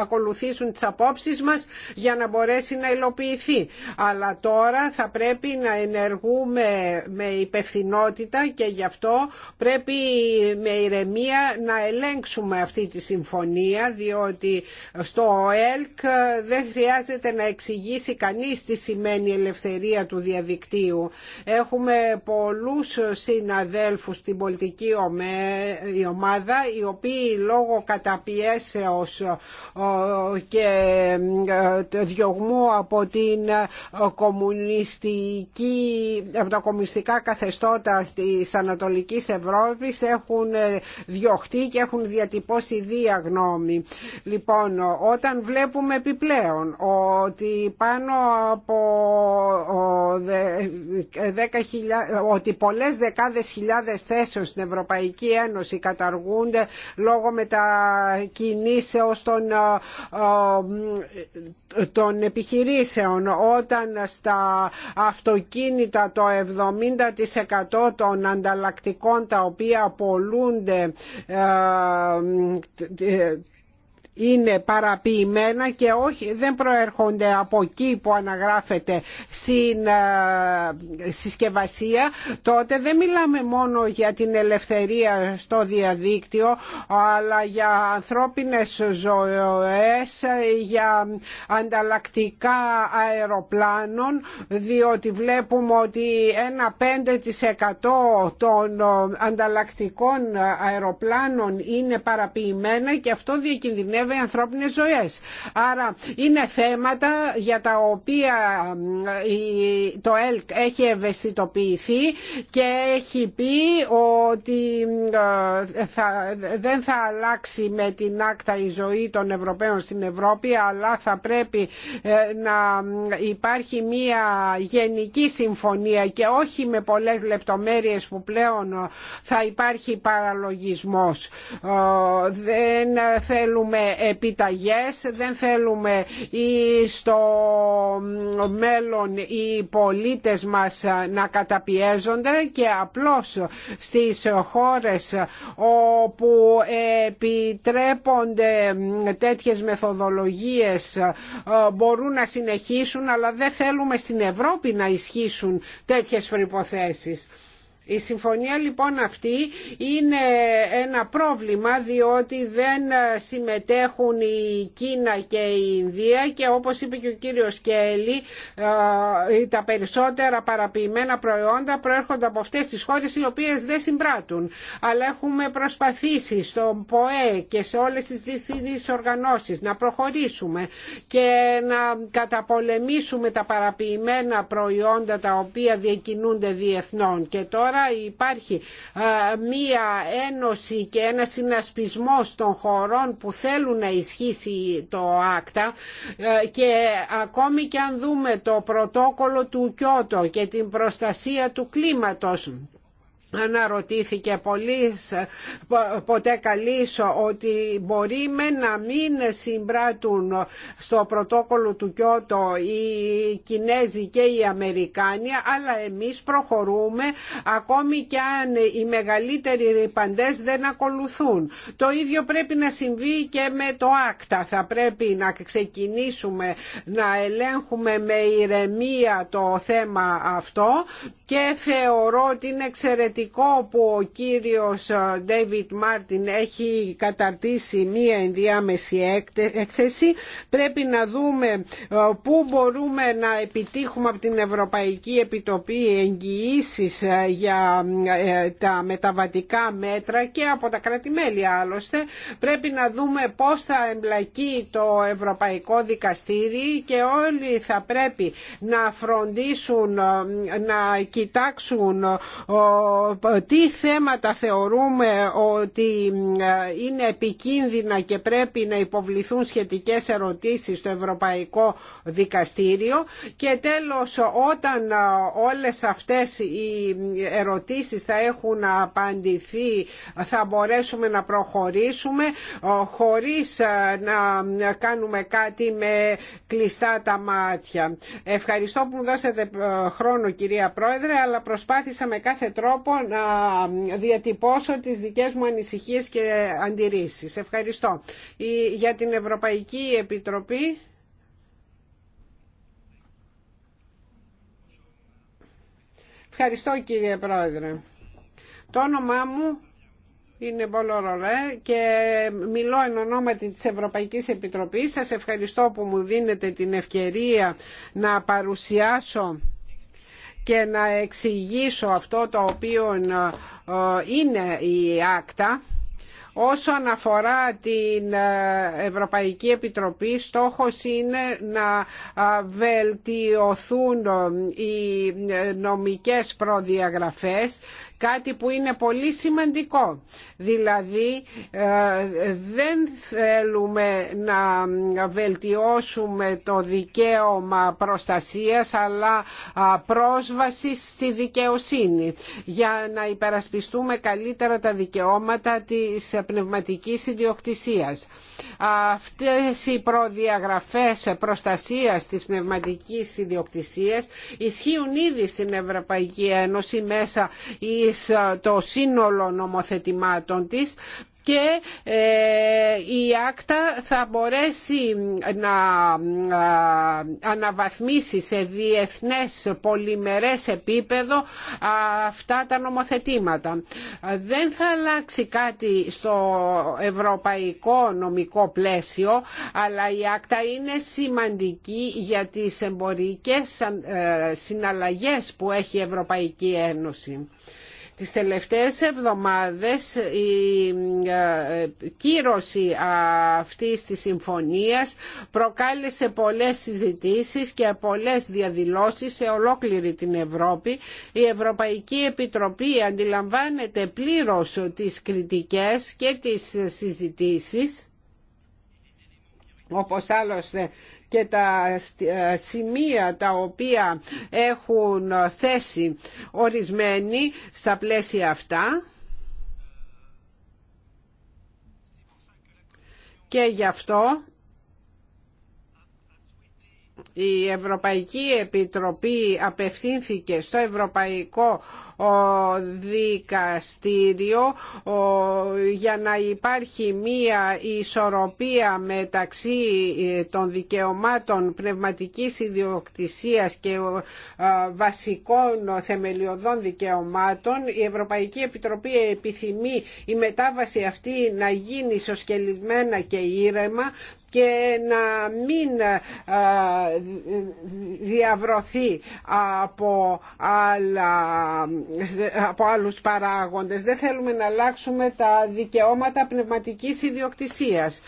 ακολουθήσουν τις απόψεις μας για να μπορέσει να υλοποιηθεί. Αλλά τώρα θα πρέπει να ενεργούμε με υπευθυνότητα και γι' αυτό πρέπει με ηρεμία να ελέγξουμε αυτή τη συμφωνία διότι στο ΕΛΚ δεν χρειάζεται να εξηγήσει κανείς τι σημαίνει η ελευθερία του διαδικτύου. Έχουμε πολλούς συναδέλφους στην πολιτική ομάδα οι οποίοι λόγω καταπιέσεων ε, και ε, διωγμού από την ε, κομμουνιστική, από τα κομμουνιστικά καθεστώτα της Ανατολικής Ευρώπης έχουν διωχτεί και έχουν διατυπώσει δύο γνώμη. Λοιπόν, όταν βλέπουμε επιπλέον ότι πάνω από 10.000, ότι πολλές δεκάδες χιλιάδες θέσεων στην Ευρωπαϊκή Ένωση καταργούνται λόγω μετακινήσεων κινήσεως των, ε, ε, των επιχειρήσεων όταν στα αυτοκίνητα το 70% των ανταλλακτικών τα οποία πολλούνται ε, είναι παραποιημένα και όχι, δεν προέρχονται από εκεί που αναγράφεται στην ε, συσκευασία τότε δεν μιλάμε μόνο για την ελευθερία στο διαδίκτυο αλλά για ανθρώπινες ζωές, για ανταλλακτικά αεροπλάνων διότι βλέπουμε ότι ένα 5% των ε, ανταλλακτικών αεροπλάνων είναι παραποιημένα και αυτό διακινδυνεύει κινδυνεύει ανθρώπινες ζωές. Άρα είναι θέματα για τα οποία το ΕΛΚ έχει ευαισθητοποιηθεί και έχει πει ότι δεν θα αλλάξει με την άκτα η ζωή των Ευρωπαίων στην Ευρώπη αλλά θα πρέπει ε, να υπάρχει μία γενική συμφωνία και όχι με πολλές λεπτομέρειες που πλέον ε, θα υπάρχει παραλογισμός. Ε, δεν θέλουμε επιταγές, δεν θέλουμε ή στο μέλλον οι πολίτες μας να καταπιέζονται και απλώς στις χώρες όπου επιτρέπονται τέτοιες μεθοδολογίες μπορούν να συνεχίσουν αλλά δεν θέλουμε στην Ευρώπη να ισχύσουν τέτοιες προϋποθέσεις. Η συμφωνία λοιπόν αυτή είναι ένα πρόβλημα διότι δεν συμμετέχουν η Κίνα και η Ινδία και όπως είπε και ο κύριος Κέλλη τα περισσότερα παραποιημένα προϊόντα προέρχονται από αυτές τις χώρες οι οποίες δεν συμπράττουν. Αλλά έχουμε προσπαθήσει στον ΠΟΕ και σε όλες τις διεθνείς οργανώσεις να προχωρήσουμε και να καταπολεμήσουμε τα παραποιημένα προϊόντα τα οποία διακινούνται διεθνών και τώρα υπάρχει μία ένωση και ένα συνασπισμό των χωρών που θέλουν να ισχύσει το άκτα και ακόμη και αν δούμε το πρωτόκολλο του Κιώτο και την προστασία του κλίματος αναρωτήθηκε πολύ ποτέ καλήσω ότι μπορεί να μην συμπράττουν στο πρωτόκολλο του Κιώτο οι Κινέζοι και οι Αμερικάνοι αλλά εμείς προχωρούμε ακόμη και αν οι μεγαλύτεροι ρηπαντές δεν ακολουθούν. Το ίδιο πρέπει να συμβεί και με το άκτα. Θα πρέπει να ξεκινήσουμε να ελέγχουμε με ηρεμία το θέμα αυτό και θεωρώ ότι είναι εξαιρετικό που ο κύριος ε, David Μάρτιν έχει καταρτήσει μία ενδιάμεση έκθεση. Πρέπει να δούμε ε, πού μπορούμε να επιτύχουμε από την Ευρωπαϊκή Επιτροπή εγγυήσει ε, για τα μεταβατικά μέτρα και από τα κρατη άλλωστε. Πρέπει να δούμε πώς θα εμπλακεί το Ευρωπαϊκό Δικαστήριο και όλοι θα πρέπει να φροντίσουν να κοιτάξουν τι θέματα θεωρούμε ότι ε, είναι επικίνδυνα και πρέπει να υποβληθούν σχετικές ερωτήσεις στο Ευρωπαϊκό Δικαστήριο και τέλος όταν ε, όλες αυτές οι ερωτήσεις θα έχουν απαντηθεί θα μπορέσουμε να προχωρήσουμε ε, χωρίς να κάνουμε κάτι με κλειστά τα μάτια. Ευχαριστώ που μου δώσατε χρόνο κυρία Πρόεδρε Πρόεδρε, αλλά προσπάθησα με κάθε τρόπο να διατυπώσω τις δικές μου ανησυχίες και αντιρρήσεις. Ευχαριστώ. Για την Ευρωπαϊκή Επιτροπή... Ευχαριστώ κύριε Πρόεδρε. Το όνομά μου είναι Μπολορολέ και μιλώ εν ονόματι της Ευρωπαϊκής Επιτροπής. Σας ευχαριστώ που μου δίνετε την ευκαιρία να παρουσιάσω και να εξηγήσω αυτό το οποίο ε, είναι η άκτα Όσον αφορά την ε, Ευρωπαϊκή Επιτροπή, στόχος είναι να ε, βελτιωθούν οι νομικές προδιαγραφές κάτι που είναι πολύ σημαντικό. Δηλαδή ε, δεν θέλουμε να βελτιώσουμε το δικαίωμα προστασίας αλλά πρόσβαση στη δικαιοσύνη για να υπερασπιστούμε καλύτερα τα δικαιώματα της πνευματικής ιδιοκτησίας. Αυτές οι προδιαγραφές προστασίας της πνευματικής ιδιοκτησίας ισχύουν ήδη στην Ευρωπαϊκή Ένωση μέσα ε, το σύνολο νομοθετημάτων της και ε, η άκτα θα μπορέσει να ε, αναβαθμίσει σε διεθνές πολυμερές επίπεδο αυτά τα νομοθετήματα. Δεν θα αλλάξει κάτι στο ευρωπαϊκό νομικό πλαίσιο, αλλά η άκτα είναι σημαντική για τις εμπορικές συναλλαγές που έχει η Ευρωπαϊκή Ένωση. Τις τελευταίες εβδομάδες η ε, κύρωση αυτής της συμφωνίας προκάλεσε πολλές συζητήσεις και πολλές διαδηλώσεις σε ολόκληρη την Ευρώπη. Η Ευρωπαϊκή Επιτροπή αντιλαμβάνεται πλήρως τις κριτικές και τις συζητήσεις όπως και τα ε, σημεία τα οποία έχουν θέσει ορισμένοι στα πλαίσια αυτά. Και γι' αυτό η Ευρωπαϊκή Επιτροπή απευθύνθηκε στο Ευρωπαϊκό ο δικαστήριο για να υπάρχει μία ισορροπία μεταξύ ε, των δικαιωμάτων πνευματικής ιδιοκτησίας και ε, βασικών θεμελιωδών δικαιωμάτων. Η Ευρωπαϊκή Επιτροπή επιθυμεί η μετάβαση αυτή να γίνει σοσκελισμένα και ήρεμα και να μην ε, διαβρωθεί από άλλα από άλλους παράγοντες. Δεν θέλουμε να αλλάξουμε τα δικαιώματα πνευματικής ιδιοκτησίας.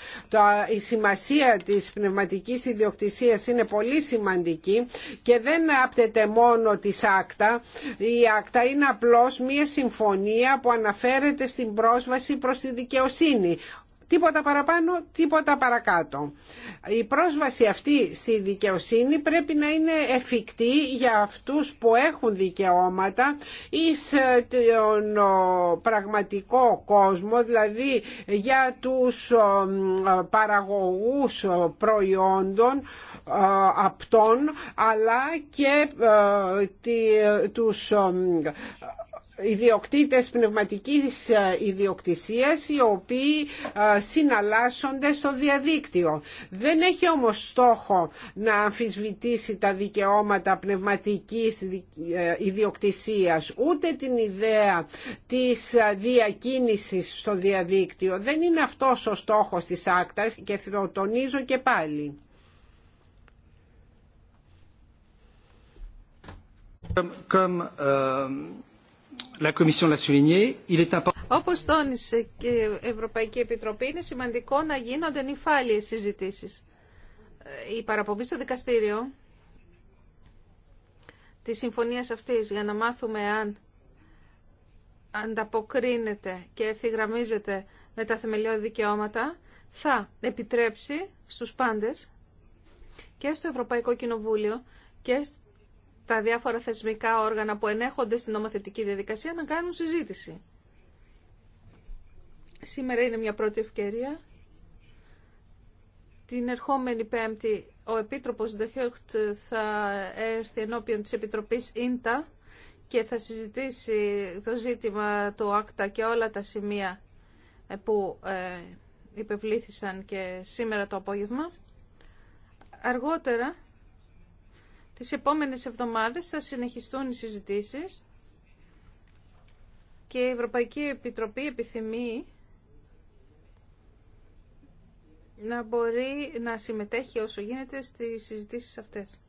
Η σημασία της πνευματικής ιδιοκτησίας είναι πολύ σημαντική και δεν άπτεται μόνο της άκτα. Η άκτα είναι απλώς μία συμφωνία που αναφέρεται στην πρόσβαση προς τη δικαιοσύνη. Τίποτα παραπάνω, τίποτα παρακάτω. Η πρόσβαση αυτή στη δικαιοσύνη πρέπει να είναι εφικτή για αυτούς που έχουν δικαιώματα ή ε, τον πραγματικό κόσμο, δηλαδή για τους ε, παραγωγούς προϊόντων ε, απτών, αλλά και τους ιδιοκτήτες πνευματικής ε, ιδιοκτησίας οι οποίοι ε, συναλλάσσονται στο διαδίκτυο. Δεν έχει όμως στόχο να αμφισβητήσει τα δικαιώματα πνευματικής ε, ιδιοκτησίας ούτε την ιδέα της διακίνησης στο διαδίκτυο. Δεν είναι αυτός ο στόχος της άκτας και το τονίζω και πάλι. Euh, όπως τόνισε και η Ευρωπαϊκή Επιτροπή, είναι σημαντικό να γίνονται νυφάλιες συζητήσεις. Ε, η παραπομπή στο δικαστήριο τη συμφωνία αυτής για να μάθουμε αν ανταποκρίνεται και ευθυγραμμίζεται με τα θεμελιώδη δικαιώματα θα επιτρέψει στους πάντες και στο Ευρωπαϊκό Κοινοβούλιο και τα διάφορα θεσμικά όργανα που ενέχονται στην νομοθετική διαδικασία να κάνουν συζήτηση. Σήμερα είναι μια πρώτη ευκαιρία. Την ερχόμενη Πέμπτη ο Επίτροπος Ντεχιόχτ θα έρθει ενώπιον της Επιτροπής ΙΝΤΑ και θα συζητήσει το ζήτημα του ΑΚΤΑ και όλα τα σημεία ε, που ε, υπευλήθησαν και σήμερα το απόγευμα. Αργότερα Τις επόμενες εβδομάδες θα συνεχιστούν οι συζητήσεις και η Ευρωπαϊκή Επιτροπή επιθυμεί να μπορεί να συμμετέχει όσο γίνεται στις συζητήσεις αυτές.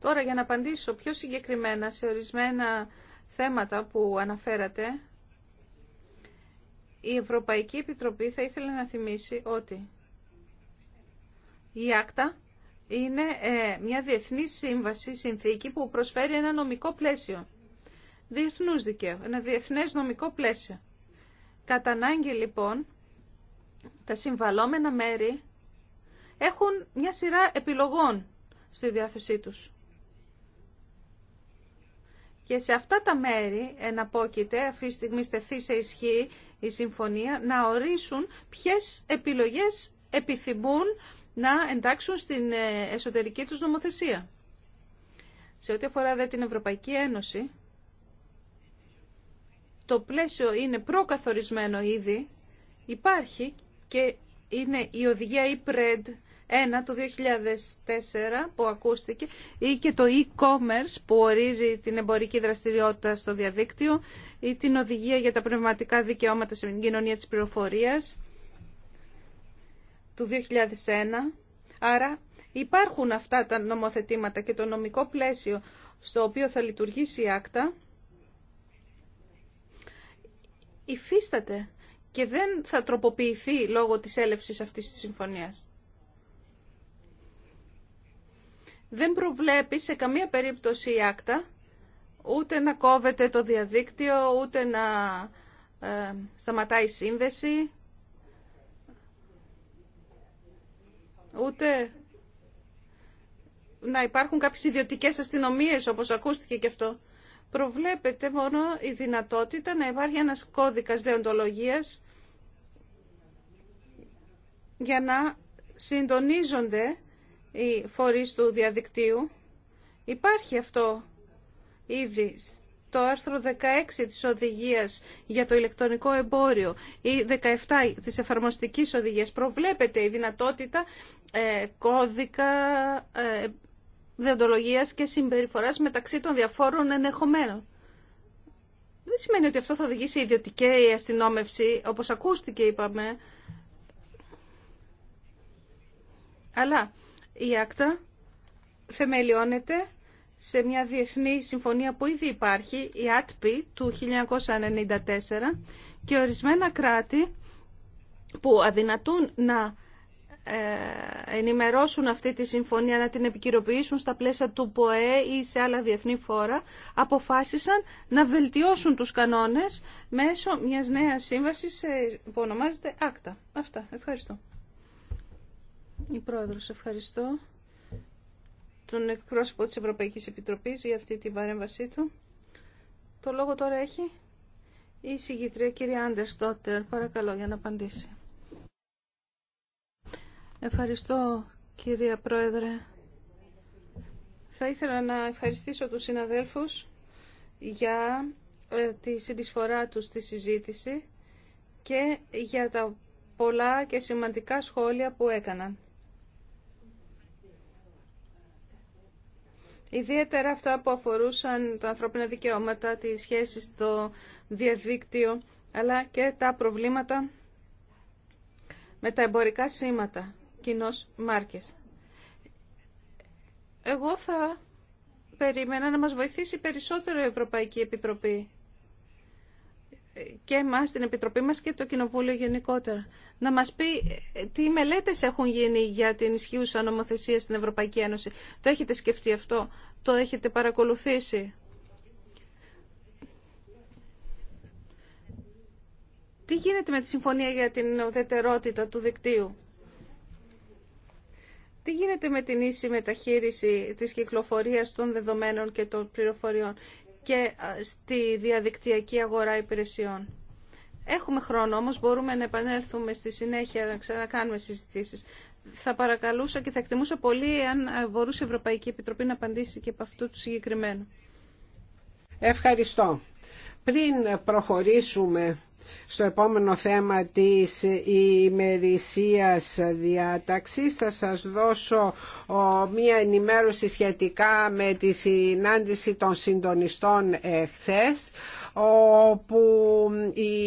Τώρα για να απαντήσω πιο συγκεκριμένα σε ορισμένα θέματα που αναφέρατε, η Ευρωπαϊκή Επιτροπή θα ήθελε να θυμίσει ότι η Άκτα είναι ε, μια διεθνή σύμβαση, συνθήκη που προσφέρει ένα νομικό πλαίσιο. Διεθνούς δικαίου, ένα διεθνές νομικό πλαίσιο. Κατά ανάγκη λοιπόν, τα συμβαλόμενα μέρη έχουν μια σειρά επιλογών στη διάθεσή τους. Και σε αυτά τα μέρη εναπόκειται, αυτή τη στιγμή στεθεί σε ισχύ η συμφωνία να ορίσουν ποιες επιλογές επιθυμούν να εντάξουν στην ε, εσωτερική τους νομοθεσία. Σε ό,τι αφορά την Ευρωπαϊκή Ένωση, το πλαίσιο είναι προκαθορισμένο ήδη, υπάρχει και είναι η οδηγία E-PRED το 2004 που ακούστηκε ή και το e-commerce που ορίζει την εμπορική δραστηριότητα στο διαδίκτυο ή την οδηγία για τα πνευματικά δικαιώματα στην κοινωνία της πληροφορίας του 2001. Άρα υπάρχουν αυτά τα νομοθετήματα και το νομικό πλαίσιο στο οποίο θα λειτουργήσει η άκτα υφίσταται και δεν θα τροποποιηθεί λόγω της έλευσης αυτής της συμφωνίας. δεν προβλέπει σε καμία περίπτωση η άκτα ούτε να κόβεται το διαδίκτυο, ούτε να ε, σταματάει η σύνδεση, ούτε να υπάρχουν κάποιες ιδιωτικές αστυνομίες, όπως ακούστηκε και αυτό. Προβλέπεται μόνο η δυνατότητα να υπάρχει ένας κώδικας δεοντολογίας για να συντονίζονται οι φορείς του διαδικτύου. Υπάρχει αυτό ήδη το άρθρο 16 της οδηγίας για το ηλεκτρονικό εμπόριο ή 17 της εφαρμοστικής οδηγίας προβλέπεται η δυνατότητα ε, κώδικα ε, δεοντολογίας και συμπεριφοράς μεταξύ των διαφόρων ενεχομένων. Δεν σημαίνει ότι αυτό θα οδηγήσει ιδιωτική αστυνόμευση, όπως ακούστηκε είπαμε. Αλλά η άκτα θεμελιώνεται σε μια διεθνή συμφωνία που ήδη υπάρχει, η ΑΤΠΗ του 1994 και ορισμένα κράτη που αδυνατούν να ε, ενημερώσουν αυτή τη συμφωνία, να την επικυροποιήσουν στα πλαίσια του ΠΟΕ ή σε άλλα διεθνή φόρα, αποφάσισαν να βελτιώσουν τους κανόνες μέσω μιας νέας σύμβασης ε, που ονομάζεται ΑΚΤΑ. Αυτά. Ευχαριστώ. Η Πρόεδρος, ευχαριστώ τον εκπρόσωπο της Ευρωπαϊκής Επιτροπής για αυτή την παρέμβασή του. Το λόγο τώρα έχει η συγγήτρια κυρία Άντερς Ντότερ, παρακαλώ για να απαντήσει. Ευχαριστώ κυρία Πρόεδρε. Θα ήθελα να ευχαριστήσω τους συναδέλφους για ε, τη συνεισφορά τους στη συζήτηση και για τα πολλά και σημαντικά σχόλια που έκαναν. Ιδιαίτερα αυτά που αφορούσαν τα ανθρώπινα δικαιώματα, τις σχέσεις στο διαδίκτυο, αλλά και τα προβλήματα με τα εμπορικά σήματα, κοινώς μάρκες. Εγώ θα περίμενα να μας βοηθήσει περισσότερο η Ευρωπαϊκή Επιτροπή και εμά, την Επιτροπή μας και το Κοινοβούλιο γενικότερα. Να μας πει ε, τι μελέτες έχουν γίνει για την ισχύουσα νομοθεσία στην Ευρωπαϊκή Ένωση. Το έχετε σκεφτεί αυτό, το έχετε παρακολουθήσει. Τι γίνεται με τη Συμφωνία για την οδετερότητα του Δικτύου. Τι γίνεται με την ίση μεταχείριση της κυκλοφορίας των δεδομένων και των πληροφοριών και στη διαδικτυακή αγορά υπηρεσιών. Έχουμε χρόνο όμως, μπορούμε να επανέλθουμε στη συνέχεια, να ξανακάνουμε συζητήσεις. Θα παρακαλούσα και θα εκτιμούσα πολύ αν μπορούσε η Ευρωπαϊκή Επιτροπή να απαντήσει και από αυτού του συγκεκριμένου. Ευχαριστώ. Πριν προχωρήσουμε στο επόμενο θέμα της ημερησίας διάταξης. Θα σας δώσω μία ενημέρωση σχετικά με τη συνάντηση των συντονιστών εχθές όπου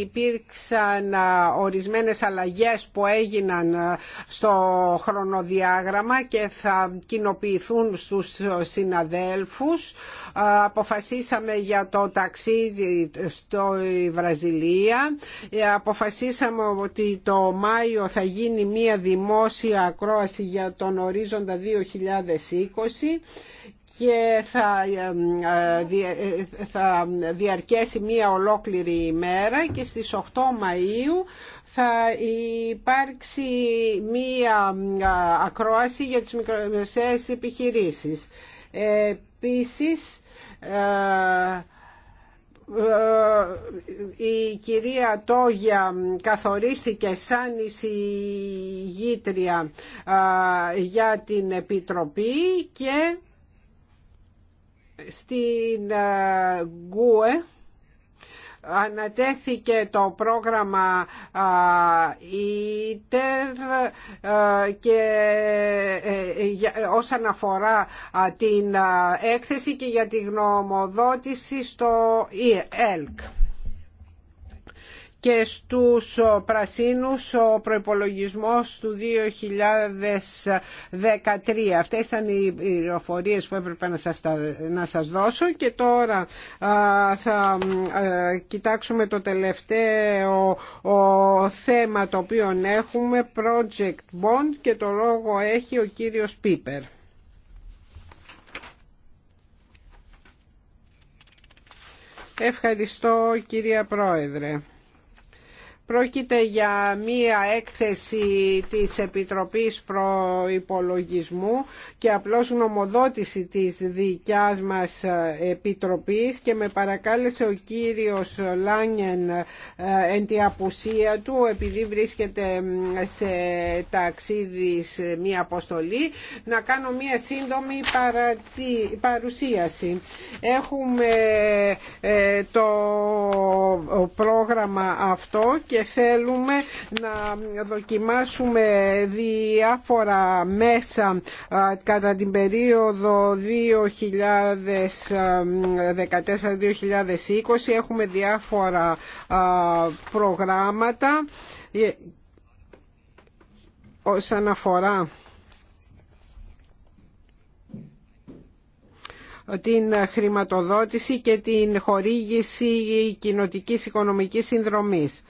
υπήρξαν ορισμένες αλλαγές που έγιναν στο χρονοδιάγραμμα και θα κοινοποιηθούν στους συναδέλφους. Αποφασίσαμε για το ταξίδι στο Βραζιλία. Ε, αποφασίσαμε ότι το Μάιο θα γίνει μία δημόσια ακρόαση για τον ορίζοντα 2020 και ε, ε, θα, διαρκέσει μία ολόκληρη ημέρα και στις 8 Μαΐου θα υπάρξει μία ακρόαση για τις μικρομεσαίες επιχειρήσεις. Επίσης, ε, η κυρία Τόγια καθορίστηκε σαν εισηγήτρια για την Επιτροπή και στην ε, Γκουε ανατέθηκε το πρόγραμμα ΙΤΕΡ ε, και ε, όσον αφορά την έκθεση και για τη γνωμοδότηση στο ΕΛΚ και στους πρασίνους ο προϋπολογισμός του 2013. Αυτές ήταν οι πληροφορίε που έπρεπε να σας, να σας δώσω και τώρα θα κοιτάξουμε το τελευταίο θέμα το οποίο έχουμε, Project Bond και το λόγο έχει ο κύριος Πίπερ. Ευχαριστώ κυρία Πρόεδρε. Πρόκειται για μία έκθεση της Επιτροπής Προϋπολογισμού και απλώς γνωμοδότηση της δικιάς μας ε, Επιτροπής και με παρακάλεσε ο κύριος Λάνιεν ε, εν τη απουσία του επειδή βρίσκεται σε ταξίδι σε μία αποστολή να κάνω μία σύντομη παρουσίαση. Έχουμε ε, το πρόγραμμα αυτό και και θέλουμε να δοκιμάσουμε διάφορα μέσα κατά την περίοδο 2014-2020 έχουμε διάφορα προγράμματα ε, όσον αφορά την χρηματοδότηση και την χορήγηση κοινοτικής οικονομικής συνδρομής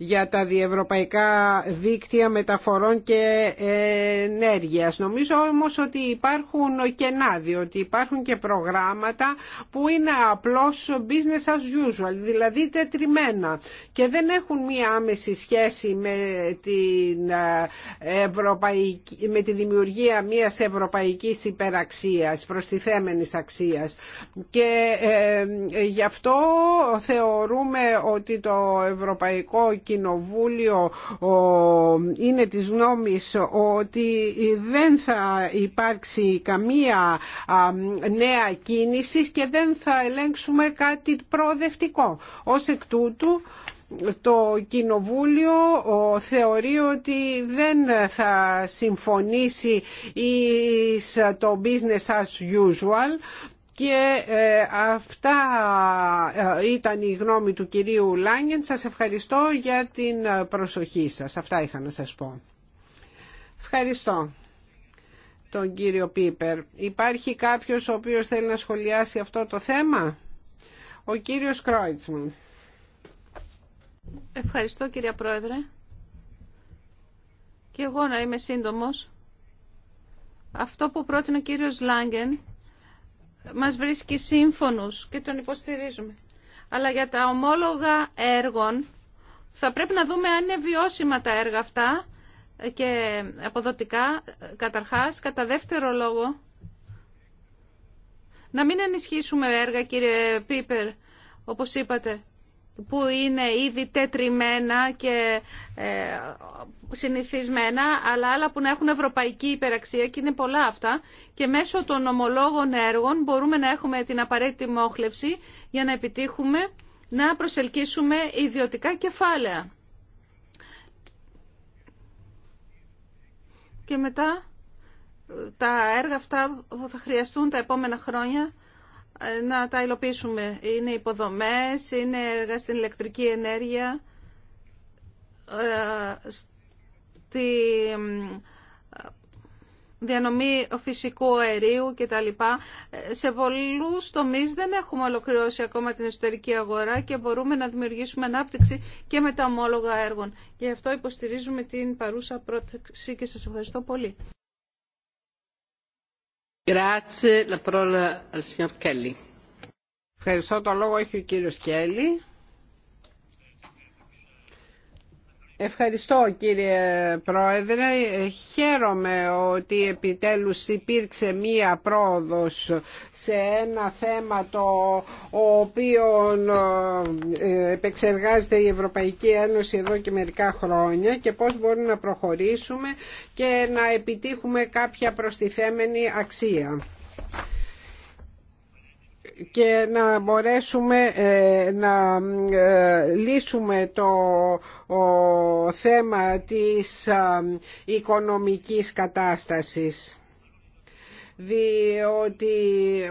για τα διευρωπαϊκά δίκτυα μεταφορών και ενέργειας. Νομίζω όμως ότι υπάρχουν κενά, διότι υπάρχουν και προγράμματα που είναι απλώς business as usual, δηλαδή τετριμένα και δεν έχουν μία άμεση σχέση με, την ε, ευρωπαϊκή, με τη δημιουργία μιας ευρωπαϊκής υπεραξίας, προστιθέμενης αξίας. Και ε, γι' αυτό θεωρούμε ότι το Ευρωπαϊκό Κοινοβούλιο είναι της γνώμης ότι δεν θα υπάρξει καμία νέα κίνηση και δεν θα ελέγξουμε κάτι προοδευτικό. Ως εκ τούτου το Κοινοβούλιο θεωρεί ότι δεν θα συμφωνήσει εις το business as usual και ε, αυτά ε, ήταν η γνώμη του κυρίου Λάγκεν. Σας ευχαριστώ για την ε, προσοχή σας. Αυτά είχα να σας πω. Ευχαριστώ τον κύριο Πίπερ. Υπάρχει κάποιος ο οποίος θέλει να σχολιάσει αυτό το θέμα. Ο κύριος Κρόιτσμαν. Ευχαριστώ κυρία Πρόεδρε. Και εγώ να είμαι σύντομος. Αυτό που πρότεινε ο κύριος Λάγκεν μας βρίσκει σύμφωνους και τον υποστηρίζουμε. Αλλά για τα ομόλογα έργων θα πρέπει να δούμε αν είναι βιώσιμα τα έργα αυτά και αποδοτικά καταρχάς. Κατά δεύτερο λόγο, να μην ενισχύσουμε έργα κύριε Πίπερ, όπως είπατε, που είναι ήδη τετριμένα και ε, συνηθισμένα, αλλά άλλα που να έχουν ευρωπαϊκή υπεραξία και είναι πολλά αυτά. Και μέσω των ομολόγων έργων μπορούμε να έχουμε την απαραίτητη μόχλευση για να επιτύχουμε να προσελκύσουμε ιδιωτικά κεφάλαια. Και μετά ε, τα έργα αυτά που θα χρειαστούν τα επόμενα χρόνια να τα υλοποιήσουμε. Είναι υποδομές, είναι έργα στην ηλεκτρική ενέργεια, ε, στη διανομή φυσικού αερίου κτλ. Σε πολλούς τομείς δεν έχουμε ολοκληρώσει ακόμα την εσωτερική αγορά και μπορούμε να δημιουργήσουμε ανάπτυξη και με τα ομόλογα έργων. Γι' αυτό υποστηρίζουμε την παρούσα πρόταση και σας ευχαριστώ πολύ. Ευχαριστώ. Το λόγο έχει ο κύριος Κέλλη. Ευχαριστώ κύριε Πρόεδρε. Χαίρομαι ότι επιτέλους υπήρξε μία πρόοδος σε ένα θέμα το οποίο ε, επεξεργάζεται η Ευρωπαϊκή Ένωση εδώ και μερικά χρόνια και πώς μπορούμε να προχωρήσουμε και να επιτύχουμε κάποια προστιθέμενη αξία και να μπορέσουμε ε, να ε, λύσουμε το θέμα της οικονομικής κατάστασης διότι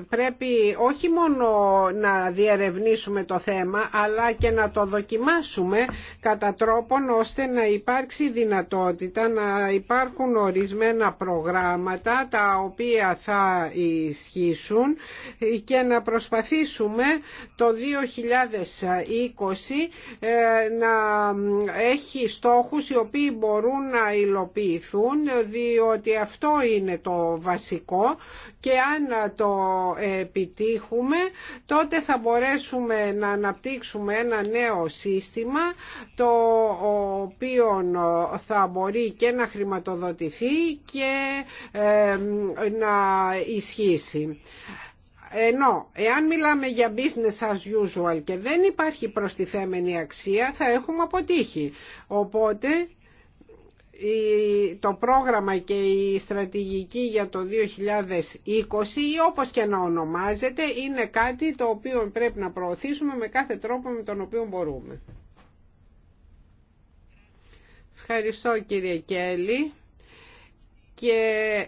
πρέπει όχι μόνο να διερευνήσουμε το θέμα αλλά και να το δοκιμάσουμε κατά τρόπον ώστε να υπάρξει δυνατότητα να υπάρχουν ορισμένα προγράμματα τα οποία θα ισχύσουν και να προσπαθήσουμε το 2020 ε, να έχει στόχους οι οποίοι μπορούν να υλοποιηθούν διότι αυτό είναι το βασικό και αν το επιτύχουμε τότε θα μπορέσουμε να αναπτύξουμε ένα νέο σύστημα το οποίο θα μπορεί και να χρηματοδοτηθεί και να ισχύσει. Ενώ, εάν μιλάμε για business as usual και δεν υπάρχει προστιθέμενη αξία, θα έχουμε αποτύχει. Οπότε, το πρόγραμμα και η στρατηγική για το 2020 ή όπως και να ονομάζεται είναι κάτι το οποίο πρέπει να προωθήσουμε με κάθε τρόπο με τον οποίο μπορούμε. Ευχαριστώ κύριε Κέλλη και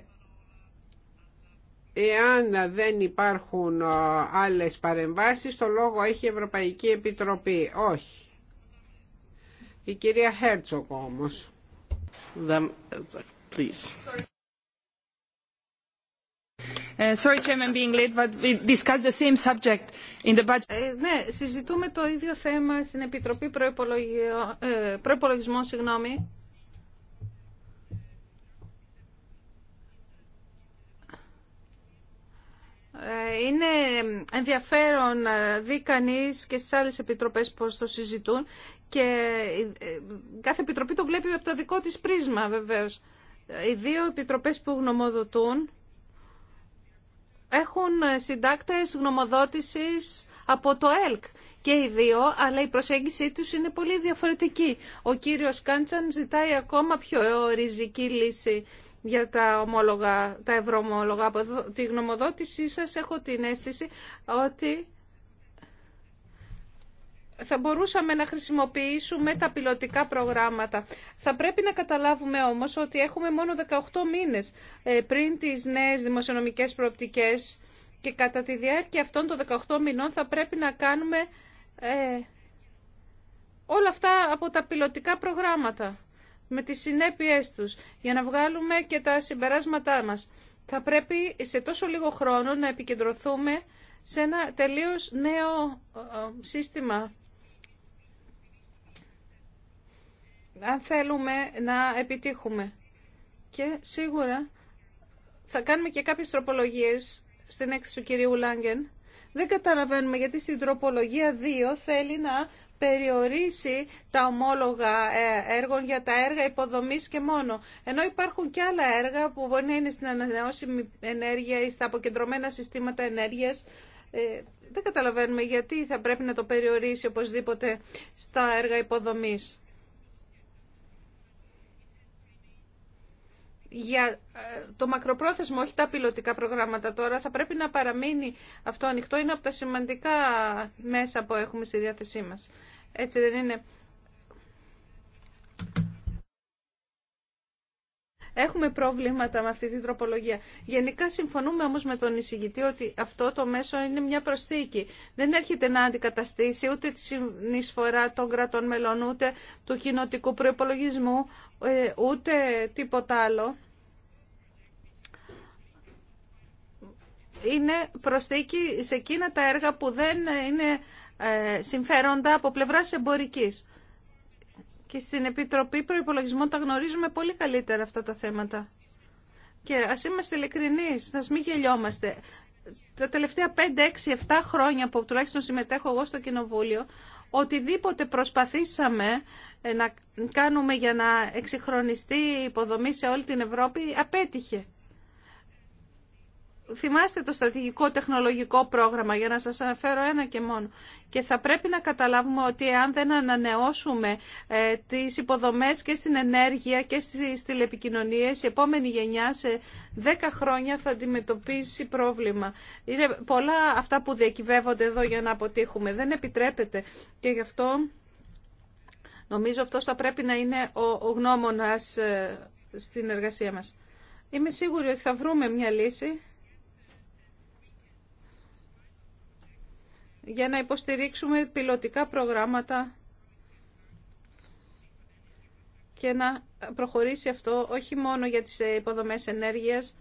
εάν δεν υπάρχουν άλλες παρεμβάσεις το λόγο έχει η Ευρωπαϊκή Επιτροπή. Όχι. Η κυρία Χέρτσοκ όμως them, please. Uh, sorry, Chairman, being late, but we discussed the same subject in the budget. Ε, ναι, συζητούμε το ίδιο θέμα στην Επιτροπή ε, Προϋπολογισμών, συγγνώμη. Ε, είναι ενδιαφέρον να δει κανείς και στις άλλες επιτροπές πώς το συζητούν και ε, ε, κάθε επιτροπή το βλέπει από το δικό της πρίσμα βεβαίως. Οι δύο επιτροπές που γνωμοδοτούν έχουν συντάκτες γνωμοδότησης από το ΕΛΚ και οι δύο, αλλά η προσέγγιση τους είναι πολύ διαφορετική. Ο κύριος Κάντσαν ζητάει ακόμα πιο ριζική λύση για τα, ομόλογα, τα ευρωομόλογα. Από τη γνωμοδότησή σας έχω την αίσθηση ότι θα μπορούσαμε να χρησιμοποιήσουμε τα πιλωτικά προγράμματα. Θα πρέπει να καταλάβουμε όμως ότι έχουμε μόνο 18 μήνες ε, πριν τις νέες δημοσιονομικές προοπτικές και κατά τη διάρκεια αυτών των 18 μηνών θα πρέπει να κάνουμε ε, όλα αυτά από τα πιλωτικά προγράμματα με τις συνέπειές τους για να βγάλουμε και τα συμπεράσματά μας. Θα πρέπει σε τόσο λίγο χρόνο να επικεντρωθούμε σε ένα τελείως νέο ε, σύστημα αν θέλουμε να επιτύχουμε. Και σίγουρα θα κάνουμε και κάποιες τροπολογίες στην έκθεση του κυρίου Λάγκεν. Δεν καταλαβαίνουμε γιατί στην τροπολογία 2 θέλει να περιορίσει τα ομόλογα ε, έργων για τα έργα υποδομής και μόνο. Ενώ υπάρχουν και άλλα έργα που μπορεί να είναι στην ανανεώσιμη ενέργεια ή στα αποκεντρωμένα συστήματα ενέργειας. Ε, δεν καταλαβαίνουμε γιατί θα πρέπει να το περιορίσει οπωσδήποτε στα έργα υποδομής. για ε, το μακροπρόθεσμο, όχι τα πιλωτικά προγράμματα τώρα, θα πρέπει να παραμείνει αυτό ανοιχτό. Είναι από τα σημαντικά μέσα που έχουμε στη διάθεσή μας. Έτσι δεν είναι. Έχουμε προβλήματα με αυτή την τροπολογία. Γενικά συμφωνούμε όμως με τον εισηγητή ότι αυτό το μέσο είναι μια προσθήκη. Δεν έρχεται να αντικαταστήσει ούτε τη συνεισφορά των κρατών μελών, ούτε του κοινοτικού προϋπολογισμού, ε, ούτε τίποτα άλλο. Είναι προσθήκη σε εκείνα τα έργα που δεν είναι ε, συμφέροντα από πλευράς εμπορικής. Και στην Επιτροπή Προϋπολογισμών τα γνωρίζουμε πολύ καλύτερα αυτά τα θέματα. Και α είμαστε ειλικρινεί, α μην γελιόμαστε. Τα τελευταία 5, 6, 7 χρόνια που τουλάχιστον συμμετέχω εγώ στο Κοινοβούλιο, οτιδήποτε προσπαθήσαμε ε, να κάνουμε για να εξυγχρονιστεί η υποδομή σε όλη την Ευρώπη, απέτυχε θυμάστε το στρατηγικό τεχνολογικό πρόγραμμα για να σας αναφέρω ένα και μόνο. Και θα πρέπει να καταλάβουμε ότι αν δεν ανανεώσουμε ε, τις υποδομές και στην ενέργεια και στις τηλεπικοινωνίες, η επόμενη γενιά σε 10 χρόνια θα αντιμετωπίσει πρόβλημα. Είναι πολλά αυτά που διακυβεύονται εδώ για να αποτύχουμε. Δεν επιτρέπεται και γι' αυτό νομίζω αυτό θα πρέπει να είναι ο, ο γνώμονας ε, στην εργασία μας. Είμαι σίγουρη ότι θα βρούμε μια λύση για να υποστηρίξουμε πιλωτικά προγράμματα και να προχωρήσει αυτό όχι μόνο για τις υποδομές ενέργειας,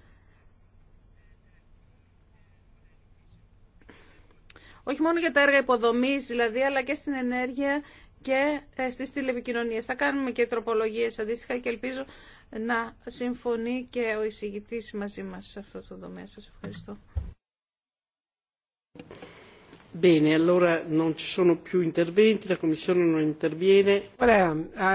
όχι μόνο για τα έργα υποδομής δηλαδή, αλλά και στην ενέργεια και ε, στις τηλεπικοινωνίες. Θα κάνουμε και τροπολογίες αντίστοιχα και ελπίζω να συμφωνεί και ο εισηγητής μαζί μας σε αυτό το τομέα. Σας ευχαριστώ. Ωραία,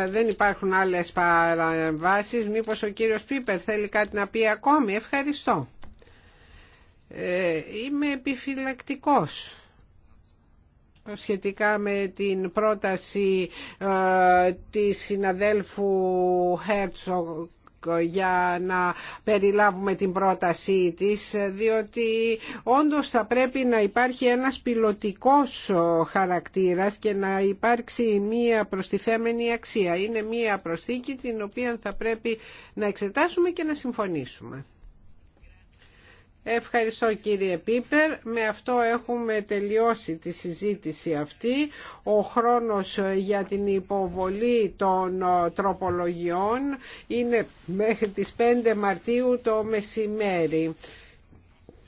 δεν υπάρχουν άλλες παραβάσεις. Μήπως ο κύριος Πίπερ θέλει κάτι να πει ακόμη. Ευχαριστώ. Ε, είμαι επιφυλακτικός σχετικά με την πρόταση ε, της συναδέλφου Χέρτσοκ για να περιλάβουμε την πρότασή της διότι όντως θα πρέπει να υπάρχει ένας πιλωτικός χαρακτήρας και να υπάρξει μία προστιθέμενη αξία. Είναι μία προσθήκη την οποία θα πρέπει να εξετάσουμε και να συμφωνήσουμε. Ευχαριστώ κύριε Πίπερ. Με αυτό έχουμε τελειώσει τη συζήτηση αυτή. Ο χρόνος για την υποβολή των ε, τροπολογιών είναι μέχρι τις 5 Μαρτίου το μεσημέρι.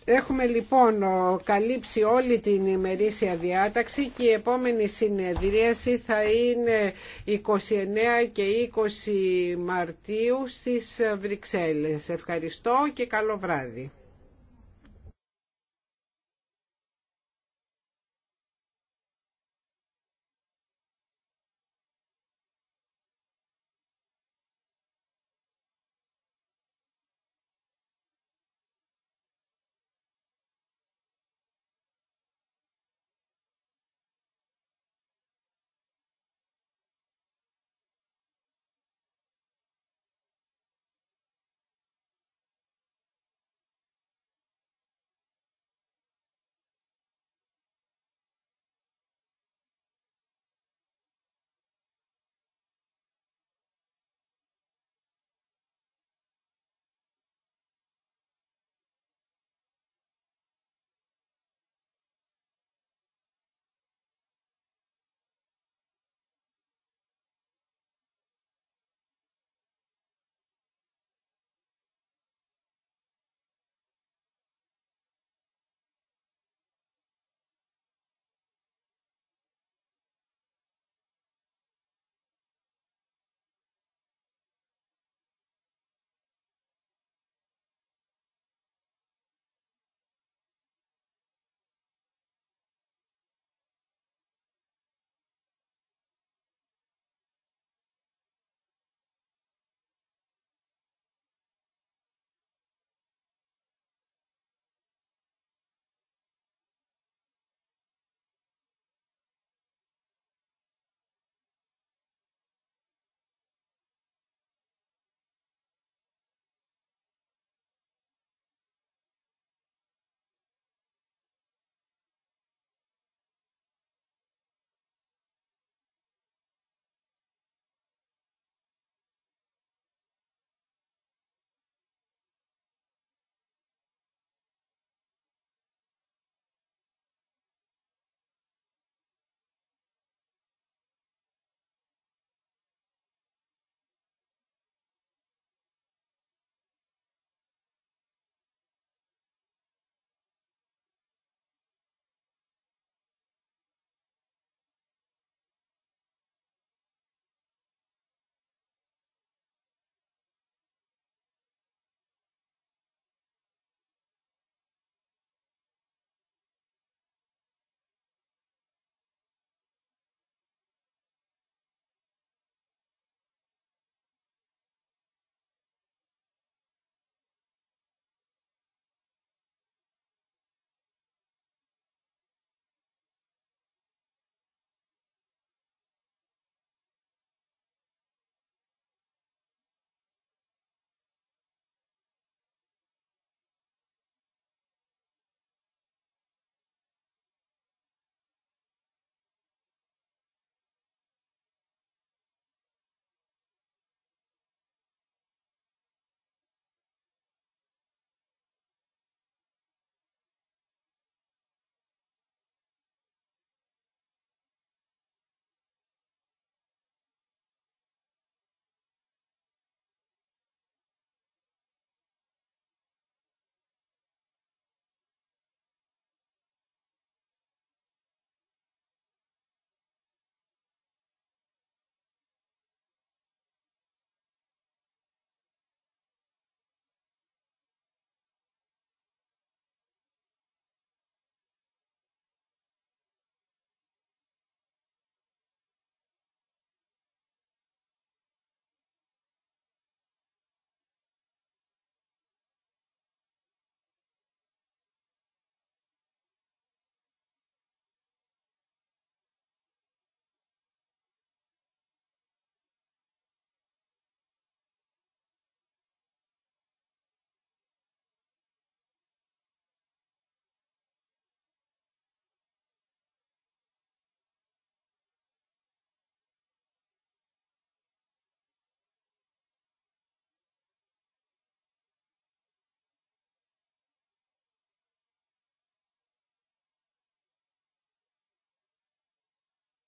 Έχουμε λοιπόν ε, καλύψει όλη την ημερήσια διάταξη και η επόμενη συνεδρίαση θα είναι 29 και 20 Μαρτίου στις Βρυξέλλες. Ευχαριστώ και καλό βράδυ.